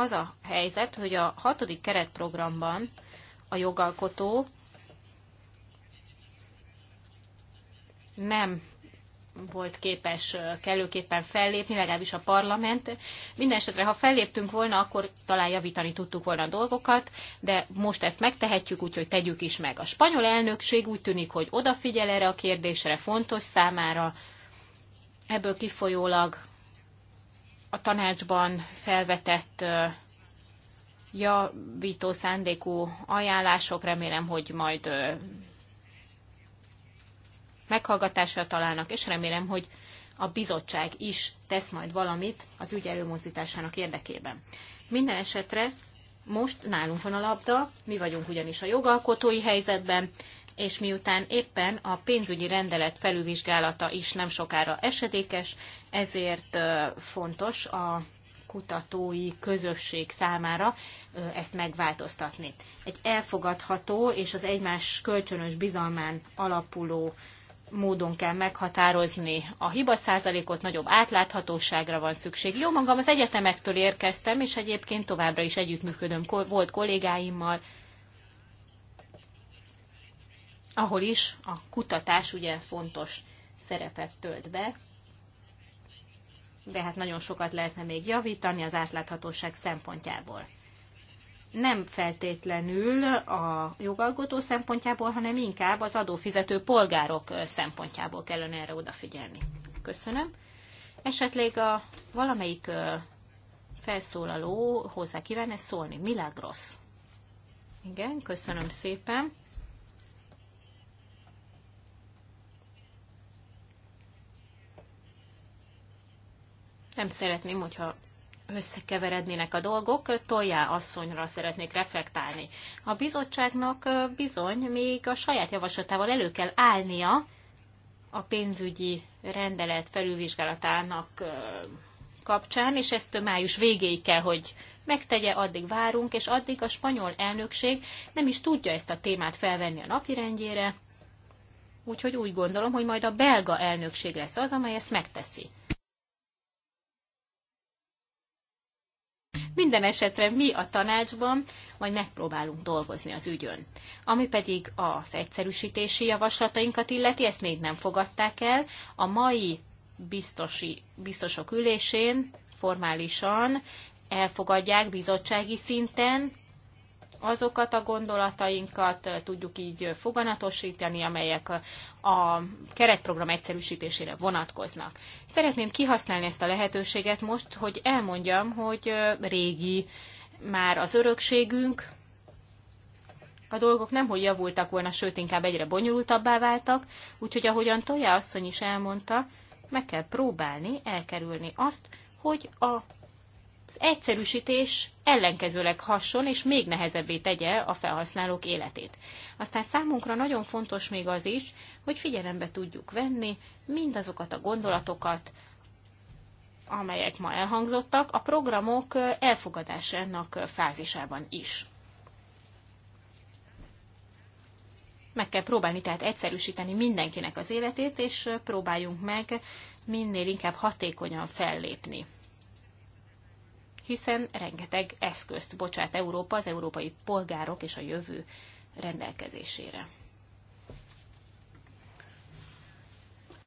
az a helyzet, hogy a hatodik keretprogramban a jogalkotó nem volt képes kellőképpen fellépni, legalábbis a parlament. Mindenesetre, ha felléptünk volna, akkor talán javítani tudtuk volna a dolgokat, de most ezt megtehetjük, úgyhogy tegyük is meg. A spanyol elnökség úgy tűnik, hogy odafigyel erre a kérdésre, fontos számára. Ebből kifolyólag a tanácsban felvetett javító szándékú ajánlások, remélem, hogy majd meghallgatásra találnak, és remélem, hogy a bizottság is tesz majd valamit az ügy előmozdításának érdekében. Minden esetre most nálunk van a labda, mi vagyunk ugyanis a jogalkotói helyzetben, és miután éppen a pénzügyi rendelet felülvizsgálata is nem sokára esedékes, ezért fontos a kutatói közösség számára ezt megváltoztatni. Egy elfogadható és az egymás kölcsönös bizalmán alapuló módon kell meghatározni a hiba százalékot, nagyobb átláthatóságra van szükség. Jó magam, az egyetemektől érkeztem, és egyébként továbbra is együttműködöm volt kollégáimmal, ahol is a kutatás ugye fontos szerepet tölt be, de hát nagyon sokat lehetne még javítani az átláthatóság szempontjából. Nem feltétlenül a jogalkotó szempontjából, hanem inkább az adófizető polgárok szempontjából kellene erre odafigyelni. Köszönöm. Esetleg a valamelyik felszólaló hozzá kívánne szólni. Milagros. Igen, köszönöm szépen. Nem szeretném, hogyha összekeverednének a dolgok, Toljá asszonyra szeretnék reflektálni. A bizottságnak bizony még a saját javaslatával elő kell állnia a pénzügyi rendelet felülvizsgálatának kapcsán, és ezt május végéig kell, hogy megtegye, addig várunk, és addig a spanyol elnökség nem is tudja ezt a témát felvenni a napirendjére, úgyhogy úgy gondolom, hogy majd a belga elnökség lesz az, amely ezt megteszi. Minden esetre mi a tanácsban majd megpróbálunk dolgozni az ügyön. Ami pedig az egyszerűsítési javaslatainkat illeti, ezt még nem fogadták el. A mai biztosi, biztosok ülésén formálisan elfogadják bizottsági szinten azokat a gondolatainkat tudjuk így foganatosítani, amelyek a keretprogram egyszerűsítésére vonatkoznak. Szeretném kihasználni ezt a lehetőséget most, hogy elmondjam, hogy régi már az örökségünk, a dolgok nem hogy javultak volna, sőt inkább egyre bonyolultabbá váltak, úgyhogy ahogyan Tolja asszony is elmondta, meg kell próbálni elkerülni azt, hogy a az egyszerűsítés ellenkezőleg hasson, és még nehezebbé tegye a felhasználók életét. Aztán számunkra nagyon fontos még az is, hogy figyelembe tudjuk venni mindazokat a gondolatokat, amelyek ma elhangzottak, a programok elfogadásának fázisában is. Meg kell próbálni tehát egyszerűsíteni mindenkinek az életét, és próbáljunk meg minél inkább hatékonyan fellépni hiszen rengeteg eszközt bocsát Európa az európai polgárok és a jövő rendelkezésére.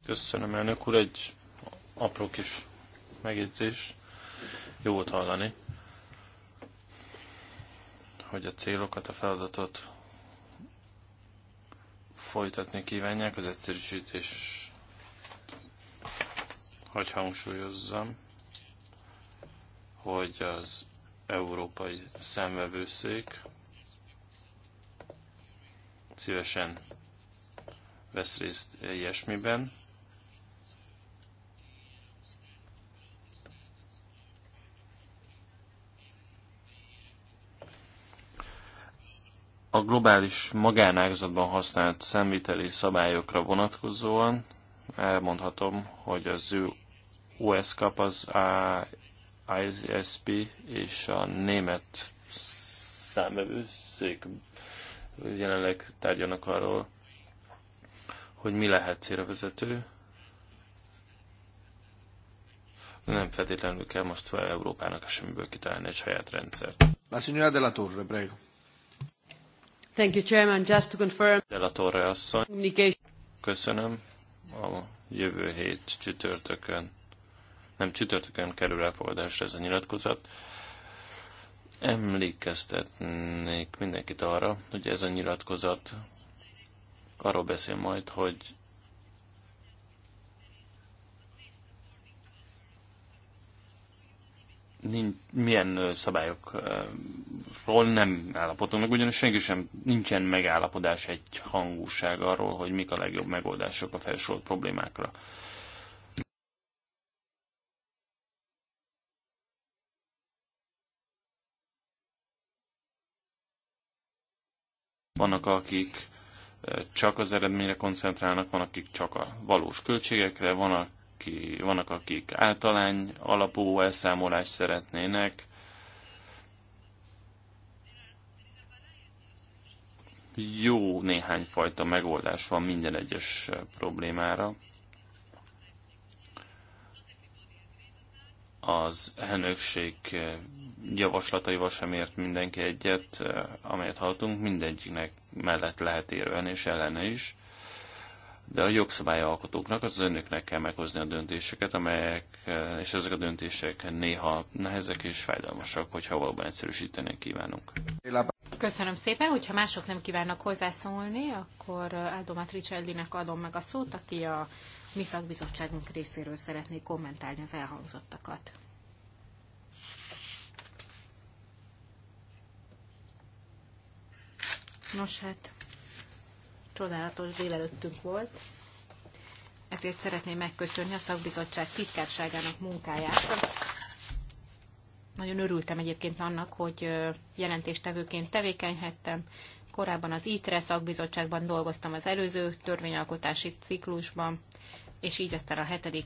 Köszönöm, elnök úr. Egy apró kis megjegyzés. Jó volt hallani, hogy a célokat, a feladatot folytatni kívánják, az egyszerűsítés, hogy hangsúlyozzam, hogy az Európai szemvevőszék szívesen vesz részt ilyesmiben. A globális magánágazatban használt szemviteli szabályokra vonatkozóan elmondhatom, hogy az ő OSCAP az ISP és a német számvevőszék jelenleg tárgyanak arról, hogy mi lehet célvezető. Nem feltétlenül kell most fel Európának a semmiből kitalálni egy saját rendszert. La signora della Torre, prego. Thank you, Chairman. Just to confirm. De la Torre asszony. Köszönöm. A jövő hét csütörtökön nem csütörtökön kerül elfogadásra ez a nyilatkozat. Emlékeztetnék mindenkit arra, hogy ez a nyilatkozat arról beszél majd, hogy nincs, milyen szabályokról nem állapodtunk meg, ugyanis senki sem nincsen megállapodás egy hangúság arról, hogy mik a legjobb megoldások a felsorolt problémákra. Vannak, akik eh, csak az eredményre koncentrálnak, van, akik csak a valós költségekre, van, aki, vannak, akik általány alapú elszámolást szeretnének. Jó néhány fajta megoldás van minden egyes eh, problémára. az elnökség javaslataival sem ért mindenki egyet, amelyet hallottunk, mindegyiknek mellett lehet érvelni és ellene is. De a jogszabályalkotóknak, az önöknek kell meghozni a döntéseket, amelyek, és ezek a döntések néha nehezek és fájdalmasak, hogyha valóban egyszerűsíteni kívánunk. Köszönöm szépen, hogyha mások nem kívánnak hozzászólni, akkor Aldo Matricellinek adom meg a szót, aki a mi szakbizottságunk részéről szeretnék kommentálni az elhangzottakat. Nos hát, csodálatos délelőttünk volt, ezért szeretném megköszönni a szakbizottság titkárságának munkáját. Nagyon örültem egyébként annak, hogy jelentéstevőként tevékenyhettem, korábban az ITRE szakbizottságban dolgoztam az előző törvényalkotási ciklusban, és így aztán a hetedik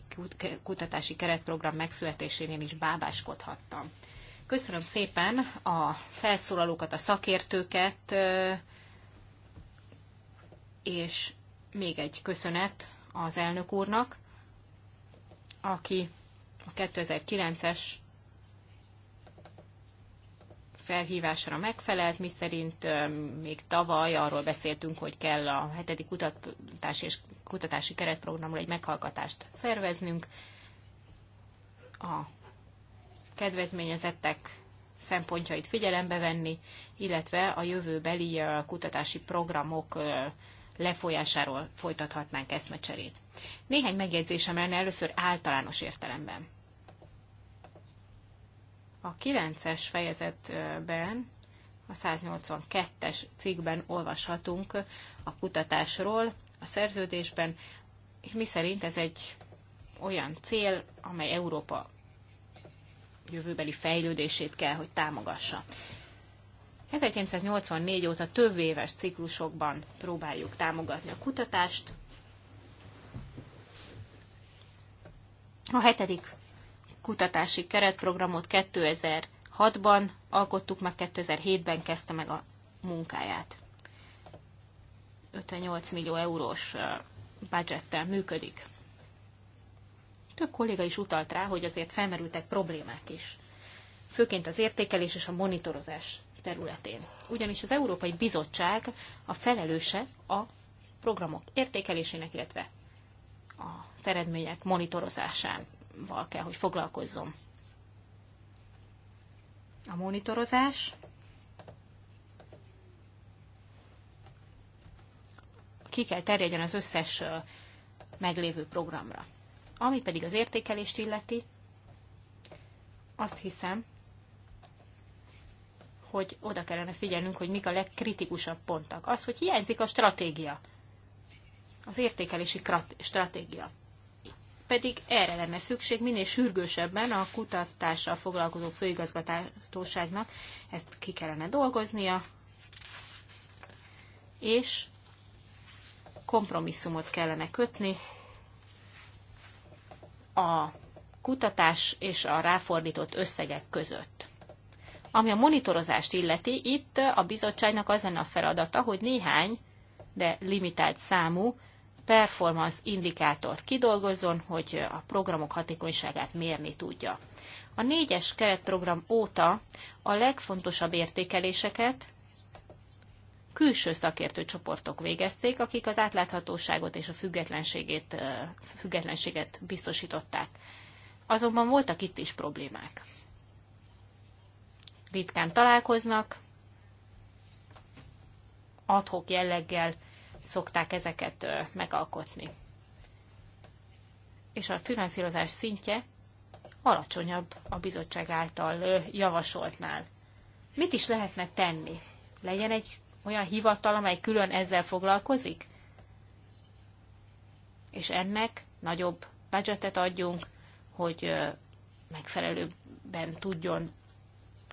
kutatási keretprogram megszületésénél is bábáskodhattam. Köszönöm szépen a felszólalókat, a szakértőket, és még egy köszönet az elnök úrnak, aki a 2009-es felhívásra megfelelt, miszerint még tavaly arról beszéltünk, hogy kell a hetedik kutatási és kutatási keretprogramról egy meghallgatást szerveznünk. A kedvezményezettek szempontjait figyelembe venni, illetve a jövőbeli kutatási programok lefolyásáról folytathatnánk eszmecserét. Néhány megjegyzésem lenne először általános értelemben. A 9-es fejezetben, a 182-es cikkben olvashatunk a kutatásról a szerződésben, és mi szerint ez egy olyan cél, amely Európa jövőbeli fejlődését kell, hogy támogassa. 1984 óta több éves ciklusokban próbáljuk támogatni a kutatást. A hetedik kutatási keretprogramot 2006-ban alkottuk, meg 2007-ben kezdte meg a munkáját. 58 millió eurós budgettel működik. Több kolléga is utalt rá, hogy azért felmerültek problémák is, főként az értékelés és a monitorozás területén. Ugyanis az Európai Bizottság a felelőse a programok értékelésének, illetve a eredmények monitorozásán val kell, hogy foglalkozzon. A monitorozás. Ki kell terjedjen az összes meglévő programra. Ami pedig az értékelést illeti, azt hiszem, hogy oda kellene figyelnünk, hogy mik a legkritikusabb pontok. Az, hogy hiányzik a stratégia, az értékelési stratégia pedig erre lenne szükség minél sürgősebben a kutatással foglalkozó főigazgatóságnak ezt ki kellene dolgoznia, és kompromisszumot kellene kötni a kutatás és a ráfordított összegek között. Ami a monitorozást illeti, itt a bizottságnak az lenne a feladata, hogy néhány, de limitált számú performance indikátort kidolgozzon, hogy a programok hatékonyságát mérni tudja. A négyes keretprogram óta a legfontosabb értékeléseket külső szakértő csoportok végezték, akik az átláthatóságot és a függetlenségét, függetlenséget biztosították. Azonban voltak itt is problémák. Ritkán találkoznak, adhok jelleggel szokták ezeket megalkotni. És a finanszírozás szintje alacsonyabb a bizottság által javasoltnál. Mit is lehetne tenni? Legyen egy olyan hivatal, amely külön ezzel foglalkozik? És ennek nagyobb budgetet adjunk, hogy megfelelőben tudjon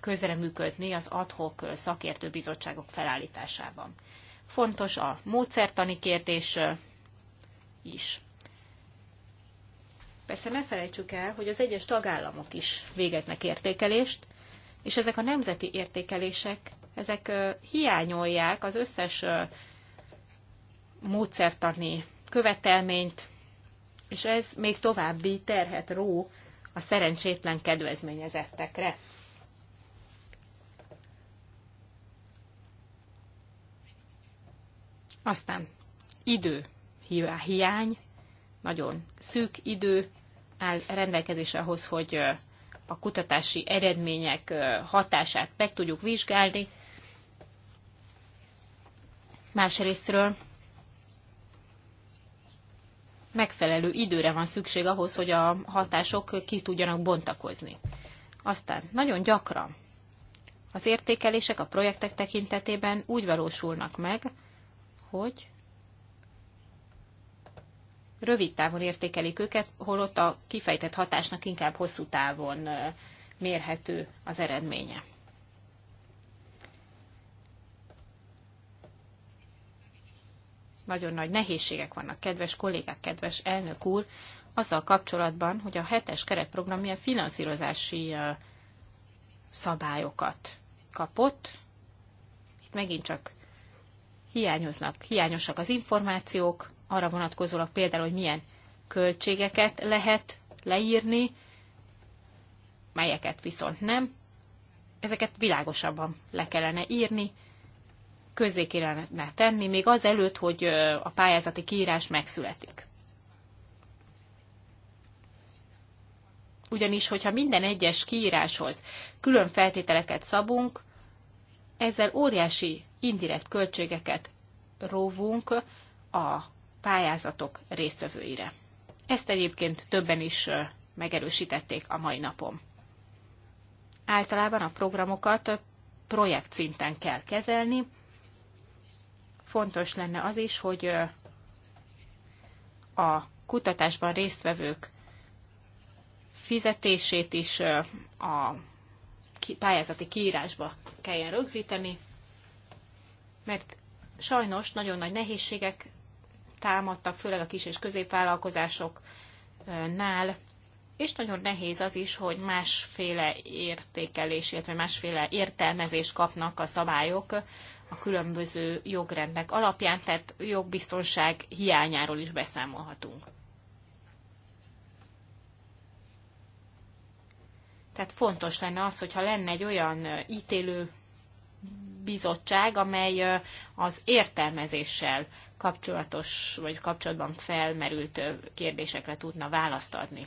közreműködni az adhok szakértőbizottságok felállításában fontos a módszertani kérdés is. Persze ne felejtsük el, hogy az egyes tagállamok is végeznek értékelést, és ezek a nemzeti értékelések, ezek hiányolják az összes módszertani követelményt, és ez még további terhet ró a szerencsétlen kedvezményezettekre. Aztán idő, hiány, nagyon szűk idő áll rendelkezésre ahhoz, hogy a kutatási eredmények hatását meg tudjuk vizsgálni. Másrésztről megfelelő időre van szükség ahhoz, hogy a hatások ki tudjanak bontakozni. Aztán nagyon gyakran az értékelések a projektek tekintetében úgy valósulnak meg, hogy rövid távon értékelik őket, holott a kifejtett hatásnak inkább hosszú távon mérhető az eredménye. Nagyon nagy nehézségek vannak, kedves kollégák, kedves elnök úr, azzal kapcsolatban, hogy a hetes keretprogram milyen finanszírozási szabályokat kapott. Itt megint csak hiányoznak, hiányosak az információk, arra vonatkozólag például, hogy milyen költségeket lehet leírni, melyeket viszont nem. Ezeket világosabban le kellene írni, közzé kellene tenni, még az előtt, hogy a pályázati kiírás megszületik. Ugyanis, hogyha minden egyes kiíráshoz külön feltételeket szabunk, ezzel óriási indirekt költségeket róvunk a pályázatok résztvevőire. Ezt egyébként többen is megerősítették a mai napon. Általában a programokat projekt szinten kell kezelni. Fontos lenne az is, hogy a kutatásban résztvevők fizetését is a pályázati kiírásba kelljen rögzíteni, mert sajnos nagyon nagy nehézségek támadtak, főleg a kis és középvállalkozásoknál, és nagyon nehéz az is, hogy másféle értékelés, illetve másféle értelmezés kapnak a szabályok a különböző jogrendek alapján, tehát jogbiztonság hiányáról is beszámolhatunk. Tehát fontos lenne az, hogyha lenne egy olyan ítélő bizottság, amely az értelmezéssel kapcsolatos vagy kapcsolatban felmerült kérdésekre tudna választ adni.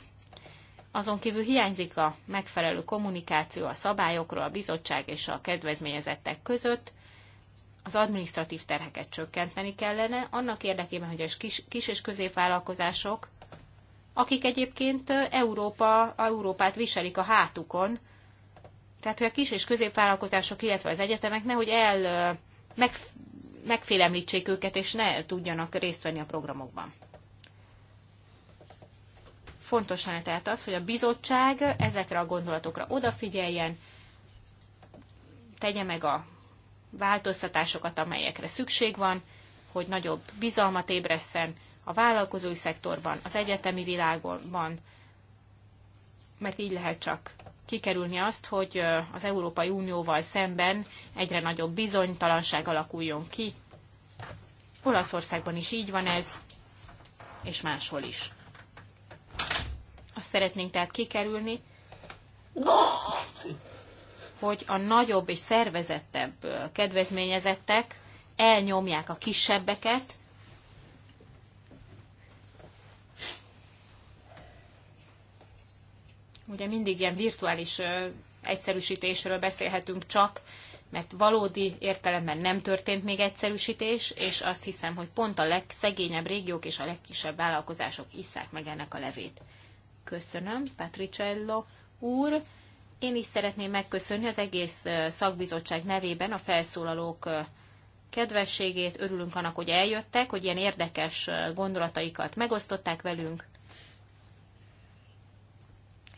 Azon kívül hiányzik a megfelelő kommunikáció a szabályokról a bizottság és a kedvezményezettek között, az administratív terheket csökkenteni kellene, annak érdekében, hogy a kis, kis és középvállalkozások akik egyébként Európa, Európát viselik a hátukon. Tehát, hogy a kis és középvállalkozások, illetve az egyetemek nehogy el meg, megfélemlítsék őket, és ne tudjanak részt venni a programokban. Fontos lenne tehát az, hogy a bizottság ezekre a gondolatokra odafigyeljen, tegye meg a változtatásokat, amelyekre szükség van, hogy nagyobb bizalmat ébreszen, a vállalkozói szektorban, az egyetemi világban, mert így lehet csak kikerülni azt, hogy az Európai Unióval szemben egyre nagyobb bizonytalanság alakuljon ki. Olaszországban is így van ez, és máshol is. Azt szeretnénk tehát kikerülni, hogy a nagyobb és szervezettebb kedvezményezettek elnyomják a kisebbeket, Ugye mindig ilyen virtuális egyszerűsítésről beszélhetünk csak, mert valódi értelemben nem történt még egyszerűsítés, és azt hiszem, hogy pont a legszegényebb régiók és a legkisebb vállalkozások isszák meg ennek a levét. Köszönöm, Patricello úr. Én is szeretném megköszönni az egész szakbizottság nevében a felszólalók kedvességét. Örülünk annak, hogy eljöttek, hogy ilyen érdekes gondolataikat megosztották velünk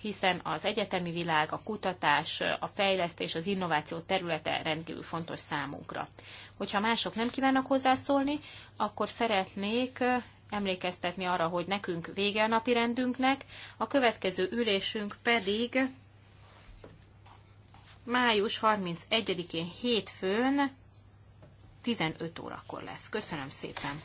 hiszen az egyetemi világ, a kutatás, a fejlesztés, az innováció területe rendkívül fontos számunkra. Hogyha mások nem kívánnak hozzászólni, akkor szeretnék emlékeztetni arra, hogy nekünk vége a napi rendünknek, a következő ülésünk pedig május 31-én hétfőn 15 órakor lesz. Köszönöm szépen!